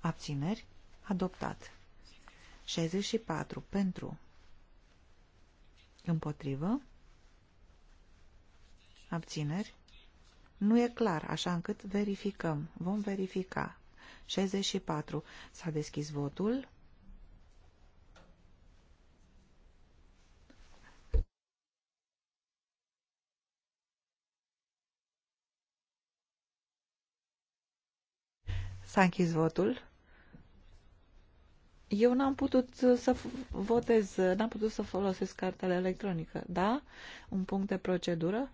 Abțineri. Adoptat. 64. Pentru. Împotrivă. Abțineri. Nu e clar, așa încât verificăm. Vom verifica. 64. S-a deschis votul. S-a închis votul. Eu n-am putut uh, să votez, uh, n-am putut să folosesc cartela electronică. Da? Un punct de procedură?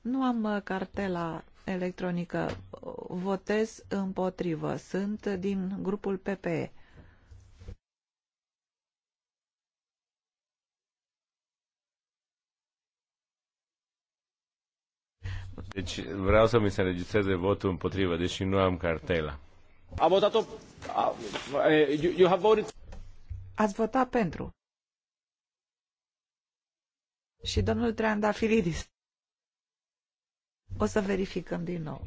Nu am uh, cartela electronică. Votez împotrivă. Sunt din grupul PPE. Deci vreau să mi se înregistreze votul împotrivă, deși nu am cartela. A votat-o... You, you have voted... Ați votat pentru. Și domnul Trandafilidis. O să verificăm din nou.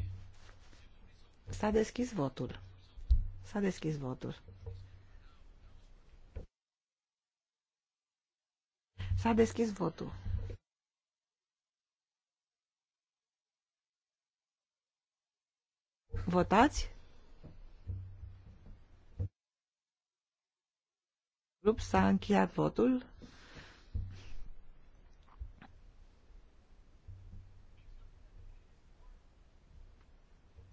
S-a deschis votul. S-a deschis votul. S-a deschis votul. Votați? grup s-a încheiat votul.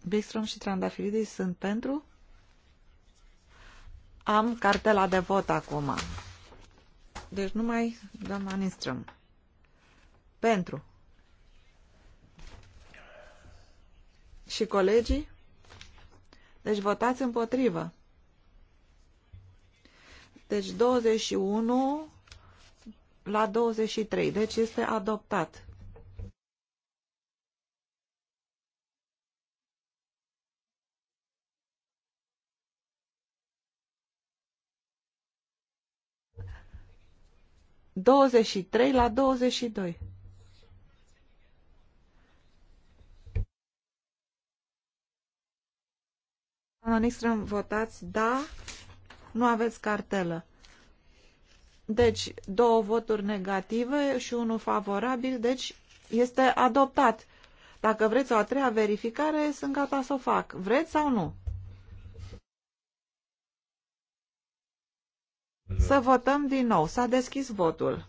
Bistrom și Trandafiridis sunt pentru. Am cartela de vot acum. Deci numai doamna Nistrom. Pentru. Și colegii? Deci votați împotrivă. Deci 21 la 23. Deci este adoptat. Douăzeci și trei la douăzeci și doi. Doamna votați da nu aveți cartelă. Deci, două voturi negative și unul favorabil, deci este adoptat. Dacă vreți o a treia verificare, sunt gata să o fac. Vreți sau nu? Să votăm din nou. S-a deschis votul.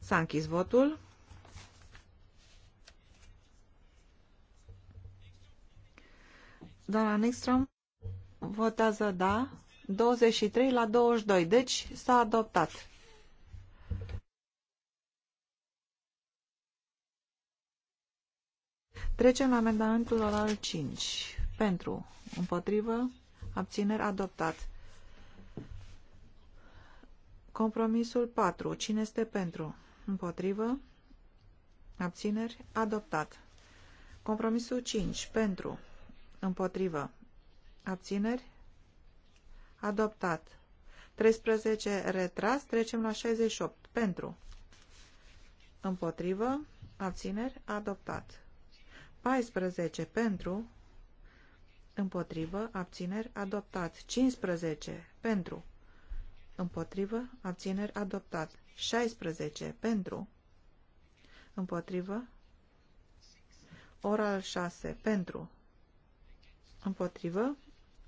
S-a închis votul. Doamna Nickstrom votează da, 23 la 22, deci s-a adoptat. Trecem la amendamentul oral 5. Pentru, împotrivă, abțineri, adoptat. Compromisul 4. Cine este pentru? Împotrivă, abțineri, adoptat. Compromisul 5. Pentru, Împotrivă. Abțineri. Adoptat. 13 retras. Trecem la 68. Pentru. Împotrivă. Abțineri. Adoptat. 14 pentru. Împotrivă. Abțineri. Adoptat. 15 pentru. Împotrivă. Abțineri. Adoptat. 16 pentru. Împotrivă. Oral 6 pentru. Împotrivă.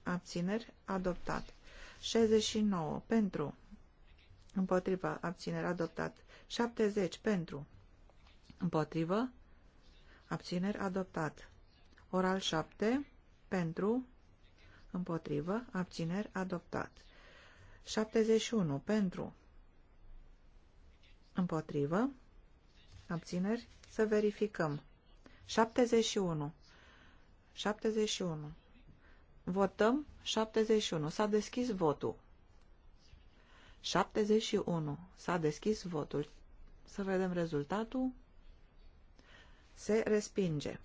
Abțineri. Adoptat. 69. Pentru. Împotrivă. Abțineri. Adoptat. 70. Pentru. Împotrivă. Abțineri. Adoptat. Oral 7. Pentru. Împotrivă. Abțineri. Adoptat. 71. Pentru. Împotrivă. Abțineri. Să verificăm. 71. 71. Votăm 71. S-a deschis votul. 71. S-a deschis votul. Să vedem rezultatul. Se respinge.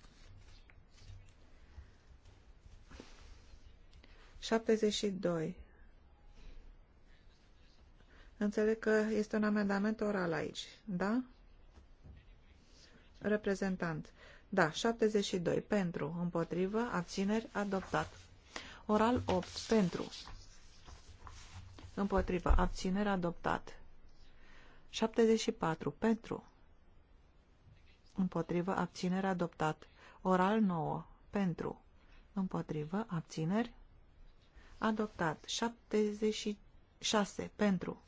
72. Înțeleg că este un amendament oral aici, da? Reprezentant. Da, 72. Pentru, împotrivă, abțineri, adoptat. Oral 8 pentru. Împotrivă. Abținere adoptat. 74 pentru. Împotrivă. Abținere adoptat. Oral 9 pentru. Împotrivă. Abțineri. Adoptat. 76 pentru.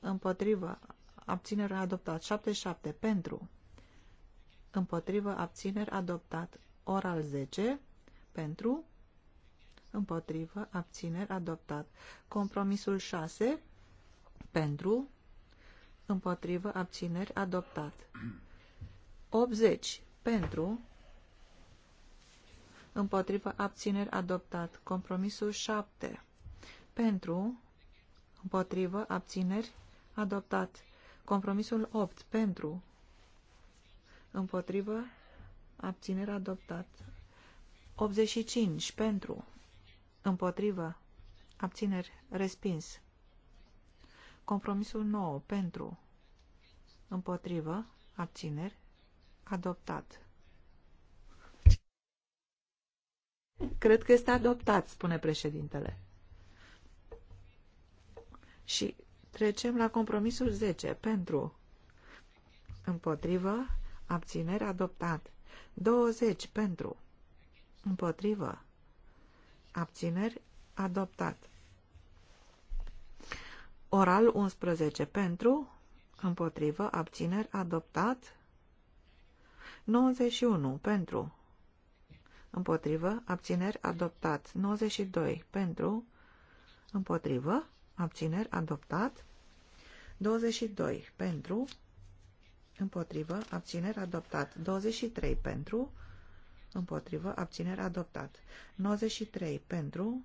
Împotrivă. Abținere adoptat. 77 pentru. Împotrivă. Abțineri adoptat. Oral 10 pentru împotrivă, abțineri, adoptat. Compromisul 6, pentru, împotrivă, abțineri, adoptat. 80, pentru, împotrivă, abțineri, adoptat. Compromisul 7, pentru, împotrivă, abțineri, adoptat. Compromisul 8, pentru, împotrivă, abțineri, adoptat. 85, pentru, Împotrivă. Abțineri. Respins. Compromisul nou Pentru. Împotrivă. Abțineri. Adoptat. Cred că este adoptat, spune președintele. Și trecem la compromisul 10. Pentru. Împotrivă. Abțineri. Adoptat. 20. Pentru. Împotrivă abțineri, adoptat. Oral 11 pentru, împotrivă, abțineri, adoptat. 91 pentru, împotrivă, abțineri, adoptat. 92 pentru, împotrivă, abțineri, adoptat. 22 pentru, împotrivă, abțineri, adoptat. 23 pentru, împotrivă, abțineri, adoptat. 93 pentru,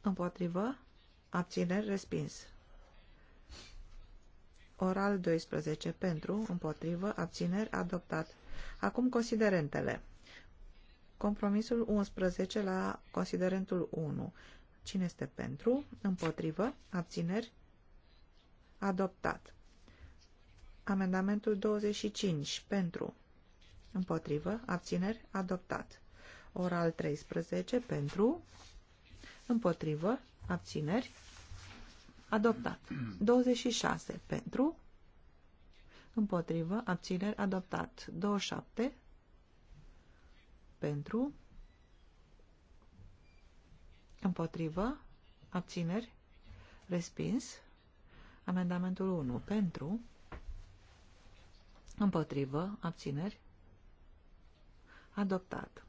împotrivă, abțineri, respins. Oral 12 pentru, împotrivă, abțineri, adoptat. Acum considerentele. Compromisul 11 la considerentul 1. Cine este pentru? Împotrivă? Abțineri? Adoptat. Amendamentul 25. Pentru. Împotrivă. Abțineri. Adoptat. Oral 13. Pentru. Împotrivă. Abțineri. Adoptat. 26. Pentru. Împotrivă. Abțineri. Adoptat. 27. Pentru. Împotrivă. Abțineri. Respins. Amendamentul 1. Pentru. Împotrivă. Abțineri adoptat.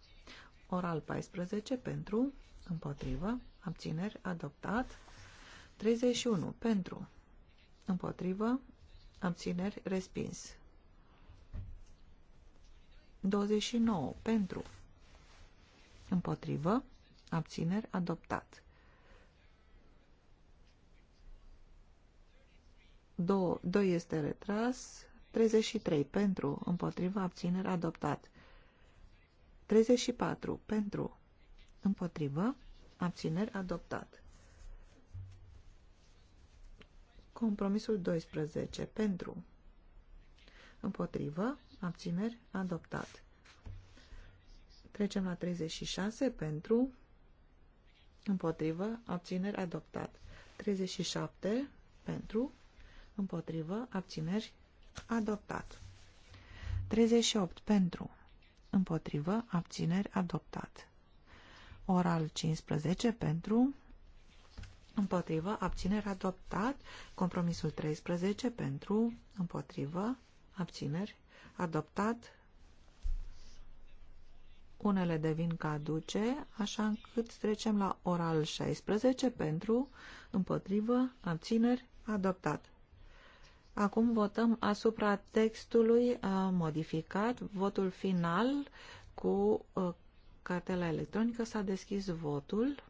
Oral 14 pentru, împotrivă, abțineri, adoptat. 31 pentru, împotrivă, abțineri, respins. 29 pentru, împotrivă, abțineri, adoptat. 2, 2 este retras, 33 pentru, împotriva, abțineri, adoptat. 34 pentru, împotrivă, abțineri adoptat. Compromisul 12 pentru, împotrivă, abțineri adoptat. Trecem la 36 pentru, împotrivă, abțineri adoptat. 37 pentru, împotrivă, abțineri adoptat. 38 pentru, împotrivă, abțineri, adoptat. Oral 15 pentru, împotrivă, abțineri, adoptat. Compromisul 13 pentru, împotrivă, abțineri, adoptat. Unele devin caduce, așa încât trecem la oral 16 pentru, împotrivă, abțineri, adoptat. Acum votăm asupra textului uh, modificat, votul final cu uh, cartela electronică. S-a deschis votul.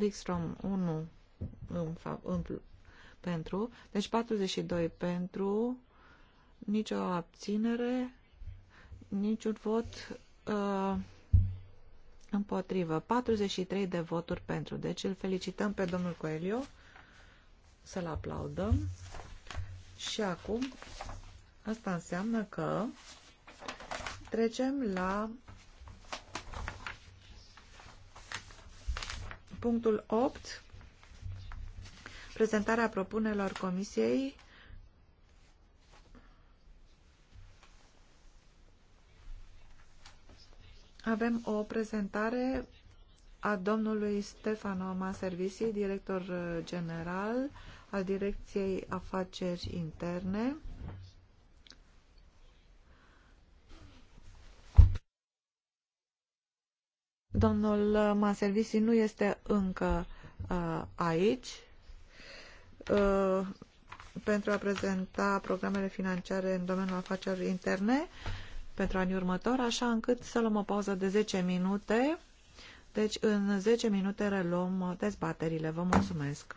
Wikstrom 1 în, în, pentru, deci 42 pentru, nicio abținere, niciun vot. Uh, împotrivă, 43 de voturi pentru. Deci îl felicităm pe domnul Coelio, să-l aplaudăm. Și acum, asta înseamnă că trecem la punctul 8, prezentarea propunerilor Comisiei Avem o prezentare a domnului Stefano Maservisi, director uh, general al Direcției Afaceri Interne. Domnul Maservisi nu este încă uh, aici uh, pentru a prezenta programele financiare în domeniul afacerilor interne pentru anii următori, așa încât să luăm o pauză de 10 minute. Deci în 10 minute reluăm dezbaterile. Vă mulțumesc!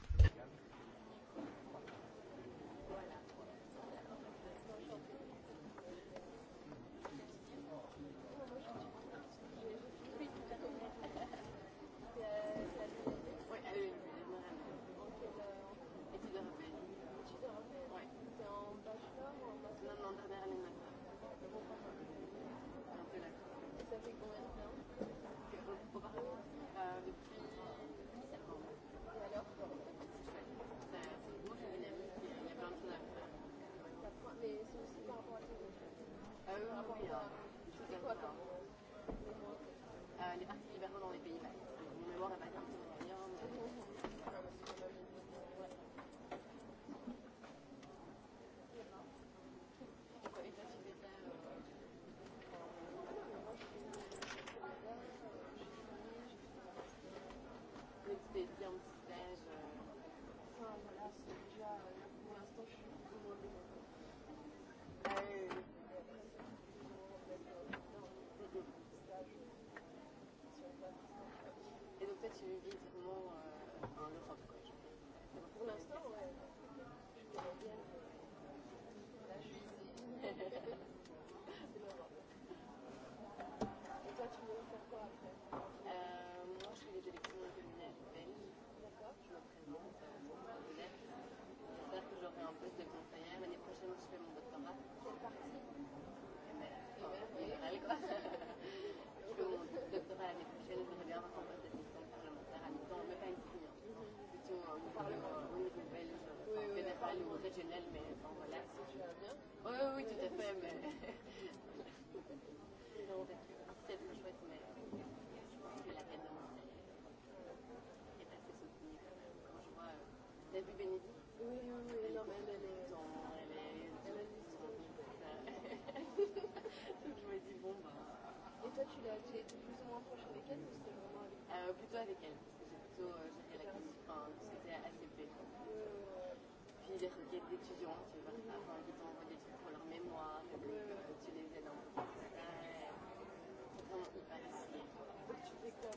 tu étais plus ou moins proche avec elle ou c'était vraiment avec elle euh, Plutôt avec elle, parce que j'ai plutôt euh, géré la question, enfin, c'était assez peu. Euh... Puis les requêtes d'étudiants, tu vois, avant qu'ils t'envoient des trucs pour leur mémoire, et puis euh, tu les aides un peu. C'est vraiment hyper essayé. Donc tu fais quoi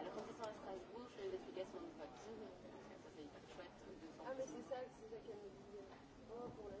Alors quand ils sont à Strasbourg, je fais les explications de vote. Mmh. ça c'est hyper chouette. Ah mais c'est ça, c'est ça qu'elle me disait. Oh, pour la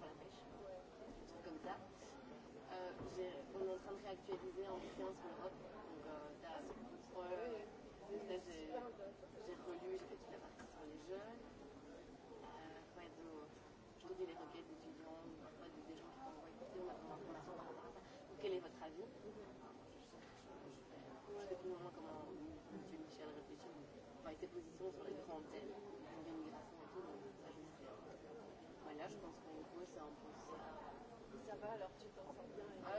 train de réactualiser en séance mon rock. Donc, euh, as, pour, euh, là, j'ai relu le fait qu'il a parti sur les jeunes. Euh, ouais, de, je relis les requêtes d'étudiants, parfois des, des gens qui t'envoient écouter, on a besoin d'informations par rapport à ça. Donc, quel est votre avis Je sais plus ou moins comment M. Michel réfléchit, enfin, ses positions sur les grandes thèmes, l'immigration et tout. Donc, ça, je sais. Voilà, je pense qu'en gros, c'est un peu ça. Ça va, alors tu t'en sens bien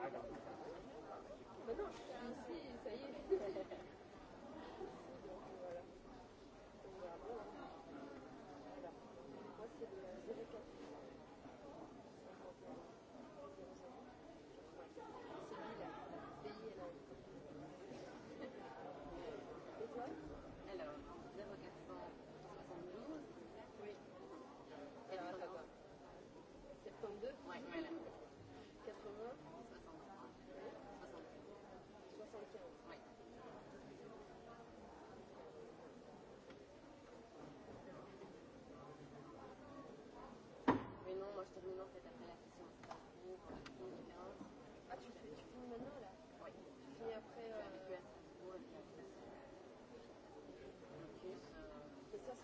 I don't da. know.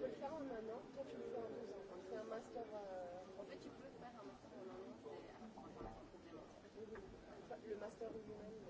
peux le faire en un an, toi tu le fais en deux ans. un master. Euh... En fait, tu peux un master en un an, lui-même.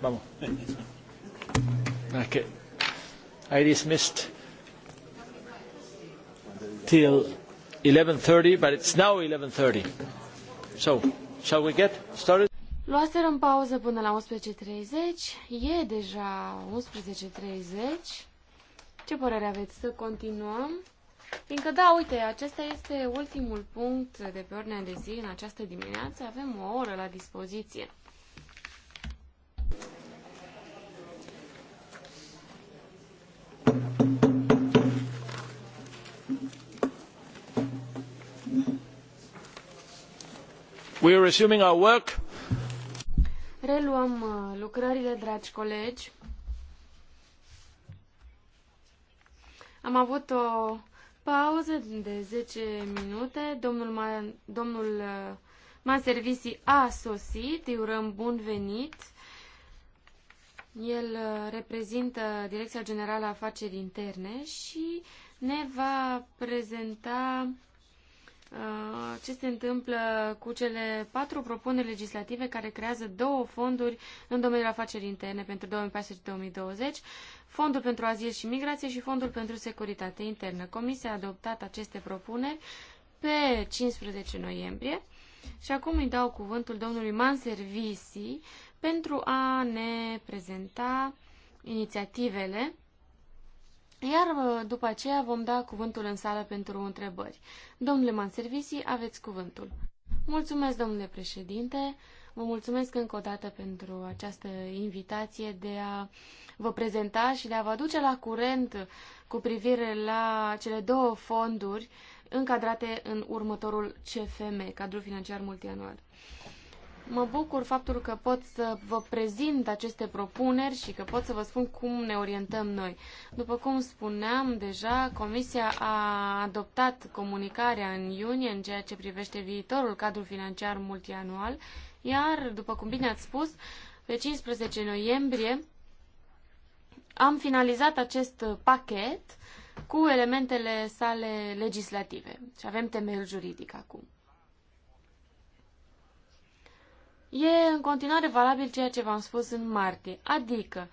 Vamos. Okay. I dismissed till 11.30, but it's now 11.30. So, shall we get started? pauză până la 11.30. E deja 11.30. Ce părere aveți să continuăm? Fiindcă, da, uite, acesta este ultimul punct de pe ordinea de zi în această dimineață. Avem o oră la dispoziție. We are resuming our work. Reluăm uh, lucrările, dragi colegi. Am avut o pauză de 10 minute. Domnul, Ma, domnul uh, Maservisi a sosit, îi urăm bun venit. El uh, reprezintă Direcția Generală a Afaceri Interne și ne va prezenta uh, ce se întâmplă cu cele patru propuneri legislative care creează două fonduri în domeniul afacerii interne pentru 2014-2020, Fondul pentru Azil și Migrație și Fondul pentru Securitate Internă. Comisia a adoptat aceste propuneri pe 15 noiembrie și acum îi dau cuvântul domnului Manservisi pentru a ne prezenta inițiativele, iar uh, după aceea vom da cuvântul în sală pentru întrebări. Domnule Manservisi, aveți cuvântul. Mulțumesc, domnule președinte. Vă mulțumesc încă o dată pentru această invitație de a vă prezenta și de a vă duce la curent cu privire la cele două fonduri încadrate în următorul CFM, cadrul financiar multianual. Mă bucur faptul că pot să vă prezint aceste propuneri și că pot să vă spun cum ne orientăm noi. După cum spuneam deja, Comisia a adoptat comunicarea în iunie în ceea ce privește viitorul cadru financiar multianual, iar, după cum bine ați spus, pe 15 noiembrie am finalizat acest pachet cu elementele sale legislative și avem temel juridic acum. E în continuare valabil ceea ce v-am spus în martie, adică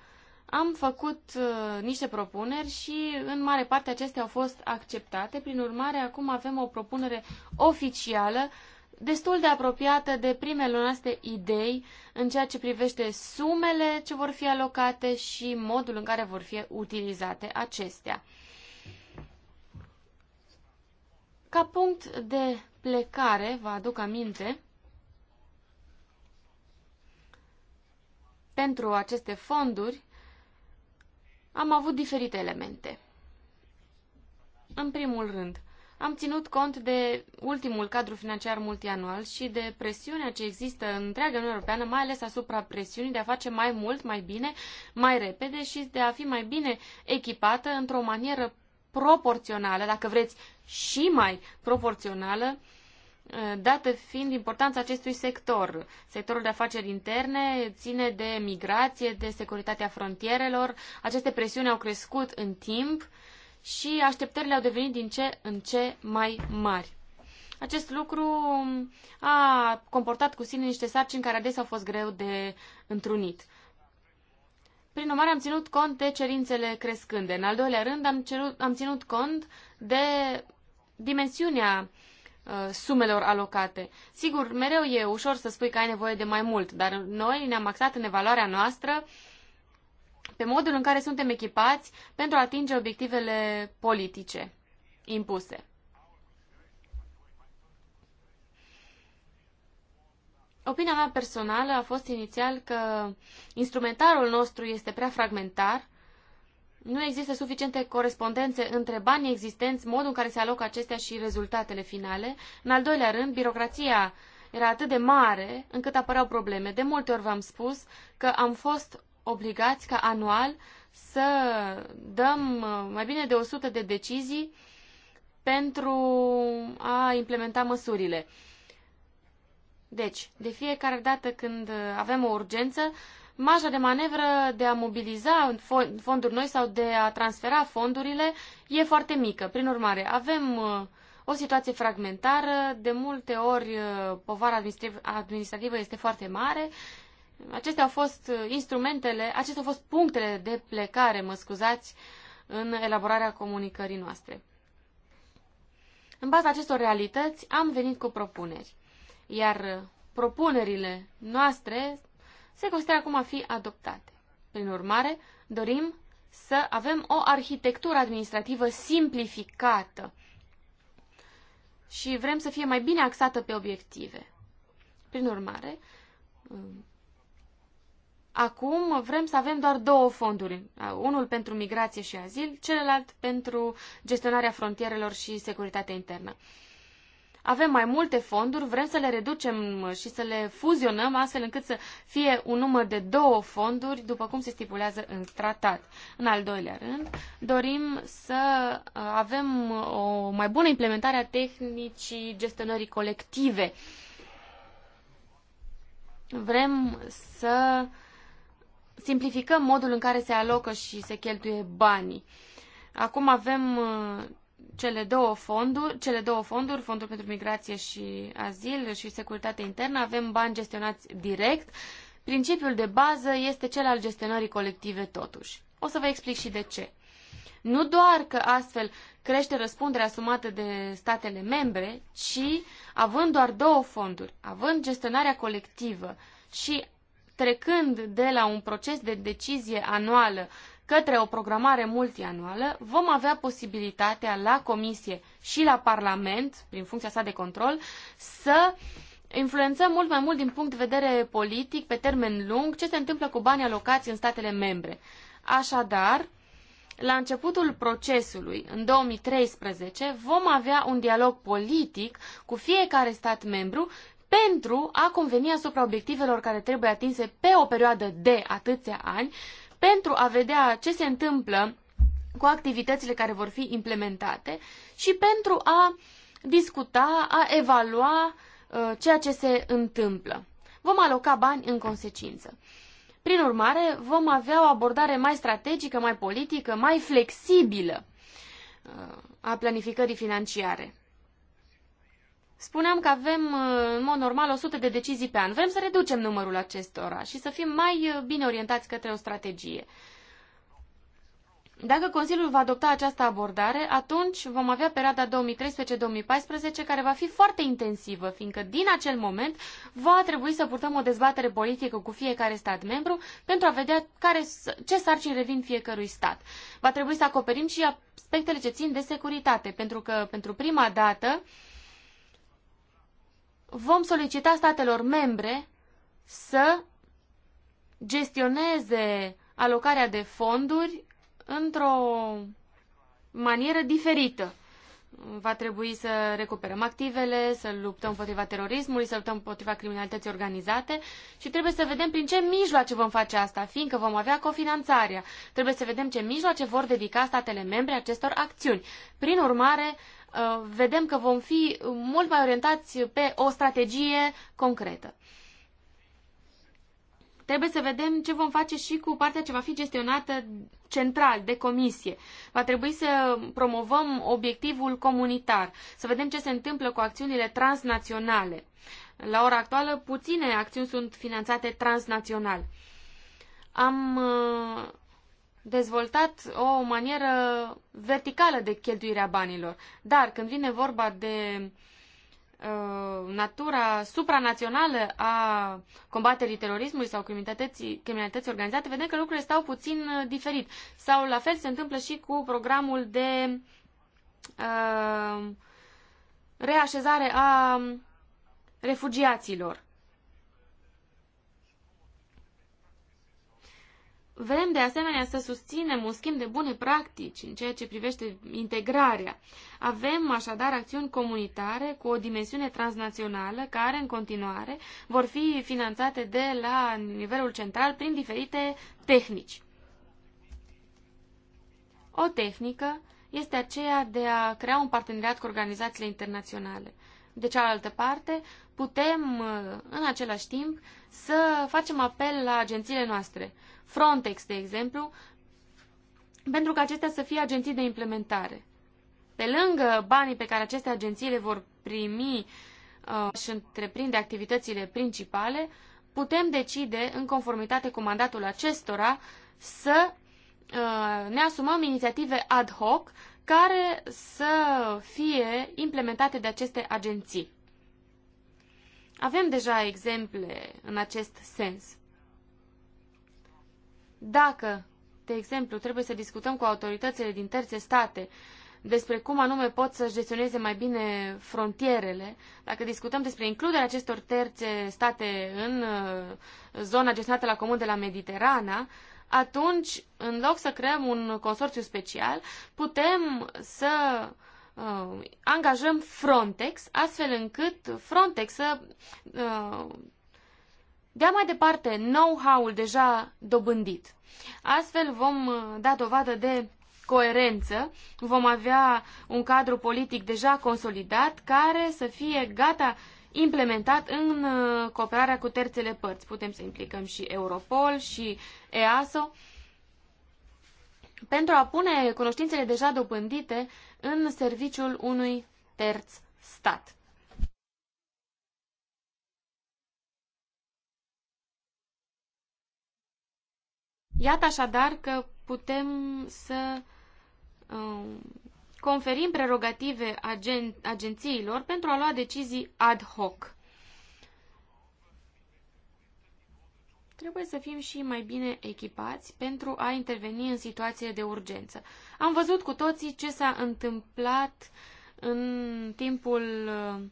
am făcut uh, niște propuneri și în mare parte acestea au fost acceptate. Prin urmare, acum avem o propunere oficială destul de apropiată de primele noastre idei în ceea ce privește sumele ce vor fi alocate și modul în care vor fi utilizate acestea. Ca punct de plecare, vă aduc aminte, pentru aceste fonduri, am avut diferite elemente. În primul rând, am ținut cont de ultimul cadru financiar multianual și de presiunea ce există în întreaga Uniune Europeană, mai ales asupra presiunii de a face mai mult, mai bine, mai repede și de a fi mai bine echipată într-o manieră proporțională, dacă vreți și mai proporțională, Eh, dată fiind importanța acestui sector. Sectorul de afaceri interne ține de migrație, de securitatea frontierelor. Aceste presiuni au crescut în timp și așteptările au devenit din ce în ce mai mari. Acest lucru a comportat cu sine niște sarcini care adesea au fost greu de întrunit. Prin urmare, am ținut cont de cerințele crescânde. În al doilea rând, am, cerut, am ținut cont de dimensiunea uh, Uh, sumelor alocate. Sigur, mereu e ușor să spui că ai nevoie de mai mult, dar noi ne-am axat în evaluarea noastră pe modul în care suntem echipați pentru a atinge obiectivele politice impuse. Opinia mea personală a fost inițial că instrumentarul nostru este prea fragmentar nu există suficiente corespondențe între banii existenți, modul în care se alocă acestea și rezultatele finale. În al doilea rând, birocrația era atât de mare încât apăreau probleme. De multe ori v-am spus că am fost obligați ca anual să dăm uh, mai bine de 100 de decizii pentru a implementa măsurile. Deci, de fiecare dată când avem o urgență, marja de manevră de a mobiliza fonduri noi sau de a transfera fondurile e foarte mică. Prin urmare, avem uh, o situație fragmentară, de multe ori uh, povara administrativă este foarte mare. Acestea au fost uh, instrumentele, acestea au fost punctele de plecare, mă scuzați, în elaborarea comunicării noastre. În baza acestor realități am venit cu propuneri, iar propunerile noastre se consideră acum a fi adoptate. Prin urmare, dorim să avem o arhitectură administrativă simplificată și vrem să fie mai bine axată pe obiective. Prin urmare, um, acum vrem să avem doar două fonduri, unul pentru migrație și azil, celălalt pentru gestionarea frontierelor și securitatea internă. Avem mai multe fonduri, vrem să le reducem și să le fuzionăm astfel încât să fie un număr de două fonduri, după cum se stipulează în tratat. În al doilea rând, dorim să uh, avem o mai bună implementare a tehnicii gestionării colective. Vrem să simplificăm modul în care se alocă și se cheltuie banii. Acum avem uh, cele două fonduri, cele două fonduri, Fondul pentru Migrație și Azil și Securitate Internă, avem bani gestionați direct. Principiul de bază este cel al gestionării colective totuși. O să vă explic și de ce. Nu doar că astfel crește răspunderea asumată de statele membre, ci având doar două fonduri, având gestionarea colectivă și trecând de la un proces de decizie anuală către o programare multianuală, vom avea posibilitatea la Comisie și la Parlament, prin funcția sa de control, să influențăm mult mai mult din punct de vedere politic, pe termen lung, ce se întâmplă cu banii alocați în statele membre. Așadar, la începutul procesului, în 2013, vom avea un dialog politic cu fiecare stat membru pentru a conveni asupra obiectivelor care trebuie atinse pe o perioadă de atâția ani pentru a vedea ce se întâmplă cu activitățile care vor fi implementate și pentru a discuta, a evalua uh, ceea ce se întâmplă. Vom aloca bani în consecință. Prin urmare, vom avea o abordare mai strategică, mai politică, mai flexibilă uh, a planificării financiare. Spuneam că avem, uh, în mod normal, 100 de decizii pe an. Vrem să reducem numărul acestora și să fim mai uh, bine orientați către o strategie. Dacă Consiliul va adopta această abordare, atunci vom avea perioada 2013-2014 care va fi foarte intensivă, fiindcă din acel moment va trebui să purtăm o dezbatere politică cu fiecare stat membru pentru a vedea care, ce sarcini revin fiecărui stat. Va trebui să acoperim și aspectele ce țin de securitate, pentru că pentru prima dată uh, vom solicita statelor membre să gestioneze alocarea de fonduri într-o manieră diferită. Va trebui să recuperăm activele, să luptăm împotriva terorismului, să luptăm împotriva criminalității organizate și trebuie să vedem prin ce mijloace vom face asta, fiindcă vom avea cofinanțarea. Trebuie să vedem ce mijloace vor dedica statele membre acestor acțiuni. Prin urmare, Uh, vedem că vom fi mult mai orientați pe o strategie concretă. Trebuie să vedem ce vom face și cu partea ce va fi gestionată central, de comisie. Va trebui să promovăm obiectivul comunitar, să vedem ce se întâmplă cu acțiunile transnaționale. La ora actuală, puține acțiuni sunt finanțate transnațional. Am uh, dezvoltat o manieră verticală de a banilor. Dar când vine vorba de uh, natura supranațională a combaterii terorismului sau criminalității, criminalității organizate, vedem că lucrurile stau puțin uh, diferit. Sau la fel se întâmplă și cu programul de uh, reașezare a refugiaților. Vrem de asemenea să susținem un schimb de bune practici în ceea ce privește integrarea. Avem așadar acțiuni comunitare cu o dimensiune transnațională care în continuare vor fi finanțate de la nivelul central prin diferite tehnici. O tehnică este aceea de a crea un parteneriat cu organizațiile internaționale. De cealaltă parte, putem în același timp să facem apel la agențiile noastre – Frontex, de exemplu, pentru că acestea să fie agenții de implementare. Pe lângă banii pe care aceste agenții le vor primi uh, și întreprinde activitățile principale, putem decide, în conformitate cu mandatul acestora, să uh, ne asumăm inițiative ad hoc care să fie implementate de aceste agenții. Avem deja exemple în acest sens. Dacă, de exemplu, trebuie să discutăm cu autoritățile din terțe state despre cum anume pot să gestioneze mai bine frontierele, dacă discutăm despre includerea acestor terțe state în uh, zona gestionată la comun de la Mediterana, atunci, în loc să creăm un consorțiu special, putem să uh, angajăm Frontex, astfel încât Frontex să uh, dea mai departe know-how-ul deja dobândit. Astfel vom uh, da dovadă de coerență, vom avea un cadru politic deja consolidat care să fie gata implementat în uh, cooperarea cu terțele părți. Putem să implicăm și Europol și EASO pentru a pune cunoștințele deja dobândite în serviciul unui terț stat. Iată așadar că putem să um, conferim prerogative agen- agențiilor pentru a lua decizii ad hoc. Trebuie să fim și mai bine echipați pentru a interveni în situație de urgență. Am văzut cu toții ce s-a întâmplat în timpul uh,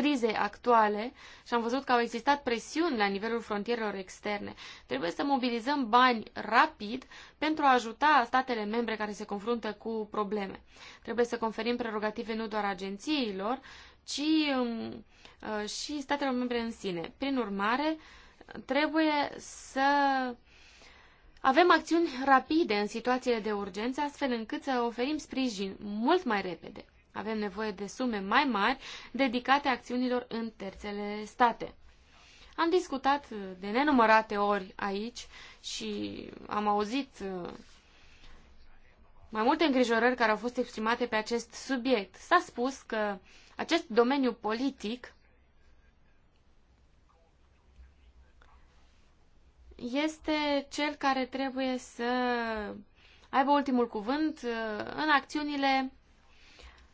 crizei actuale și am văzut că au existat presiuni la nivelul frontierelor externe. Trebuie să mobilizăm bani rapid pentru a ajuta statele membre care se confruntă cu probleme. Trebuie să conferim prerogative nu doar agențiilor, ci um, uh, și statelor membre în sine. Prin urmare, trebuie să avem acțiuni rapide în situațiile de urgență, astfel încât să oferim sprijin mult mai repede. Avem nevoie de sume mai mari dedicate acțiunilor în terțele state. Am discutat de nenumărate ori aici și am auzit uh, mai multe îngrijorări care au fost exprimate pe acest subiect. S-a spus că acest domeniu politic este cel care trebuie să aibă ultimul cuvânt uh, în acțiunile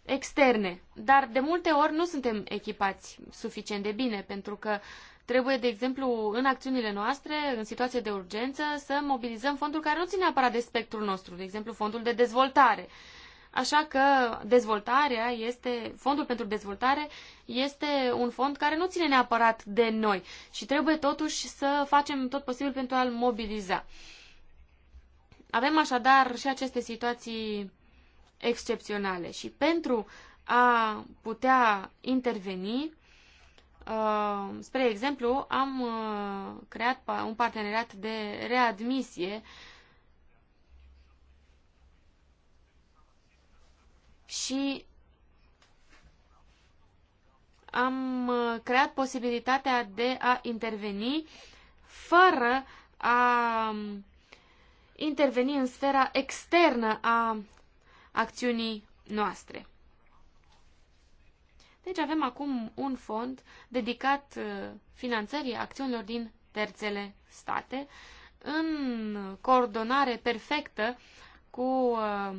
externe, dar de multe ori nu suntem echipați suficient de bine, pentru că trebuie, de exemplu, în acțiunile noastre, în situație de urgență, să mobilizăm fonduri care nu ține neapărat de spectrul nostru, de exemplu, fondul de dezvoltare. Așa că dezvoltarea este, fondul pentru dezvoltare este un fond care nu ține neapărat de noi și trebuie totuși să facem tot posibil pentru a-l mobiliza. Avem așadar și aceste situații excepționale și pentru a putea interveni, uh, spre exemplu, am uh, creat un parteneriat de readmisie și am uh, creat posibilitatea de a interveni fără a um, interveni în sfera externă a acțiunii noastre. Deci avem acum un fond dedicat uh, finanțării acțiunilor din terțele state, în coordonare perfectă cu uh,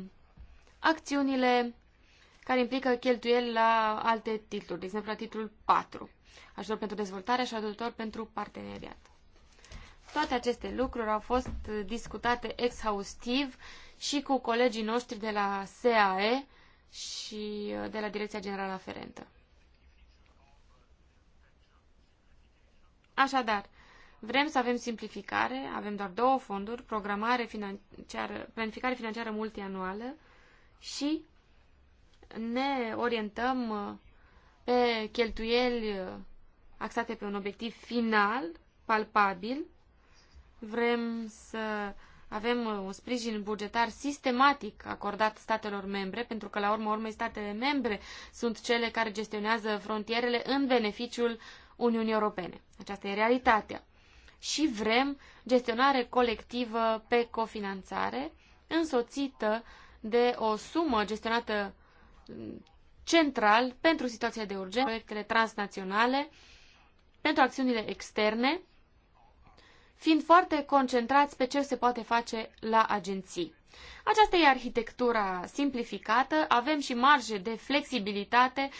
acțiunile care implică cheltuieli la alte titluri, de exemplu la titlul 4, ajutor pentru dezvoltare și ajutor pentru parteneriat. Toate aceste lucruri au fost uh, discutate exhaustiv și cu colegii noștri de la SAE și uh, de la Direcția Generală Aferentă. Așadar, vrem să avem simplificare, avem doar două fonduri, programare financiară, planificare financiară multianuală și ne orientăm uh, pe cheltuieli uh, axate pe un obiectiv final, palpabil. Vrem să avem uh, un sprijin bugetar sistematic acordat statelor membre, pentru că, la urmă urmei, statele membre sunt cele care gestionează frontierele în beneficiul Uniunii Europene. Aceasta e realitatea. Și vrem gestionare colectivă pe cofinanțare, însoțită de o sumă gestionată mm, central pentru situația de urgență, proiectele transnaționale, pentru acțiunile externe, fiind foarte concentrați pe ce se poate face la agenții. Aceasta e arhitectura simplificată, avem și marge de flexibilitate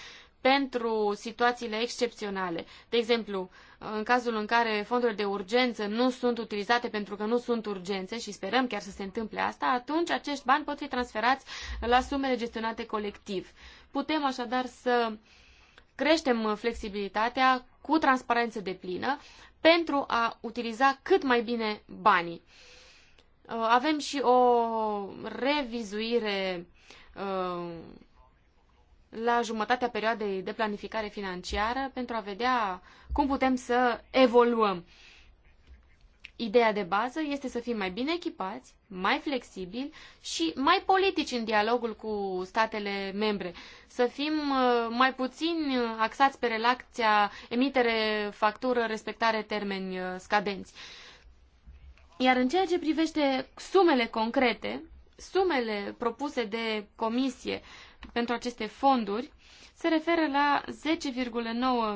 pentru situațiile excepționale. De exemplu, în cazul în care fondurile de urgență nu sunt utilizate pentru că nu sunt urgențe și sperăm chiar să se întâmple asta, atunci acești bani pot fi transferați la sumele gestionate colectiv. Putem așadar să creștem flexibilitatea cu transparență de plină pentru a utiliza cât mai bine banii. Uh, avem și o revizuire uh, la jumătatea perioadei de planificare financiară pentru a vedea cum putem să evoluăm. Ideea de bază este să fim mai bine echipați, mai flexibili și mai politici în dialogul cu statele membre. Să fim uh, mai puțin uh, axați pe relația emitere, factură, respectare, termeni uh, scadenți. Iar în ceea ce privește sumele concrete, sumele propuse de comisie pentru aceste fonduri se referă la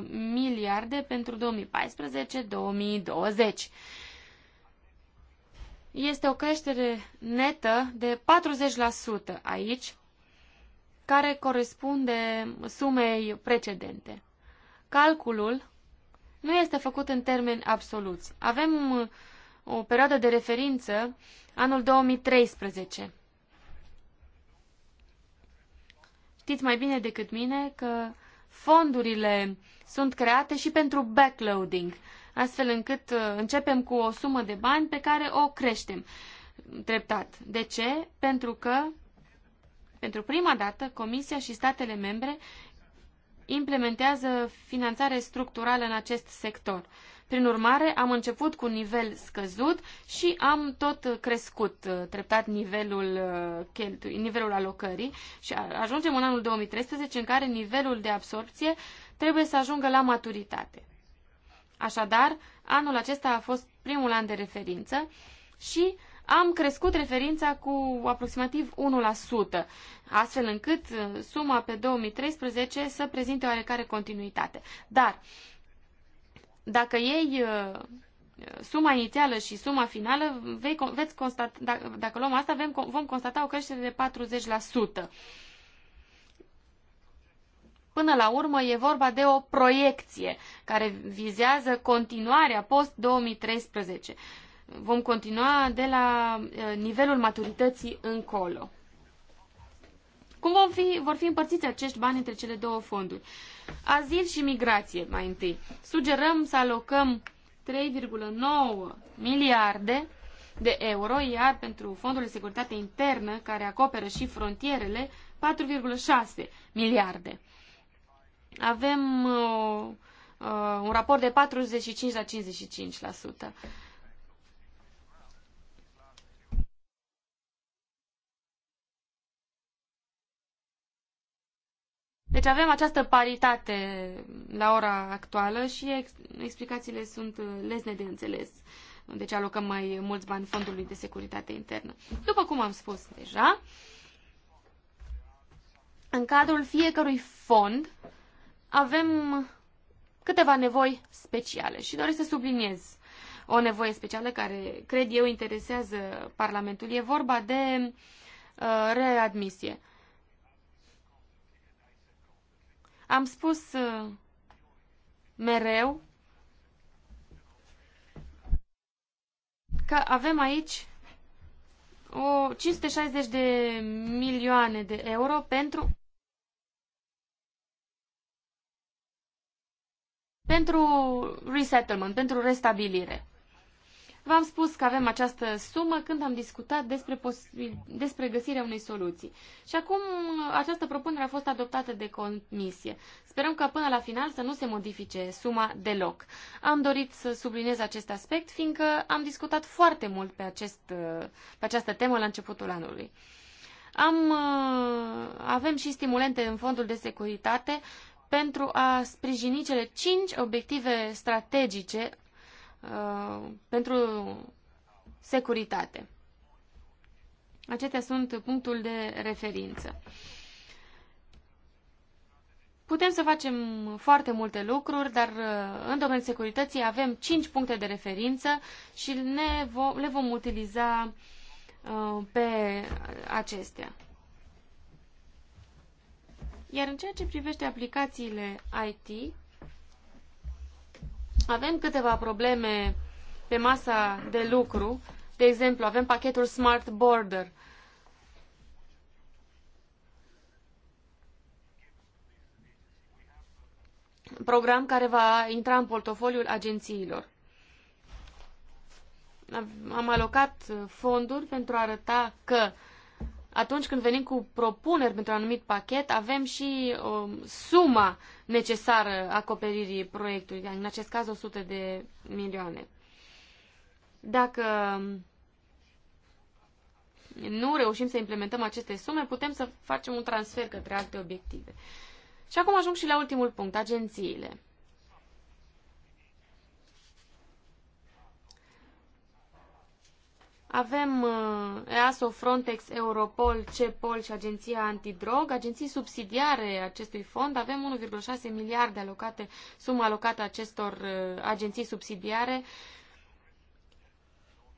10,9 miliarde pentru 2014-2020 este o creștere netă de 40% aici, care corespunde sumei precedente. Calculul nu este făcut în termeni absoluți. Avem uh, o perioadă de referință, anul 2013. Știți mai bine decât mine că fondurile sunt create și pentru backloading astfel încât uh, începem cu o sumă de bani pe care o creștem treptat. De ce? Pentru că, pentru prima dată, Comisia și statele membre implementează finanțare structurală în acest sector. Prin urmare, am început cu un nivel scăzut și am tot crescut uh, treptat nivelul, uh, nivelul alocării și ajungem în anul 2013 în care nivelul de absorpție trebuie să ajungă la maturitate. Așadar, anul acesta a fost primul an de referință și am crescut referința cu aproximativ 1%, astfel încât uh, suma pe 2013 să prezinte oarecare continuitate. Dar, dacă ei uh, suma inițială și suma finală, vei, veți constata, dacă, dacă luăm asta, vom constata o creștere de 40%. Până la urmă e vorba de o proiecție care vizează continuarea post-2013. Vom continua de la eh, nivelul maturității încolo. Cum vom fi, vor fi împărțiți acești bani între cele două fonduri? Azil și migrație, mai întâi. Sugerăm să alocăm 3,9 miliarde de euro, iar pentru Fondul de Securitate Internă, care acoperă și frontierele, 4,6 miliarde avem uh, uh, un raport de 45 la 55%. Deci avem această paritate la ora actuală și explicațiile sunt uh, lesne de înțeles. Deci alocăm mai mulți bani fondului de securitate internă. După cum am spus deja, în cadrul fiecărui fond avem câteva nevoi speciale și doresc să subliniez o nevoie specială care, cred eu, interesează Parlamentul. E vorba de uh, readmisie. Am spus uh, mereu că avem aici o 560 de milioane de euro pentru pentru resettlement, pentru restabilire. V-am spus că avem această sumă când am discutat despre, posibil, despre găsirea unei soluții. Și acum această propunere a fost adoptată de comisie. Sperăm că până la final să nu se modifice suma deloc. Am dorit să subliniez acest aspect, fiindcă am discutat foarte mult pe, acest, pe această temă la începutul anului. Am, avem și stimulente în fondul de securitate pentru a sprijini cele cinci obiective strategice uh, pentru securitate. Acestea sunt punctul de referință. Putem să facem foarte multe lucruri, dar uh, în domeniul securității avem 5 puncte de referință și ne vom, le vom utiliza uh, pe acestea. Iar în ceea ce privește aplicațiile IT, avem câteva probleme pe masa de lucru. De exemplu, avem pachetul Smart Border. Program care va intra în portofoliul agențiilor. Am alocat uh, fonduri pentru a arăta că uh, atunci când venim cu propuneri pentru un anumit pachet, avem și um, suma necesară acoperirii proiectului, în acest caz 100 de milioane. Dacă nu reușim să implementăm aceste sume, putem să facem un transfer către alte obiective. Și acum ajung și la ultimul punct, agențiile. Avem uh, EASO, Frontex, Europol, CEPOL și Agenția Antidrog, agenții subsidiare acestui fond. Avem 1,6 miliarde alocate, sumă alocată acestor uh, agenții subsidiare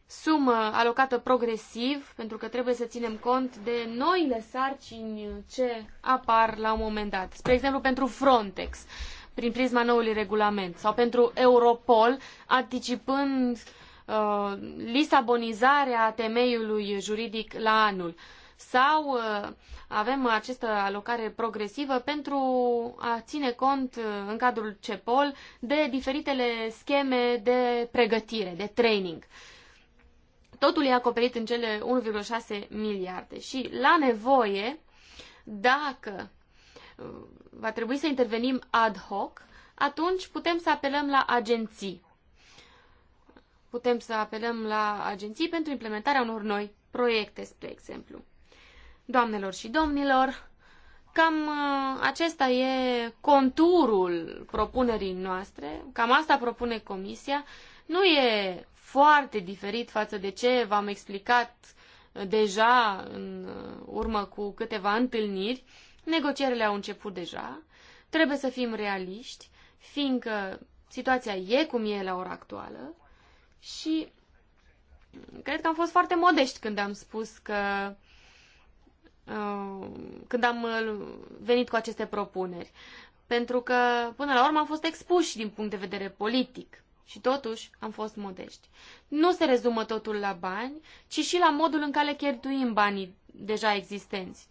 sumă alocată progresiv, pentru că trebuie să ținem cont de noile sarcini ce apar la un moment dat. Spre exemplu, pentru Frontex, prin prisma noului regulament, sau pentru Europol, anticipând uh, Uh, lisabonizarea temeiului juridic la anul. Sau uh, avem această alocare progresivă pentru a ține cont uh, în cadrul CEPOL de diferitele scheme de pregătire, de training. Totul e acoperit în cele 1,6 miliarde și la nevoie, dacă va trebui să intervenim ad hoc, atunci putem să apelăm la agenții. Putem să apelăm la agenții pentru implementarea unor noi proiecte, spre exemplu. Doamnelor și domnilor, cam uh, acesta e conturul propunerii noastre, cam asta propune Comisia. Nu e foarte diferit față de ce v-am explicat uh, deja în uh, urmă cu câteva întâlniri. Negocierile au început deja. Trebuie să fim realiști, fiindcă situația e cum e la ora actuală și cred că am fost foarte modești când am spus că uh, când am uh, venit cu aceste propuneri. Pentru că, până la urmă, am fost expuși din punct de vedere politic și totuși am fost modești. Nu se rezumă totul la bani, ci și la modul în care cheltuim banii deja existenți.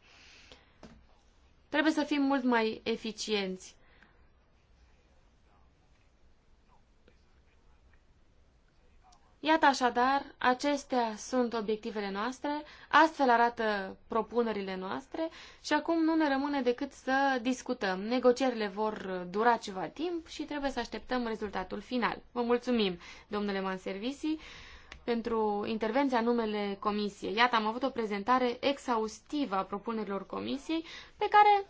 Trebuie să fim mult mai eficienți. Iată așadar, acestea sunt obiectivele noastre, astfel arată propunerile noastre și acum nu ne rămâne decât să discutăm. Negocierile vor dura ceva timp și trebuie să așteptăm rezultatul final. Vă mulțumim, domnule Manservisi, pentru intervenția în numele Comisiei. Iată, am avut o prezentare exhaustivă a propunerilor Comisiei, pe care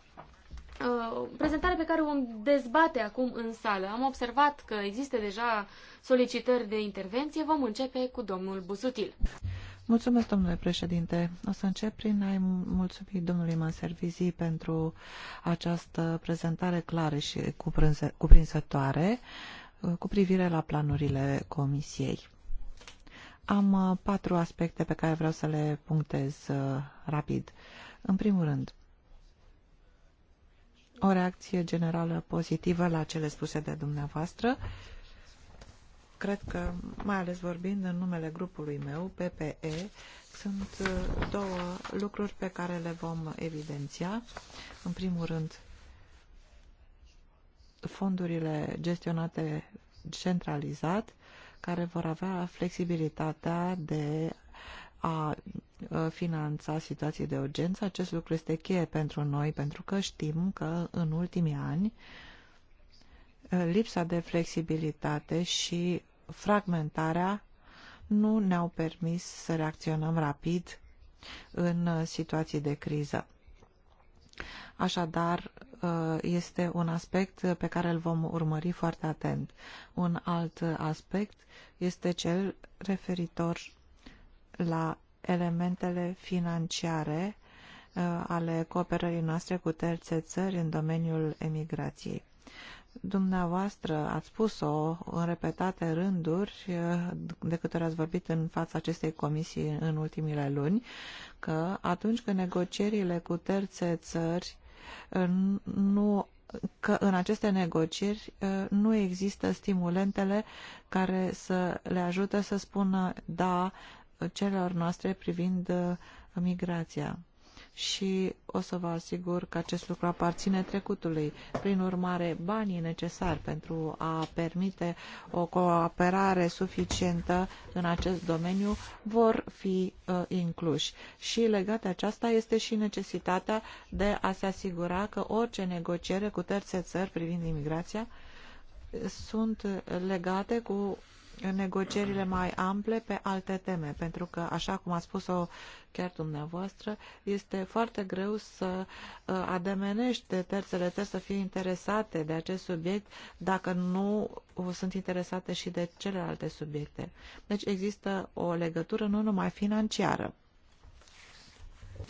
Uh, prezentare pe care o dezbate acum în sală. Am observat că există deja solicitări de intervenție. Vom începe cu domnul Busutil. Mulțumesc, domnule președinte. O să încep prin a-i mulțumi domnului Manservizi pentru această prezentare clară și cuprinzătoare uh, cu privire la planurile Comisiei. Am uh, patru aspecte pe care vreau să le punctez rapid. În primul rând, o reacție generală pozitivă la cele spuse de dumneavoastră. Cred că, mai ales vorbind în numele grupului meu, PPE, sunt uh, două lucruri pe care le vom evidenția. În primul rând, fondurile gestionate centralizat, care vor avea flexibilitatea de a Uh, finanța situații de urgență. Acest lucru este cheie pentru noi, pentru că știm că în ultimii ani uh, lipsa de flexibilitate și fragmentarea nu ne-au permis să reacționăm rapid în uh, situații de criză. Așadar, este un aspect pe care îl vom urmări foarte atent. Un alt aspect este cel referitor la elementele financiare uh, ale cooperării noastre cu terțe țări în domeniul emigrației. Dumneavoastră ați spus-o în repetate rânduri uh, de câte ori ați vorbit în fața acestei comisii în ultimile luni, că atunci când negocierile cu terțe țări uh, nu că în aceste negocieri nu există stimulentele care să le ajute să spună da celor noastre privind uh, migrația și o să vă asigur că acest lucru aparține trecutului. Prin urmare, banii necesari pentru a permite o cooperare suficientă în acest domeniu vor fi uh, incluși. Și legată aceasta este și necesitatea de a se asigura că orice negociere cu terțe țări privind imigrația sunt legate cu negocierile mai ample pe alte teme, pentru că, așa cum a spus-o chiar dumneavoastră, este foarte greu să uh, ademenești terțele țări să fie interesate de acest subiect dacă nu sunt interesate și de celelalte subiecte. Deci există o legătură nu numai financiară.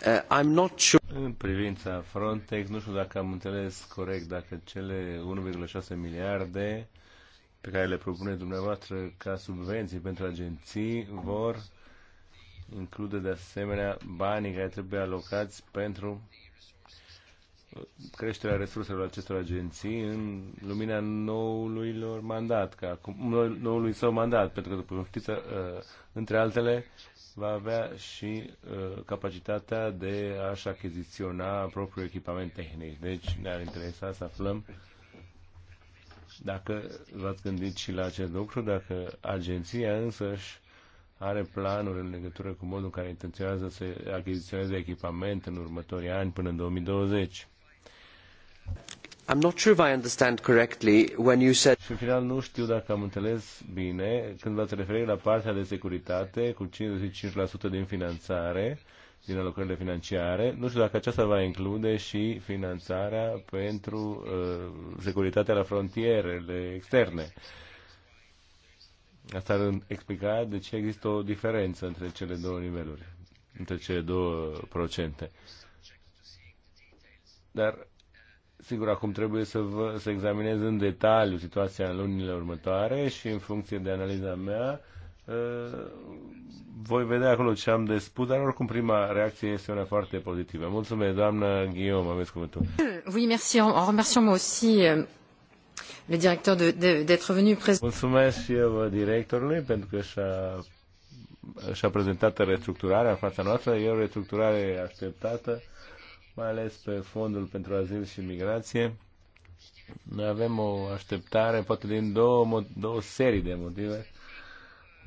Uh, I'm not sure. În privința Frontex, nu știu dacă am înțeles corect, dacă cele 1,6 miliarde uh, pe care le propune dumneavoastră ca subvenții pentru agenții vor include de asemenea banii care trebuie alocați pentru creșterea resurselor acestor agenții în lumina noului lor mandat, ca acum, noului său mandat, pentru că, după știți, uh, între altele, va avea și uh, capacitatea de a-și achiziționa propriul echipament tehnic. Deci ne-ar interesa să aflăm dacă v-ați gândit și la acest lucru, dacă agenția însăși are planuri în legătură cu modul în care intenționează să achiziționeze echipament în următorii ani până în 2020. I'm not sure if I understand correctly when you said... Și în final nu știu dacă am înțeles bine când v-ați referit la partea de securitate cu 55% din finanțare din alocările financiare. Nu știu dacă aceasta va include și finanțarea pentru uh, securitatea la frontierele externe. Asta ar explica de ce există o diferență între cele două niveluri, între cele două procente. Dar, sigur, acum trebuie să, vă, să examinez în detaliu situația în lunile următoare și în funcție de analiza mea, uh, Eh, voi vedea acolo ce am de spus, dar oricum prima reacție este una foarte pozitivă. Mulțumesc, doamnă Guillaume, aveți cuvântul. Oui, merci. En remerciant moi aussi euh, le directeur d'être venu présent. Mulțumesc și eu uh, directorului pentru că și-a și-a prezentat restructurarea în fața noastră. E o restructurare așteptată, mai ales pe fondul pentru azil și migrație. Noi avem o așteptare, poate din două, două serii de motive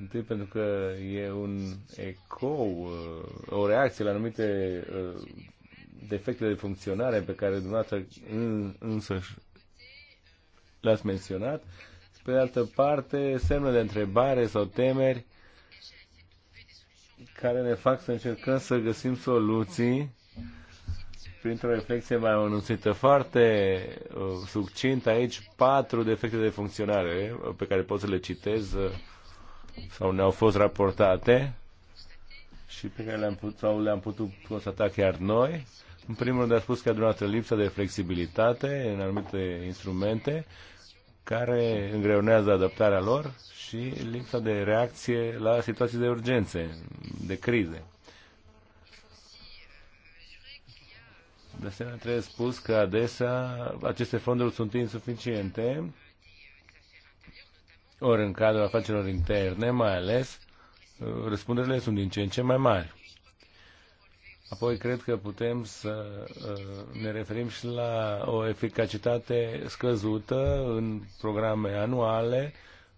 Întâi pentru că e un ecou, uh, o reacție la anumite uh, defecte de funcționare pe care dumneavoastră însăși l-ați menționat. Pe de altă parte, semne de întrebare sau temeri care ne fac să încercăm să găsim soluții printr-o reflexie mai anunțită. Foarte uh, succint aici patru defecte de funcționare uh, pe care pot să le citez. Uh, sau ne-au fost raportate și pe care le-am putut, sau le-am putut constata chiar noi. În primul rând a spus că dumneavoastră lipsa de flexibilitate în anumite instrumente care îngreunează adaptarea lor și lipsa de reacție la situații de urgențe, de crize. De asemenea, trebuie spus că adesea aceste fonduri sunt insuficiente ori în cadrul afacerilor interne, mai ales, răspunderile sunt din ce în ce mai mari. Apoi cred că putem să uh, ne referim și la o eficacitate scăzută în programe anuale,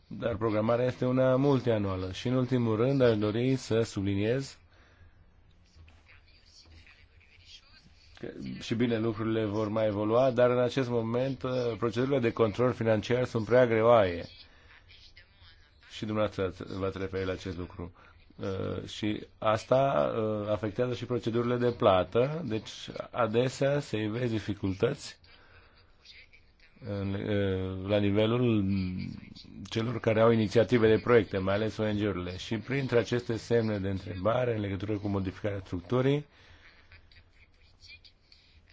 dar programarea este una multianuală. Și în ultimul rând aș dori să subliniez că și bine lucrurile vor mai evolua, dar în acest moment uh, procedurile de control financiar sunt prea greoaie și dumneavoastră v-ați referit la acest lucru. Uh, și asta uh, afectează și procedurile de plată, deci adesea se vezi dificultăți uh, la nivelul celor care au inițiative de proiecte, mai ales ONG-urile. Și printre aceste semne de întrebare în legătură cu modificarea structurii,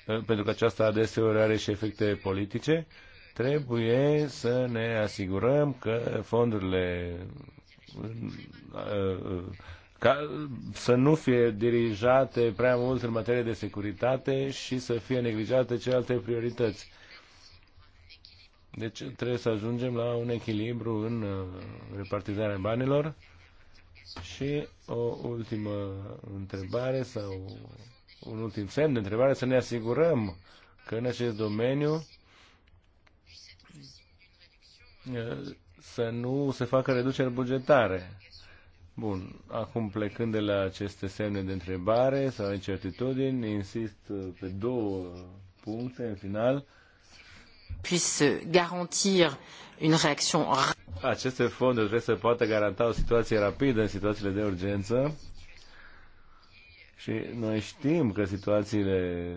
pentru că aceasta adeseori are și efecte politice, trebuie să ne asigurăm că fondurile uh, ca să nu fie dirijate prea mult în materie de securitate și să fie neglijate celelalte priorități. Deci trebuie să ajungem la un echilibru în uh, repartizarea banilor. Și o ultimă întrebare sau un ultim semn de întrebare, să ne asigurăm că în acest domeniu să nu se facă reduceri bugetare. Bun, acum plecând de la aceste semne de întrebare sau incertitudini, insist uh, pe două puncte în final. Puisse garantir une réaction Aceste fonduri trebuie să poată garanta o situație rapidă în situațiile de urgență. Și noi știm că situațiile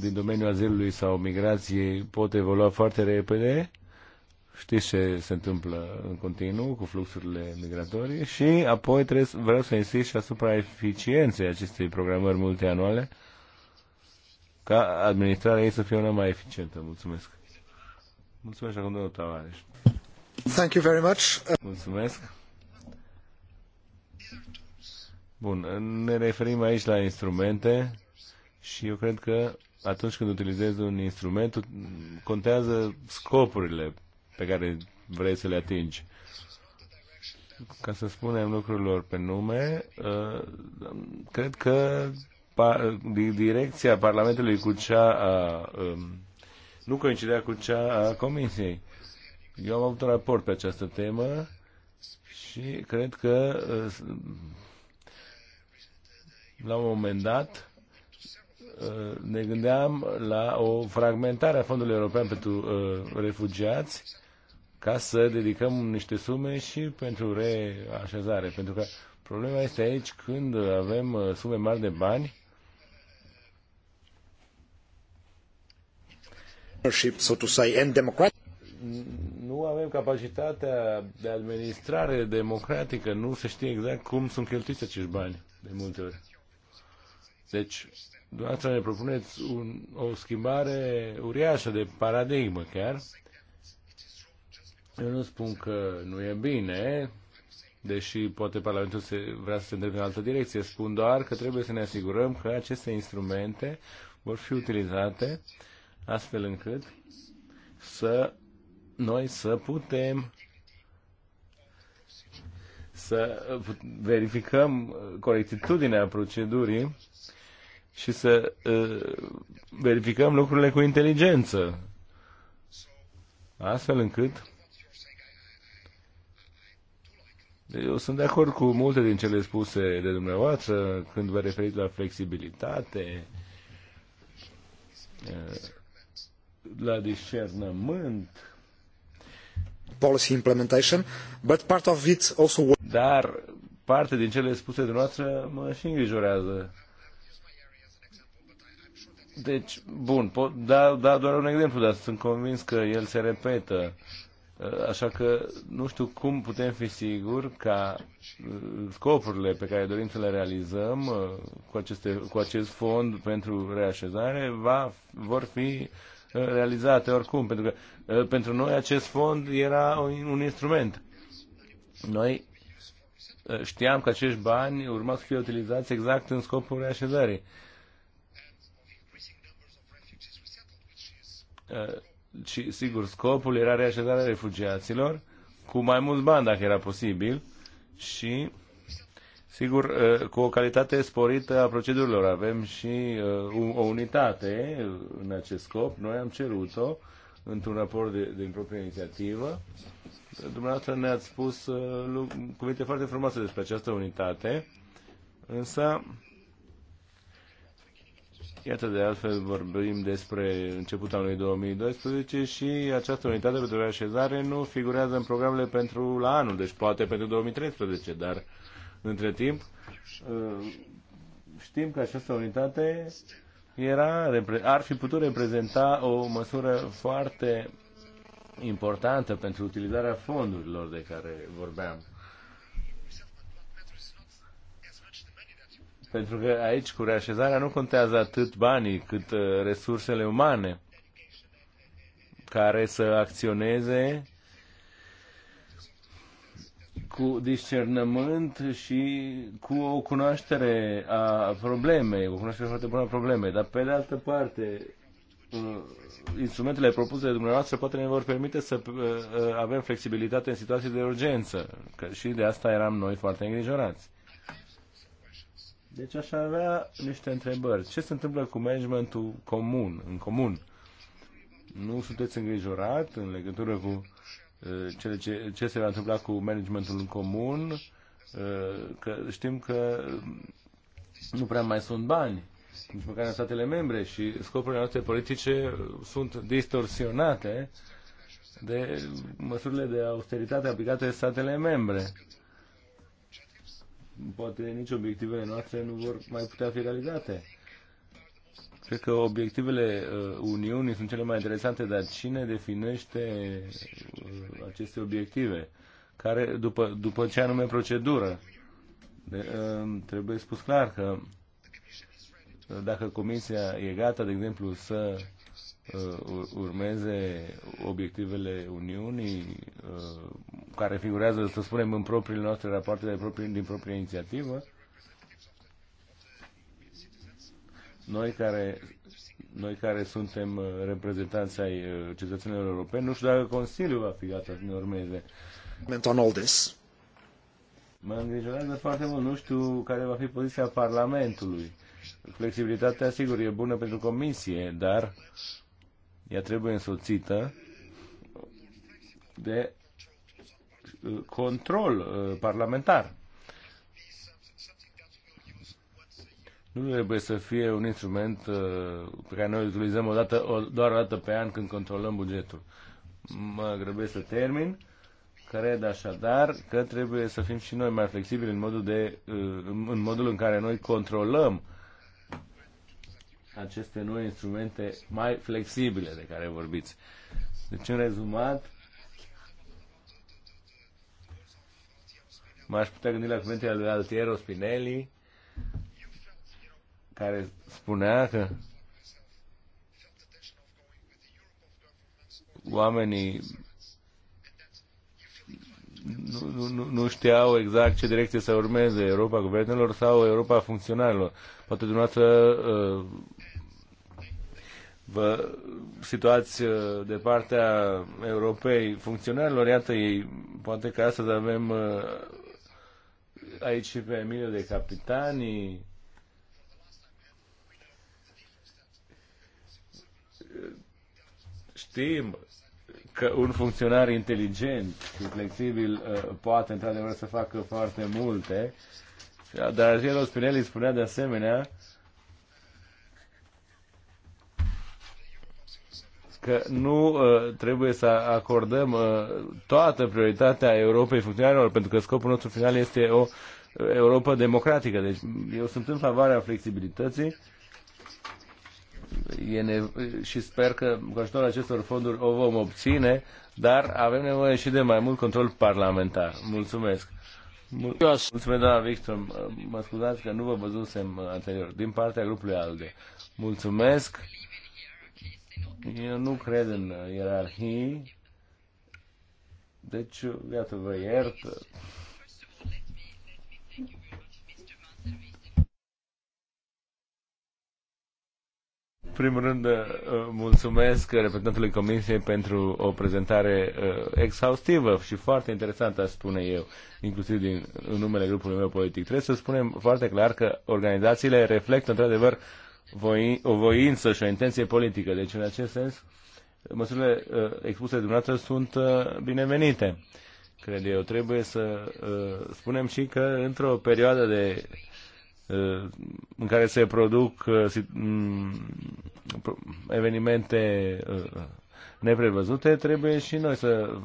din domeniul azilului sau migrației pot evolua foarte repede Știți ce se întâmplă în continuu cu fluxurile migratorii și apoi trebuie, vreau să insist și asupra eficienței acestei programări multianuale ca administrarea ei să fie una mai eficientă. Mulțumesc. Mulțumesc acum domnul Tavares. Thank you very much. Mulțumesc. Bun, ne referim aici la instrumente și eu cred că atunci când utilizezi un instrument, contează scopurile pe care vrei să le atingi. Ca să spunem lucrurilor pe nume, uh, cred că direcția Parlamentului cu cea a, um, nu coincidea cu cea a Comisiei. Eu am avut un raport pe această temă și cred că uh, la un moment dat Uh, ne gândeam la o fragmentare a Fondului European pentru uh, Refugiați ca să dedicăm niște sume și pentru reașezare. Pentru că problema este aici când avem uh, sume mari de bani nu avem capacitatea de administrare democratică, nu se știe exact cum sunt cheltuiți acești bani de multe ori. Deci, Dumneavoastră ne propuneți un, o schimbare uriașă de paradigmă chiar. Eu nu spun că nu e bine, deși poate Parlamentul se, vrea să se îndrepte în altă direcție. Spun doar că trebuie să ne asigurăm că aceste instrumente vor fi utilizate astfel încât să noi să putem să verificăm corectitudinea procedurii și să uh, verificăm lucrurile cu inteligență. Astfel încât eu sunt de acord cu multe din cele spuse de dumneavoastră când vă referiți la flexibilitate, la discernământ. Policy implementation, but part of it also... Dar parte din cele spuse de dumneavoastră mă și îngrijorează deci, bun, pot da, da doar un exemplu, dar sunt convins că el se repetă. Uh, așa că nu știu cum putem fi siguri ca uh, scopurile pe care dorim să le realizăm uh, cu, aceste, cu acest fond pentru reașezare va, vor fi realizate oricum, pentru că pentru noi acest fond era un instrument. Noi știam că acești bani urma să fie utilizați exact în scopul reașezării. Uh, și, sigur, scopul era reașezarea refugiaților cu mai mulți bani, dacă era posibil, și, sigur, uh, cu o calitate sporită a procedurilor. Avem și uh, o unitate în acest scop. Noi am cerut-o într-un raport de, din proprie inițiativă. Dumneavoastră ne-ați spus cuvinte foarte frumoase despre această unitate, însă Iată de altfel vorbim despre începutul anului 2012 și această unitate pentru reașezare nu figurează în programele pentru la anul, deci poate pentru 2013, dar între timp ă, știm că această unitate era, ar fi putut reprezenta o măsură foarte importantă pentru utilizarea fondurilor de care vorbeam. Pentru că aici cu reașezarea nu contează atât banii cât uh, resursele umane care să acționeze cu discernământ și cu o cunoaștere a problemei, o cunoaștere foarte bună a problemei. Dar pe de altă parte, uh, instrumentele propuse de dumneavoastră poate ne vor permite să uh, avem flexibilitate în situații de urgență. Că și de asta eram noi foarte îngrijorați. Deci aș avea niște întrebări. Ce se întâmplă cu managementul comun, în comun? Nu sunteți îngrijorat în legătură cu uh, cele ce, ce se va întâmpla cu managementul în comun? Uh, că știm că nu prea mai sunt bani, nici măcar în statele membre și scopurile noastre politice sunt distorsionate de măsurile de austeritate aplicate de statele membre poate nici obiectivele noastre nu vor mai putea fi realizate. Cred că obiectivele uh, Uniunii sunt cele mai interesante, dar cine definește uh, aceste obiective? Care, după, după ce anume procedură? De, uh, trebuie spus clar că uh, dacă Comisia e gata, de exemplu, să uh, Uh, urmeze obiectivele Uniunii uh, care figurează, să spunem, în propriile noastre rapoarte de proprii, din propria inițiativă. Noi care, noi care suntem uh, reprezentanți ai cetățenilor europeni, nu știu dacă Consiliul va fi gata să ne urmeze. On all this. Mă îngrijorează foarte mult. Nu știu care va fi poziția Parlamentului. Flexibilitatea, sigur, e bună pentru Comisie, dar uh, ea trebuie însoțită de uh, control uh, parlamentar. Nu trebuie să fie un instrument uh, pe care noi îl utilizăm o dată, o, doar o dată pe an când controlăm bugetul. Mă grăbesc să termin. Cred așadar că trebuie să fim și noi mai flexibili în modul, de, în modul în care noi controlăm uh, aceste noi instrumente mai flexibile de care vorbiți. Deci, în rezumat, m-aș putea gândi la cuvintele lui Altiero Spinelli, care spunea că oamenii nu, nu, nu știau exact ce direcție să urmeze Europa guvernelor sau Europa funcționarilor. Poate dumneavoastră uh, vă situați uh, de partea Europei funcționarilor, iată ei, poate că astăzi avem uh, aici pe Emilio de Capitani, știm că un funcționar inteligent și flexibil uh, poate într-adevăr să facă foarte multe, dar Angelo Spinelli spunea de asemenea că nu uh, trebuie să acordăm uh, toată prioritatea Europei funcționarilor, pentru că scopul nostru final este o uh, Europa democratică. Deci eu sunt în favoarea flexibilității e și sper că cu ajutorul acestor fonduri o vom obține, dar avem nevoie și de mai mult control parlamentar. Mulțumesc! Mul Mulțumesc, doamna Victor. Mă scuzați că nu vă văzusem anterior. Din partea grupului ALDE. Mulțumesc! Eu nu cred în ierarhii, deci, iată, vă iert. primul rând, uh, mulțumesc reprezentantului Comisiei pentru o prezentare uh, exhaustivă și foarte interesantă, aș spune eu, inclusiv din, în numele grupului meu politic. Trebuie să spunem foarte clar că organizațiile reflectă, într-adevăr, voi, o voință și o intenție politică. Deci, în acest sens, măsurile uh, expuse de dumneavoastră sunt uh, binevenite, cred eu. Trebuie să uh, spunem și că într-o perioadă de uh, în care se produc uh, mm, evenimente uh, uh, neprevăzute, trebuie și noi să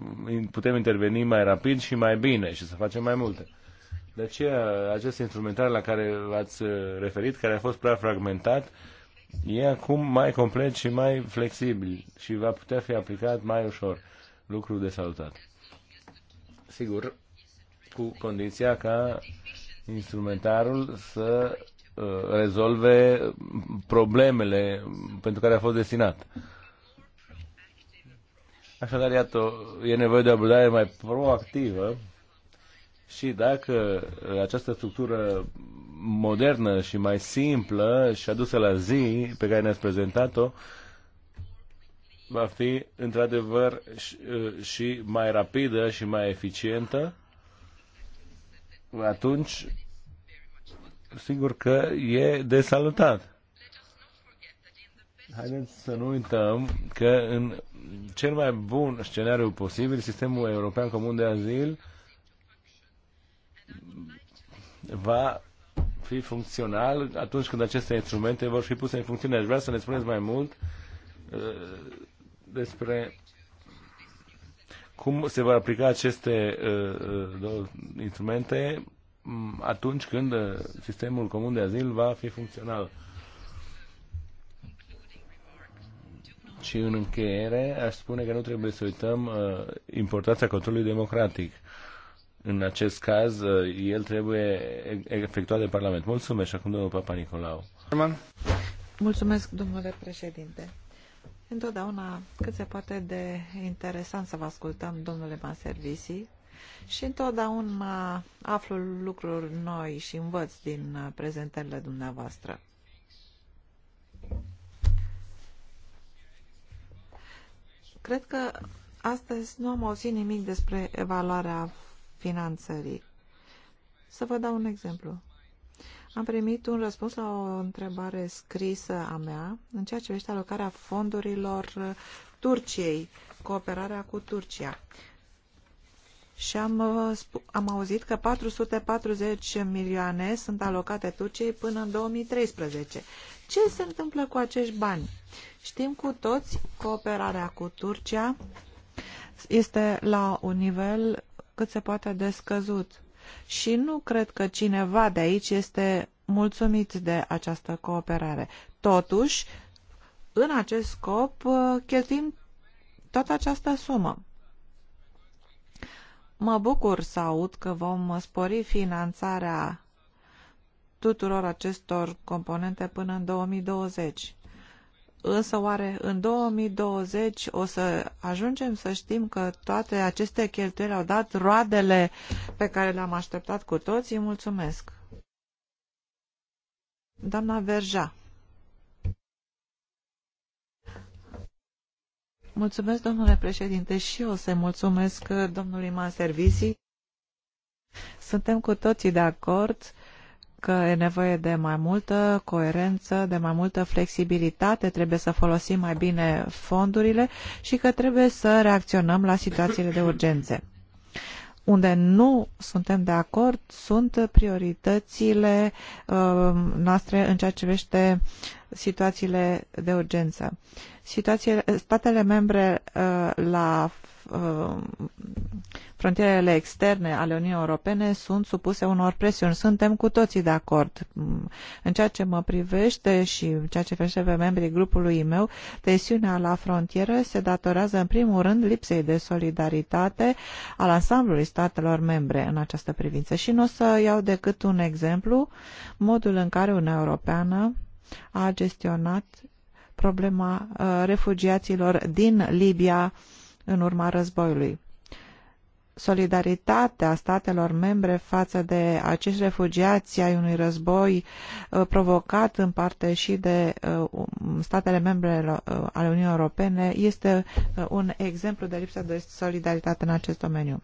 uh, putem interveni mai rapid și mai bine și să facem mai multe. De aceea, acest instrumentar la care v-ați uh, referit, care a fost prea fragmentat, e acum mai complet și mai flexibil și va putea fi aplicat mai ușor. Lucru de salutat. Sigur, cu condiția ca instrumentarul să uh, rezolve problemele pentru care a fost destinat. Așadar, iată, e nevoie de o abordare mai proactivă și dacă uh, această structură modernă și mai simplă și adusă la zi pe care ne-ați prezentat-o, va fi într-adevăr uh, și mai rapidă și mai eficientă, atunci sigur că e de salutat. Haideți să nu uităm că în cel mai bun scenariu posibil, sistemul european comun de azil va fi funcțional atunci când aceste instrumente vor fi puse în funcțiune. Aș vrea să ne spuneți mai mult uh, despre cum se vor aplica aceste uh, două instrumente mm, atunci când uh, sistemul comun de azil va fi funcțional. Și în încheiere aș spune că nu trebuie să uităm uh, importanța controlului democratic în acest caz, uh, el trebuie efectuat de Parlament. Mulțumesc acum domnul Papa Nicolau. Mulțumesc, domnule președinte. Întotdeauna cât se poate de interesant să vă ascultăm, domnule Manservisi, și întotdeauna aflu lucruri noi și învăț din prezentările dumneavoastră. Cred că astăzi nu am auzit nimic despre evaluarea finanțării. Să vă dau un exemplu. Am primit un răspuns la o întrebare scrisă a mea în ceea ce privește alocarea fondurilor uh, Turciei, cooperarea cu Turcia. Și am, uh, am auzit că 440 milioane sunt alocate Turciei până în 2013. Ce se întâmplă cu acești bani? Știm cu toți, cooperarea cu Turcia este la un nivel cât se poate de scăzut. Și nu cred că cineva de aici este mulțumit de această cooperare. Totuși, în acest scop, uh, cheltuim toată această sumă. Mă bucur să aud că vom spori finanțarea tuturor acestor componente până în 2020. Însă oare în 2020 o să ajungem să știm că toate aceste cheltuieli au dat roadele pe care le-am așteptat cu toții? Mulțumesc! Doamna Verja. Mulțumesc, domnule președinte, și eu să mulțumesc domnului Man Servicii. Suntem cu toții de acord că e nevoie de mai multă coerență, de mai multă flexibilitate, trebuie să folosim mai bine fondurile și că trebuie să reacționăm la situațiile de urgențe. Unde nu suntem de acord sunt prioritățile uh, noastre în ceea ce privește situațiile de urgență. Uh, situație, statele membre uh, la uh, frontierele externe ale Uniunii Europene sunt supuse unor presiuni. Suntem cu toții de acord. În ceea ce mă privește și în ceea ce privește pe membrii grupului meu, tensiunea la frontieră se datorează în primul rând lipsei de solidaritate al ansamblului statelor membre în această privință. Și nu o să iau decât un exemplu, modul în care Uniunea Europeană a gestionat problema uh, refugiaților din Libia în urma războiului. Solidaritatea statelor membre față de acești refugiați ai unui război uh, provocat în parte și de uh, um, statele membre ale Uniunii Europene este un exemplu de lipsă de solidaritate în acest domeniu.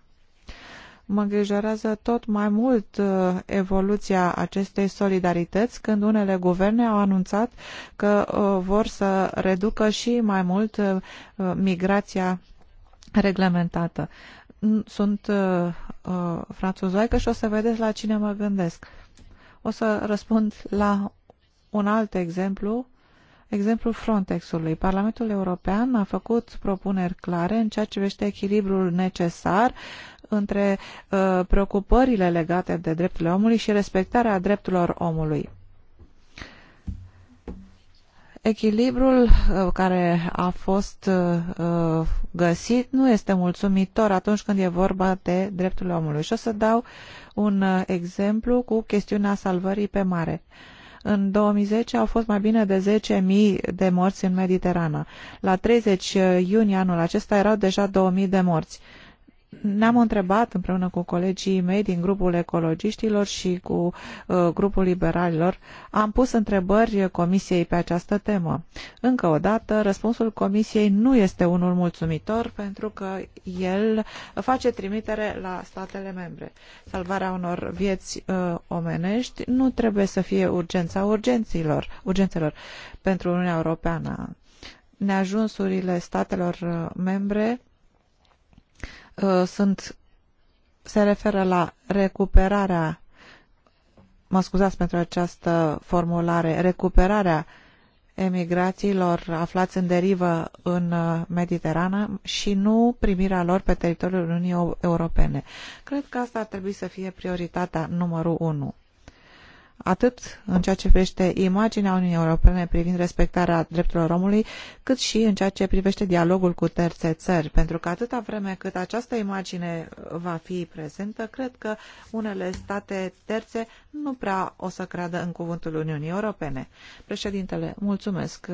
Mă îngrijorează tot mai mult uh, evoluția acestei solidarități când unele guverne au anunțat că uh, vor să reducă și mai mult uh, migrația reglementată. Sunt uh, franțuzoică și o să vedeți la cine mă gândesc. O să răspund la un alt exemplu, exemplul Frontexului. Parlamentul European a făcut propuneri clare în ceea ce vește echilibrul necesar între uh, preocupările legate de drepturile omului și respectarea drepturilor omului. Echilibrul uh, care a fost uh, găsit nu este mulțumitor atunci când e vorba de drepturile omului. Și o să dau un exemplu cu chestiunea salvării pe mare. În 2010 au fost mai bine de 10.000 de morți în Mediterană. La 30 iunie anul acesta erau deja 2.000 de morți ne-am întrebat împreună cu colegii mei din grupul ecologiștilor și cu uh, grupul liberalilor, am pus întrebări comisiei pe această temă. Încă o dată, răspunsul comisiei nu este unul mulțumitor pentru că el face trimitere la statele membre. Salvarea unor vieți uh, omenești nu trebuie să fie urgența urgenților, urgențelor pentru Uniunea Europeană. Neajunsurile statelor uh, membre Uh, sunt, se referă la recuperarea, mă scuzați pentru această formulare, recuperarea emigrațiilor aflați în derivă în uh, Mediterană și nu primirea lor pe teritoriul Uniunii Europene. Cred că asta ar trebui să fie prioritatea numărul unu atât în ceea ce privește imaginea Uniunii Europene privind respectarea drepturilor omului, cât și în ceea ce privește dialogul cu terțe țări. Pentru că atâta vreme cât această imagine va fi prezentă, cred că unele state terțe nu prea o să creadă în cuvântul Uniunii Europene. Președintele, mulțumesc,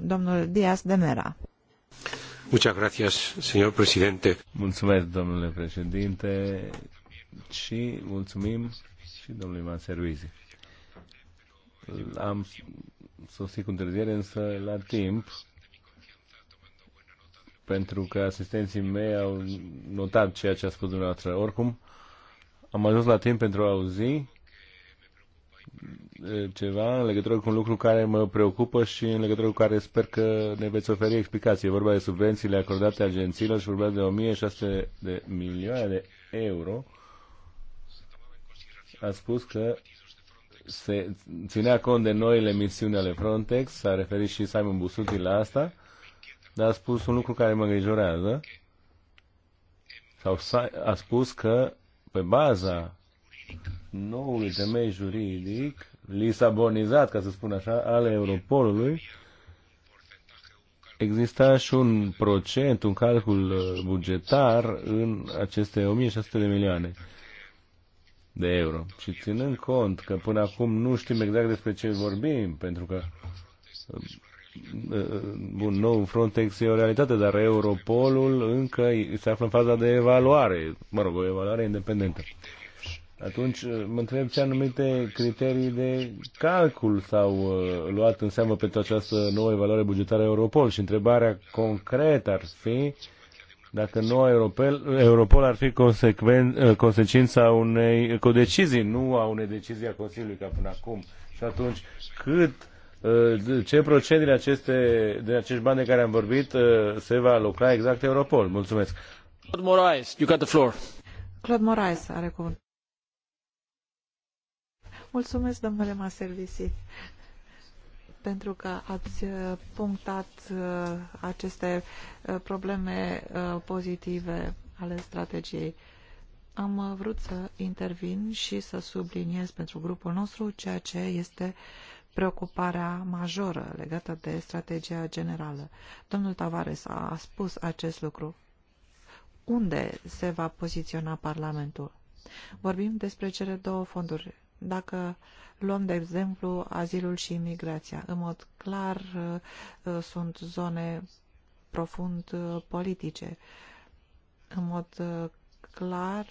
domnul Diaz de Mera. Muchas gracias, señor presidente. Mulțumesc, domnule președinte, și mulțumim și domnului Manservizi am sosit cu întârziere, însă la timp, pentru că asistenții mei au notat ceea ce a spus dumneavoastră. Oricum, am ajuns la timp pentru a auzi eh, ceva în legătură cu un lucru care mă preocupă și în legătură cu care sper că ne veți oferi explicații. E vorba de subvențiile acordate agențiilor și vorba de 1600 de milioane de euro. A spus că se ținea cont de noile misiuni ale Frontex, s-a referit și Simon Busuti la asta, dar a spus un lucru care mă îngrijorează, sau a spus că pe baza noului temei juridic, lisabonizat, ca să spun așa, ale Europolului, exista și un procent, un calcul bugetar în aceste 1600 de milioane de euro. Și ținând cont că până acum nu știm exact despre ce vorbim, pentru că bun, nou Frontex e o realitate, dar Europolul încă se află în faza de evaluare, mă rog, o evaluare independentă. Atunci mă întreb ce anumite criterii de calcul s-au uh, luat în seamă pentru această nouă evaluare bugetară Europol și întrebarea concretă ar fi uh, dacă noua Europol, Europol ar fi consecven, eh, consecința unei cu decizii, nu a unei decizii a Consiliului ca până acum. Și atunci, cât eh, ce procent din, aceste, din acești bani de care am vorbit eh, se va aloca exact Europol? Mulțumesc. Claude Moraes, you got the floor. Claude Moraes are cuvântul. Mulțumesc, domnule Maservisi pentru că ați uh, punctat uh, aceste uh, probleme pozitive ale strategiei. Am vrut să intervin și să subliniez pentru grupul nostru ceea ce este preocuparea majoră legată de strategia generală. Domnul Tavares a spus acest lucru. Unde se va poziționa Parlamentul? Vorbim despre cele două fonduri dacă luăm de exemplu azilul și imigrația, în mod clar uh, uh, sunt zone profund uh, politice. În mod clar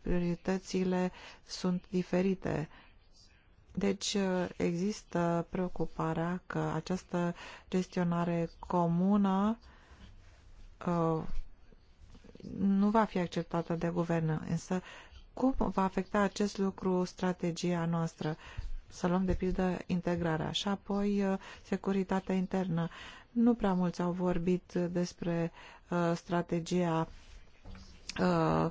prioritățile sunt diferite. Deci există preocuparea că această gestionare comună nu va fi acceptată de guvern, însă cum va afecta acest lucru strategia noastră? Să luăm de pildă integrarea și apoi uh, securitatea internă. Nu prea mulți au vorbit despre uh, strategia uh, uh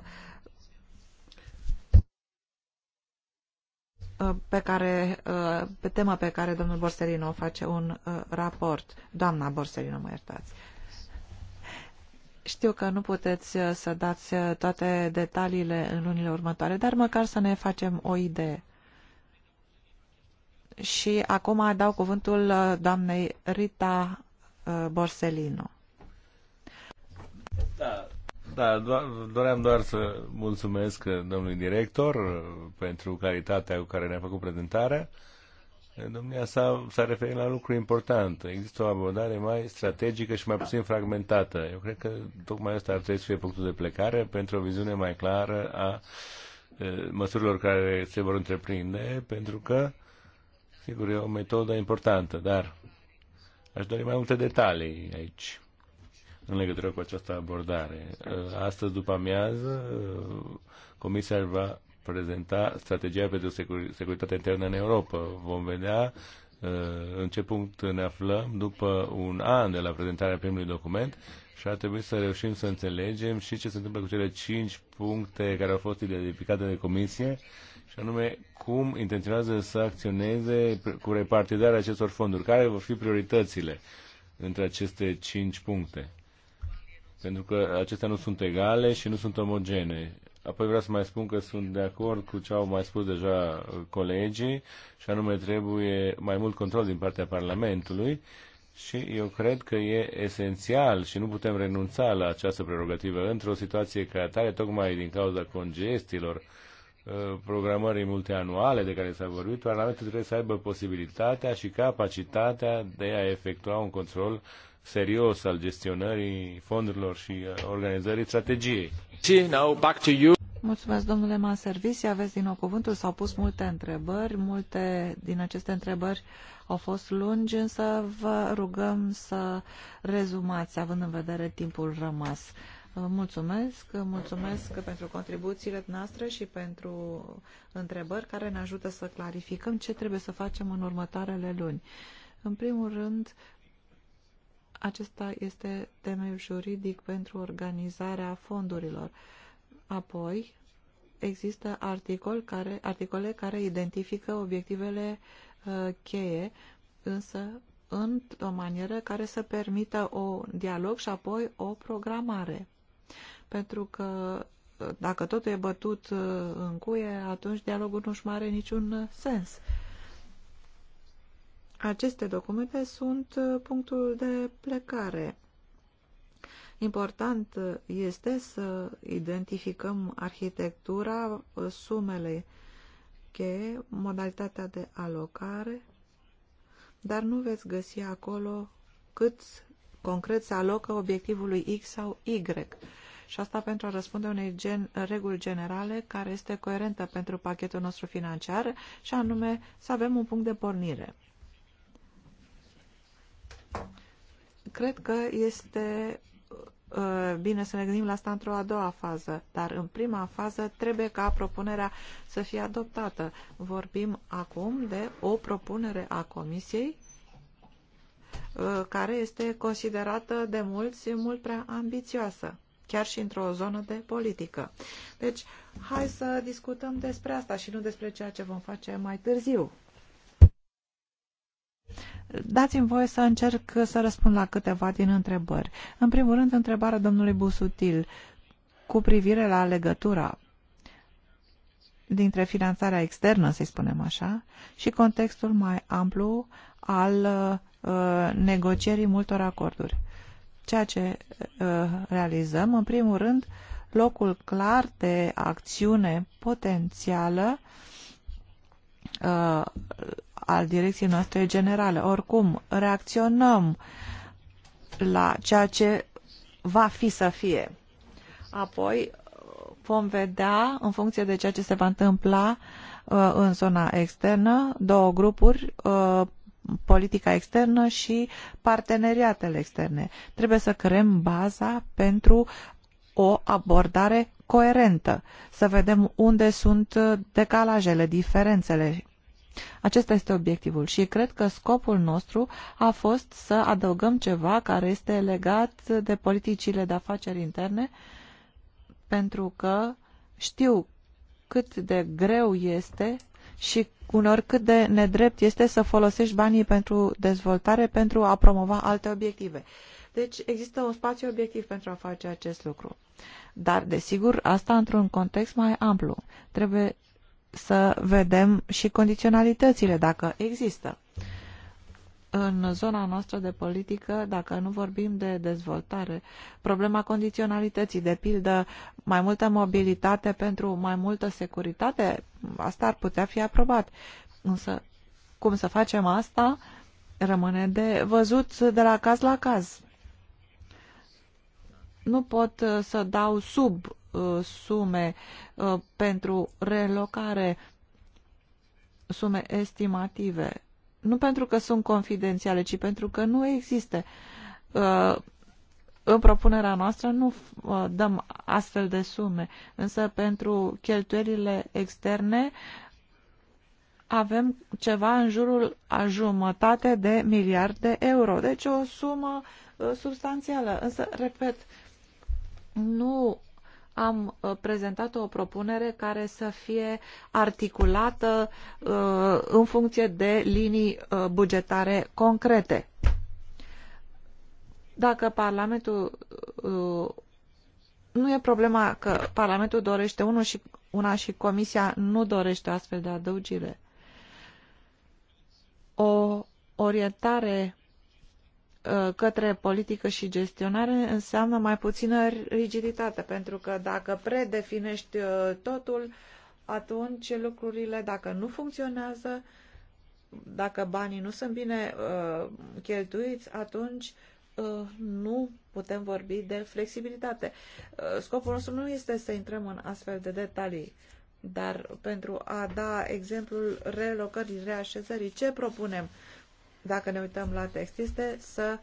pe care, uh, pe tema pe care domnul Borsellino face un raport. Doamna Borsellino, mă iertați. Știu că nu puteți uh, să dați uh, toate detaliile în lunile următoare, dar măcar să ne facem o idee. Și acum dau cuvântul uh, doamnei Rita Borsellino. Da, da doream doar să mulțumesc domnului director pentru calitatea cu care ne-a făcut prezentarea domnia sa s-a referit la lucru important. Există o abordare mai strategică și mai puțin fragmentată. Eu cred că tocmai asta ar trebui să fie punctul de plecare pentru o viziune mai clară a măsurilor care se vor întreprinde, pentru că, sigur, e o metodă importantă, dar aș dori mai multe detalii aici în legătură cu această abordare. Astăzi, după amiază, Comisia va prezenta strategia pentru securitate securitatea internă în Europa. Vom vedea uh, în ce punct ne aflăm după un an de la prezentarea primului document și ar trebui să reușim să înțelegem și ce se întâmplă cu cele cinci puncte care au fost identificate de comisie și anume cum intenționează să acționeze cu repartizarea acestor fonduri, care vor fi prioritățile între aceste cinci puncte. Pentru că acestea nu sunt egale și nu sunt omogene. Apoi vreau să mai spun că sunt de acord cu ce au mai spus deja colegii și anume trebuie mai mult control din partea Parlamentului și eu cred că e esențial și nu putem renunța la această prerogativă într-o situație ca atare, tocmai din cauza congestiilor uh, programării multianuale de care s-a vorbit, Parlamentul trebuie să aibă posibilitatea și capacitatea de a efectua un control serios al gestionării fondurilor și organizării strategiei. Now back to you. Mulțumesc, domnule Manservisi. Aveți din nou cuvântul. S-au pus multe întrebări. Multe din aceste întrebări au fost lungi, însă vă rugăm să rezumați, având în vedere timpul rămas. Mulțumesc, mulțumesc pentru contribuțiile noastre și pentru întrebări care ne ajută să clarificăm ce trebuie să facem în următoarele luni. În primul rând, acesta este temeiul juridic pentru organizarea fondurilor. Apoi, există articol care, articole care identifică obiectivele uh, cheie, însă într-o manieră care să permită o dialog și apoi o programare. Pentru că uh, dacă totul e bătut uh, în cuie, atunci dialogul nu-și mai are niciun uh, sens. Uh, aceste documente sunt uh, punctul de plecare. Important uh, este să identificăm arhitectura, uh, sumele cheie, modalitatea de alocare, dar nu veți găsi acolo cât concret se alocă obiectivului X sau Y. Și asta pentru a răspunde unei gen, reguli generale care este coerentă pentru pachetul nostru financiar și anume să avem un punct de pornire. Cred că este uh, bine să ne gândim la asta într-o a doua fază, dar în prima fază trebuie ca propunerea să fie adoptată. Vorbim acum de o propunere a Comisiei uh, care este considerată de mulți mult prea ambițioasă, chiar și într-o zonă de politică. Deci, hai să discutăm despre asta și nu despre ceea ce vom face mai târziu. Dați-mi voie să încerc să răspund la câteva din întrebări. În primul rând, întrebarea domnului Busutil cu privire la legătura dintre finanțarea externă, să spunem așa, și contextul mai amplu al uh, negocierii multor acorduri. Ceea ce uh, realizăm, în primul rând, locul clar de acțiune potențială uh, al direcției noastre generale. Oricum, reacționăm la ceea ce va fi să fie. Apoi vom vedea, în funcție de ceea ce se va întâmpla uh, în zona externă, două grupuri, uh, politica externă și parteneriatele externe. Trebuie să creăm baza pentru o abordare coerentă, să vedem unde sunt decalajele, diferențele acesta este obiectivul și cred că scopul nostru a fost să adăugăm ceva care este legat de politicile de afaceri interne, pentru că știu cât de greu este și unor cât de nedrept este să folosești banii pentru dezvoltare pentru a promova alte obiective. Deci există un spațiu obiectiv pentru a face acest lucru. Dar, desigur, asta într-un context mai amplu. Trebuie să vedem și condiționalitățile, dacă există. În zona noastră de politică, dacă nu vorbim de dezvoltare, problema condiționalității, de pildă, mai multă mobilitate pentru mai multă securitate, asta ar putea fi aprobat. Însă, cum să facem asta, rămâne de văzut de la caz la caz. Nu pot să dau sub Uh, sume uh, pentru relocare, sume estimative. Nu pentru că sunt confidențiale, ci pentru că nu există. Uh, în propunerea noastră nu dăm astfel de sume, însă pentru cheltuielile externe avem ceva în jurul a jumătate de miliard de euro. Deci o sumă substanțială. Însă, repet, nu am uh, prezentat o propunere care să fie articulată uh, în funcție de linii uh, bugetare concrete. Dacă Parlamentul nu e problema că Parlamentul dorește unul și una și Comisia nu dorește astfel de adăugire. O orientare Uh, către politică și gestionare înseamnă mai puțină rigiditate, pentru că dacă predefinești uh, totul, atunci lucrurile, dacă nu funcționează, dacă banii nu sunt bine uh, cheltuiți, atunci uh, nu putem vorbi de flexibilitate. Uh, scopul nostru nu este să intrăm în astfel de detalii, dar pentru a da exemplul relocării, reașezării, ce propunem? Uh, dacă ne uităm la text, este să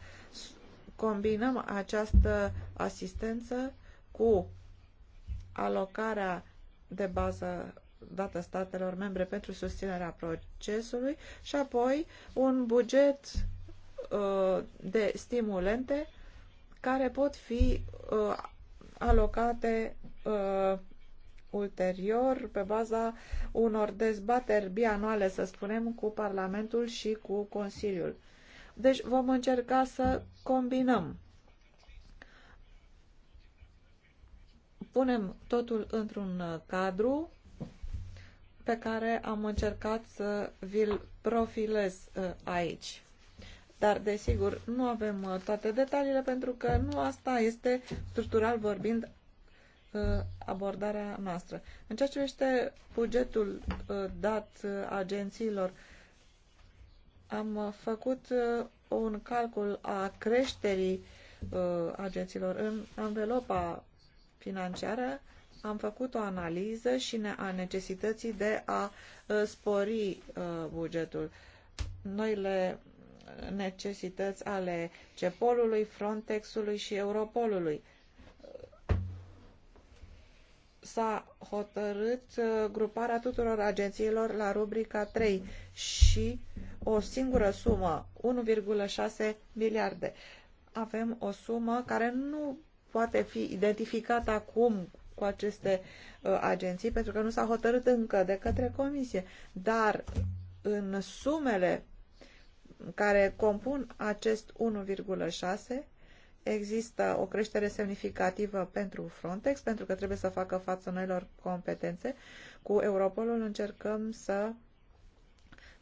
combinăm această asistență cu alocarea de bază dată statelor membre pentru susținerea procesului și apoi un buget uh, de stimulente care pot fi uh, alocate uh, ulterior, pe baza unor dezbateri bianuale, să spunem, cu Parlamentul și cu Consiliul. Deci vom încerca să combinăm. Punem totul într-un cadru pe care am încercat să vi-l profilez uh, aici. Dar, desigur, nu avem uh, toate detaliile pentru că nu asta este, structural vorbind, Uh, abordarea noastră. În ceea ce privește bugetul uh, dat uh, agențiilor, am făcut un calcul a creșterii agențiilor în anvelopa financiară, am făcut o analiză și a necesității de a spori bugetul. Noile necesități ale Cepolului, Frontexului și Europolului s-a hotărât uh, gruparea tuturor agențiilor la rubrica 3 și o singură sumă, 1,6 miliarde. Avem o sumă care nu poate fi identificată acum cu aceste uh, agenții, pentru că nu s-a hotărât încă de către comisie. Dar în sumele care compun acest 1,6 există o creștere semnificativă pentru Frontex, pentru că trebuie să facă față noilor competențe. Cu Europolul încercăm să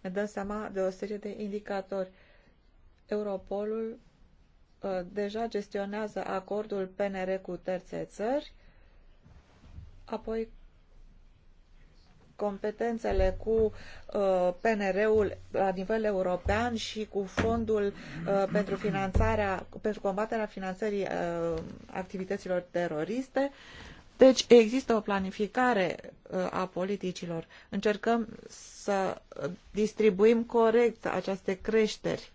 ne dăm seama de o serie de indicatori. Europolul uh, deja gestionează acordul PNR cu terțe țări, apoi competențele cu uh, PNR-ul la nivel european și cu fondul uh, pentru finanțarea, pentru combaterea finanțării uh, activităților teroriste. Deci există o planificare a politicilor. Încercăm să distribuim corect aceste creșteri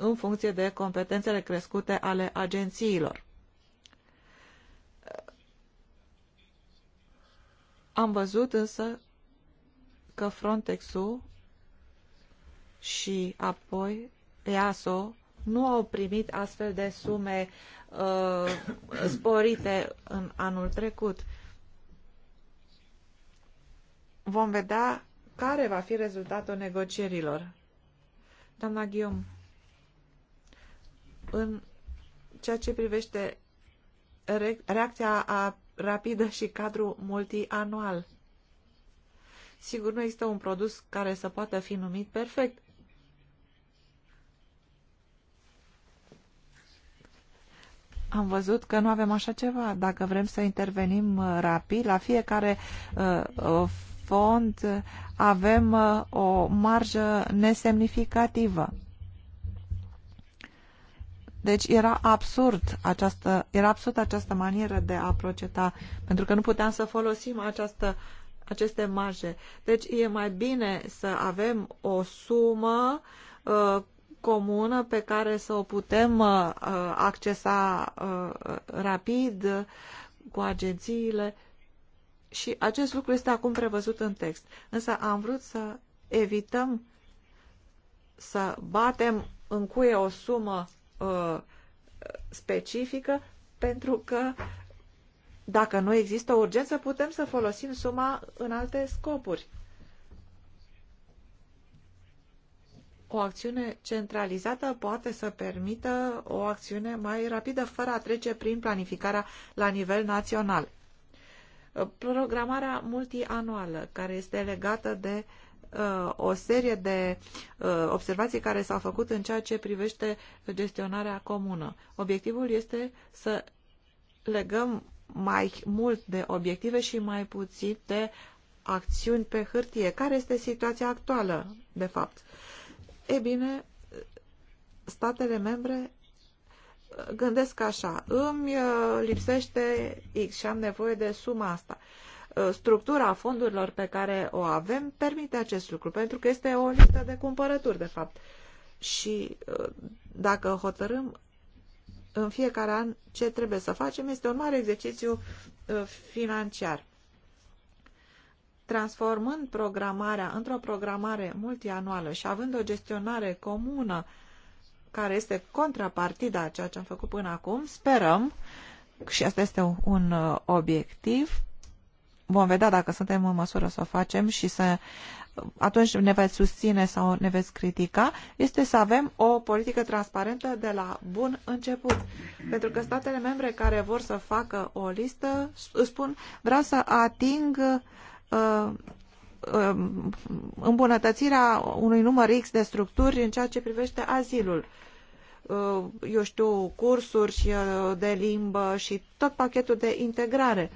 în funcție de competențele crescute ale agențiilor. Am văzut însă că Frontex-ul și apoi EASO nu au primit astfel de sume uh, sporite în anul trecut. Vom vedea care va fi rezultatul negocierilor. Doamna Ghiom, în ceea ce privește reacția a rapidă și cadru multianual. Sigur, nu există un produs care să poată fi numit perfect. Am văzut că nu avem așa ceva. Dacă vrem să intervenim uh, rapid, la fiecare uh, uh, fond avem uh, o marjă nesemnificativă. Deci era absurd această, era absurd această manieră de a proceta, pentru că nu puteam să folosim această, aceste marje. Deci e mai bine să avem o sumă uh, comună pe care să o putem uh, uh accesa uh, rapid cu agențiile și acest lucru este acum prevăzut în text. Însă am vrut să evităm să batem în cuie o sumă uh, specifică, pentru că dacă nu există o urgență, putem să folosim suma în alte scopuri. O acțiune centralizată poate să permită o acțiune mai rapidă fără a trece prin planificarea la nivel național. Programarea multianuală, care este legată de uh, uh, o serie de uh, observații care s-au făcut în ceea ce privește gestionarea comună. Obiectivul este să legăm mai mult de obiective și mai puțin de acțiuni pe hârtie. Care este situația actuală, de fapt? E bine, statele membre uh, gândesc așa, îmi uh, lipsește X și am nevoie de suma asta. Uh, Uh, structura fondurilor pe care o avem permite acest lucru, pentru că este o listă de cumpărături, de fapt. Și uh, dacă hotărâm în fiecare an ce trebuie să facem, este un mare exercițiu uh, financiar. Transformând programarea într-o programare multianuală și având o gestionare comună care este contrapartida a ceea ce am făcut până acum, sperăm, și asta este un obiectiv, vom vedea dacă suntem în măsură să o facem și să atunci ne veți susține sau ne veți critica, este să avem o politică transparentă de la bun început. Pentru că statele membre care vor să facă o listă spun vreau să ating uh, uh, îmbunătățirea unui număr X de structuri în ceea ce privește azilul uh, eu știu, cursuri uh, de limbă și tot pachetul de integrare.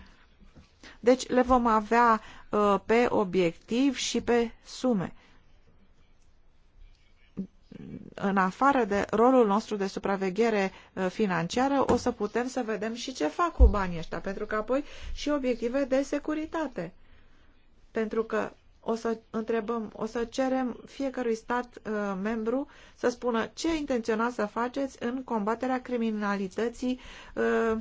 Deci le vom avea uh, pe obiectiv și pe sume. În afară de rolul nostru de supraveghere uh, financiară, o să putem să vedem și ce fac cu banii ăștia, pentru că apoi și obiective de securitate. Pentru că o să întrebăm, o să cerem fiecărui stat uh, membru să spună ce intenționați să faceți în combaterea criminalității uh,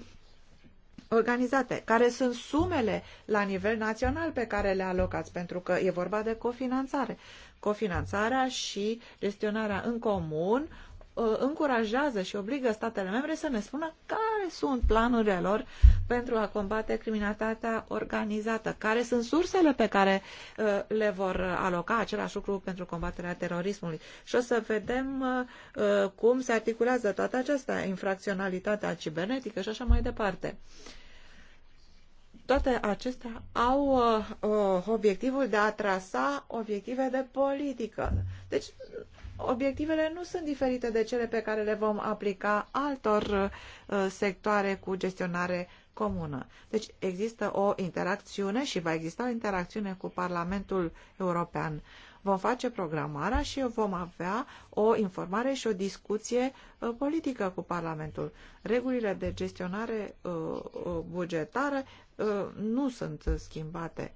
organizate, care sunt sumele la nivel național pe care le alocați, pentru că e vorba de cofinanțare. Cofinanțarea și gestionarea în comun uh, încurajează și obligă statele membre să ne spună care sunt planurile lor pentru a combate criminalitatea organizată, care sunt sursele pe care uh, le vor aloca același lucru pentru combaterea terorismului. Și o să vedem uh, cum se articulează toată aceasta, infracționalitatea cibernetică și așa mai departe toate acestea au uh, uh, obiectivul de a trasa obiective de politică. Deci, obiectivele nu sunt diferite de cele pe care le vom aplica altor uh, sectoare cu gestionare comună. Deci, există o interacțiune și va exista o interacțiune cu Parlamentul European. Uh, Vom face programarea și vom avea o informare și o discuție uh, politică cu Parlamentul. Regulile de gestionare uh, uh, bugetară nu sunt schimbate.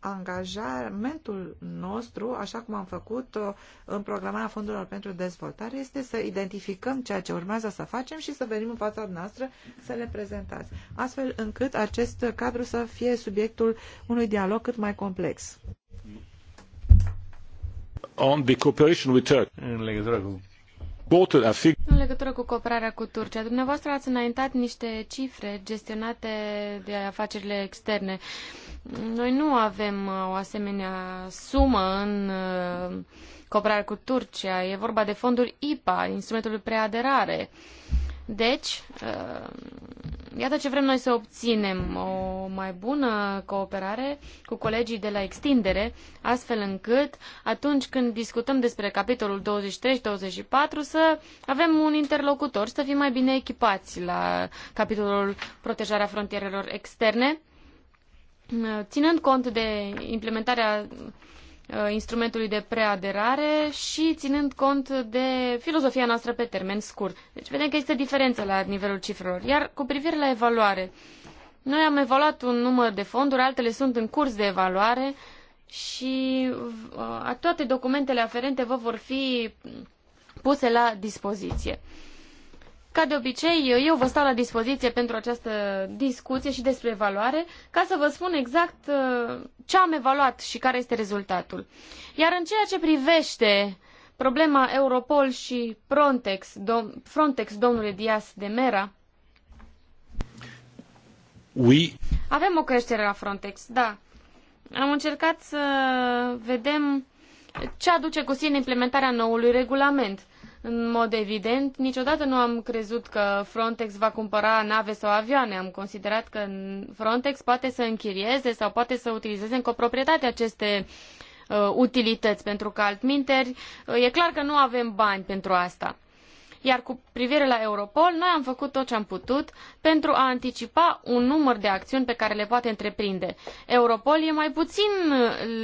angajamentul nostru, așa cum am făcut uh, în programarea fondurilor pentru dezvoltare, este să identificăm ceea ce urmează să facem și să venim în fața noastră să le prezentați. Astfel încât acest cadru să fie subiectul unui dialog cât mai complex. On the cooperation with Turkey. În legătură cu în legătură cu cooperarea cu Turcia, dumneavoastră ați înaintat niște cifre gestionate de afacerile externe. Noi nu avem uh, o asemenea sumă în uh, cooperarea cu Turcia. E vorba de fondul IPA, instrumentul de preaderare. Deci, uh, Iată ce vrem noi să obținem, o mai bună cooperare cu colegii de la extindere, astfel încât atunci când discutăm despre capitolul 23-24 să avem un interlocutor, să fim mai bine echipați la capitolul protejarea frontierelor externe, ținând cont de implementarea Uh, instrumentului de preaderare și ținând cont de filozofia noastră pe termen scurt. Deci vedem că există diferență la nivelul cifrelor. Iar cu privire la evaluare, noi am evaluat un număr de fonduri, altele sunt în curs de evaluare și uh, toate documentele aferente vă vor fi puse la dispoziție. Ca de obicei, eu vă stau la dispoziție pentru această discuție și despre evaluare, ca să vă spun exact uh, ce am evaluat și care este rezultatul. Iar în ceea ce privește problema Europol și Frontex, dom Frontex domnule Dias de Mera, oui. avem o creștere la Frontex, da. Am încercat să vedem ce aduce cu sine implementarea noului regulament. În mod evident, niciodată nu am crezut că Frontex va cumpăra nave sau avioane. Am considerat că Frontex poate să închirieze sau poate să utilizeze în coproprietate aceste uh, utilități, pentru că altminteri uh, e clar că nu avem bani pentru asta. Iar cu privire la Europol, noi am făcut tot ce am putut pentru a anticipa un număr de acțiuni pe care le poate întreprinde. Europol e mai puțin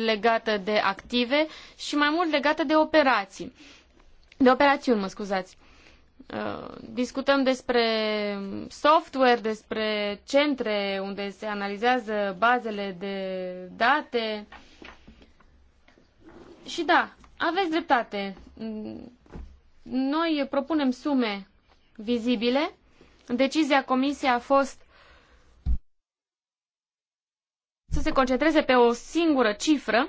legată de active și mai mult legată de operații de operațiuni, mă scuzați. Uh, discutăm despre software, despre centre unde se analizează bazele de date. Și da, aveți dreptate. Noi propunem sume vizibile. Decizia comisiei a fost să se concentreze pe o singură cifră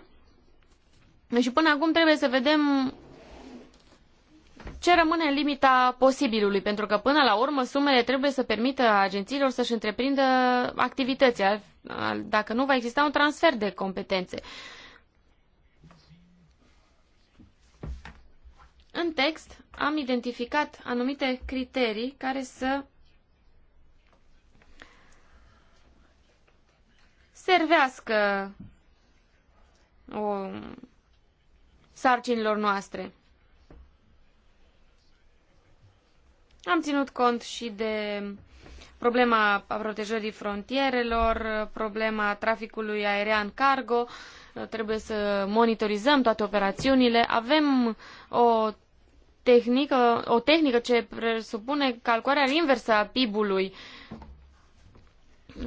și până acum trebuie să vedem ce rămâne în limita posibilului, pentru că până la urmă sumele trebuie să permită agențiilor să-și întreprindă activități, dacă nu va exista un transfer de competențe. În text am identificat anumite criterii care să servească o, sarcinilor noastre. Am ținut cont și de problema protejării frontierelor, problema traficului aerian cargo, trebuie să monitorizăm toate operațiunile. Avem o tehnică, o tehnică ce presupune calcularea inversă a PIB-ului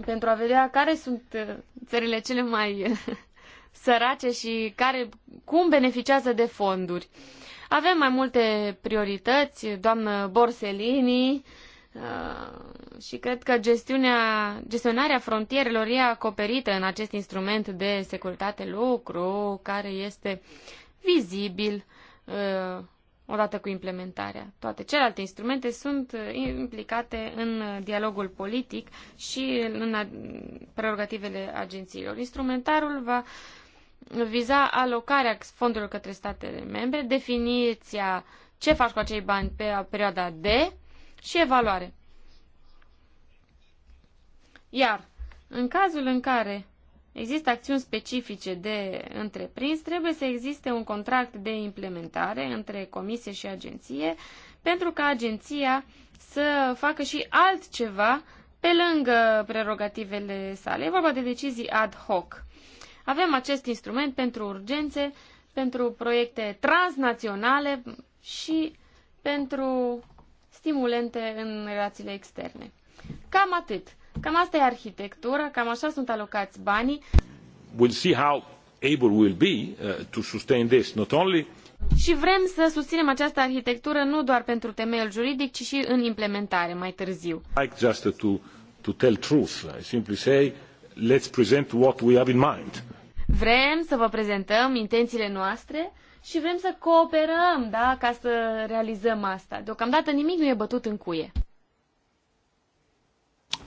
pentru a vedea care sunt uh, țările cele mai *laughs* sărace și care, cum beneficiază de fonduri. Avem mai multe priorități, doamnă Borsellini, uh, și cred că gestiunea, gestionarea frontierelor e acoperită în acest instrument de securitate lucru, care este vizibil uh, odată cu implementarea. Toate celelalte instrumente sunt uh, implicate în dialogul politic și în prerogativele agențiilor. Instrumentarul va uh, viza alocarea fondurilor către statele membre, definiția ce faci cu acei bani pe perioada D și evaluare. Iar, în cazul în care există acțiuni specifice de întreprins, trebuie să existe un contract de implementare între comisie și agenție pentru ca agenția să facă și altceva pe lângă prerogativele sale. E vorba de decizii ad hoc. Avem acest instrument pentru urgențe, pentru proiecte transnaționale și pentru stimulente în relațiile externe. Cam atât. Cam asta e arhitectura, cam așa sunt alocați banii. We'll see how able we'll be uh, to sustain this, not only și vrem să susținem această arhitectură nu doar pentru temeiul juridic, ci și în implementare mai târziu. Like just to, to tell truth, I simply say, let's present what we have in mind. Vrem să vă prezentăm intențiile noastre și vrem să cooperăm, da, ca să realizăm asta. Deocamdată nimic nu e bătut în cuie.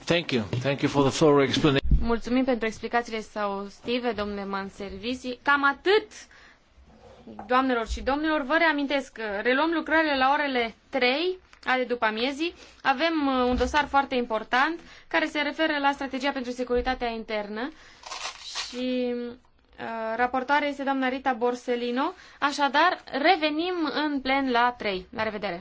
Thank you. Thank you for the thorough explanation. Mulțumim pentru explicațiile sau stive, domnule Manservisi. Cam atât, doamnelor și domnilor. Vă reamintesc că reluăm lucrările la orele 3 ale după amiezii. Avem uh, un dosar foarte important care se referă la strategia pentru securitatea internă și Uh, raportoare este doamna Rita Borsellino. Așadar, revenim în plen la 3. La revedere!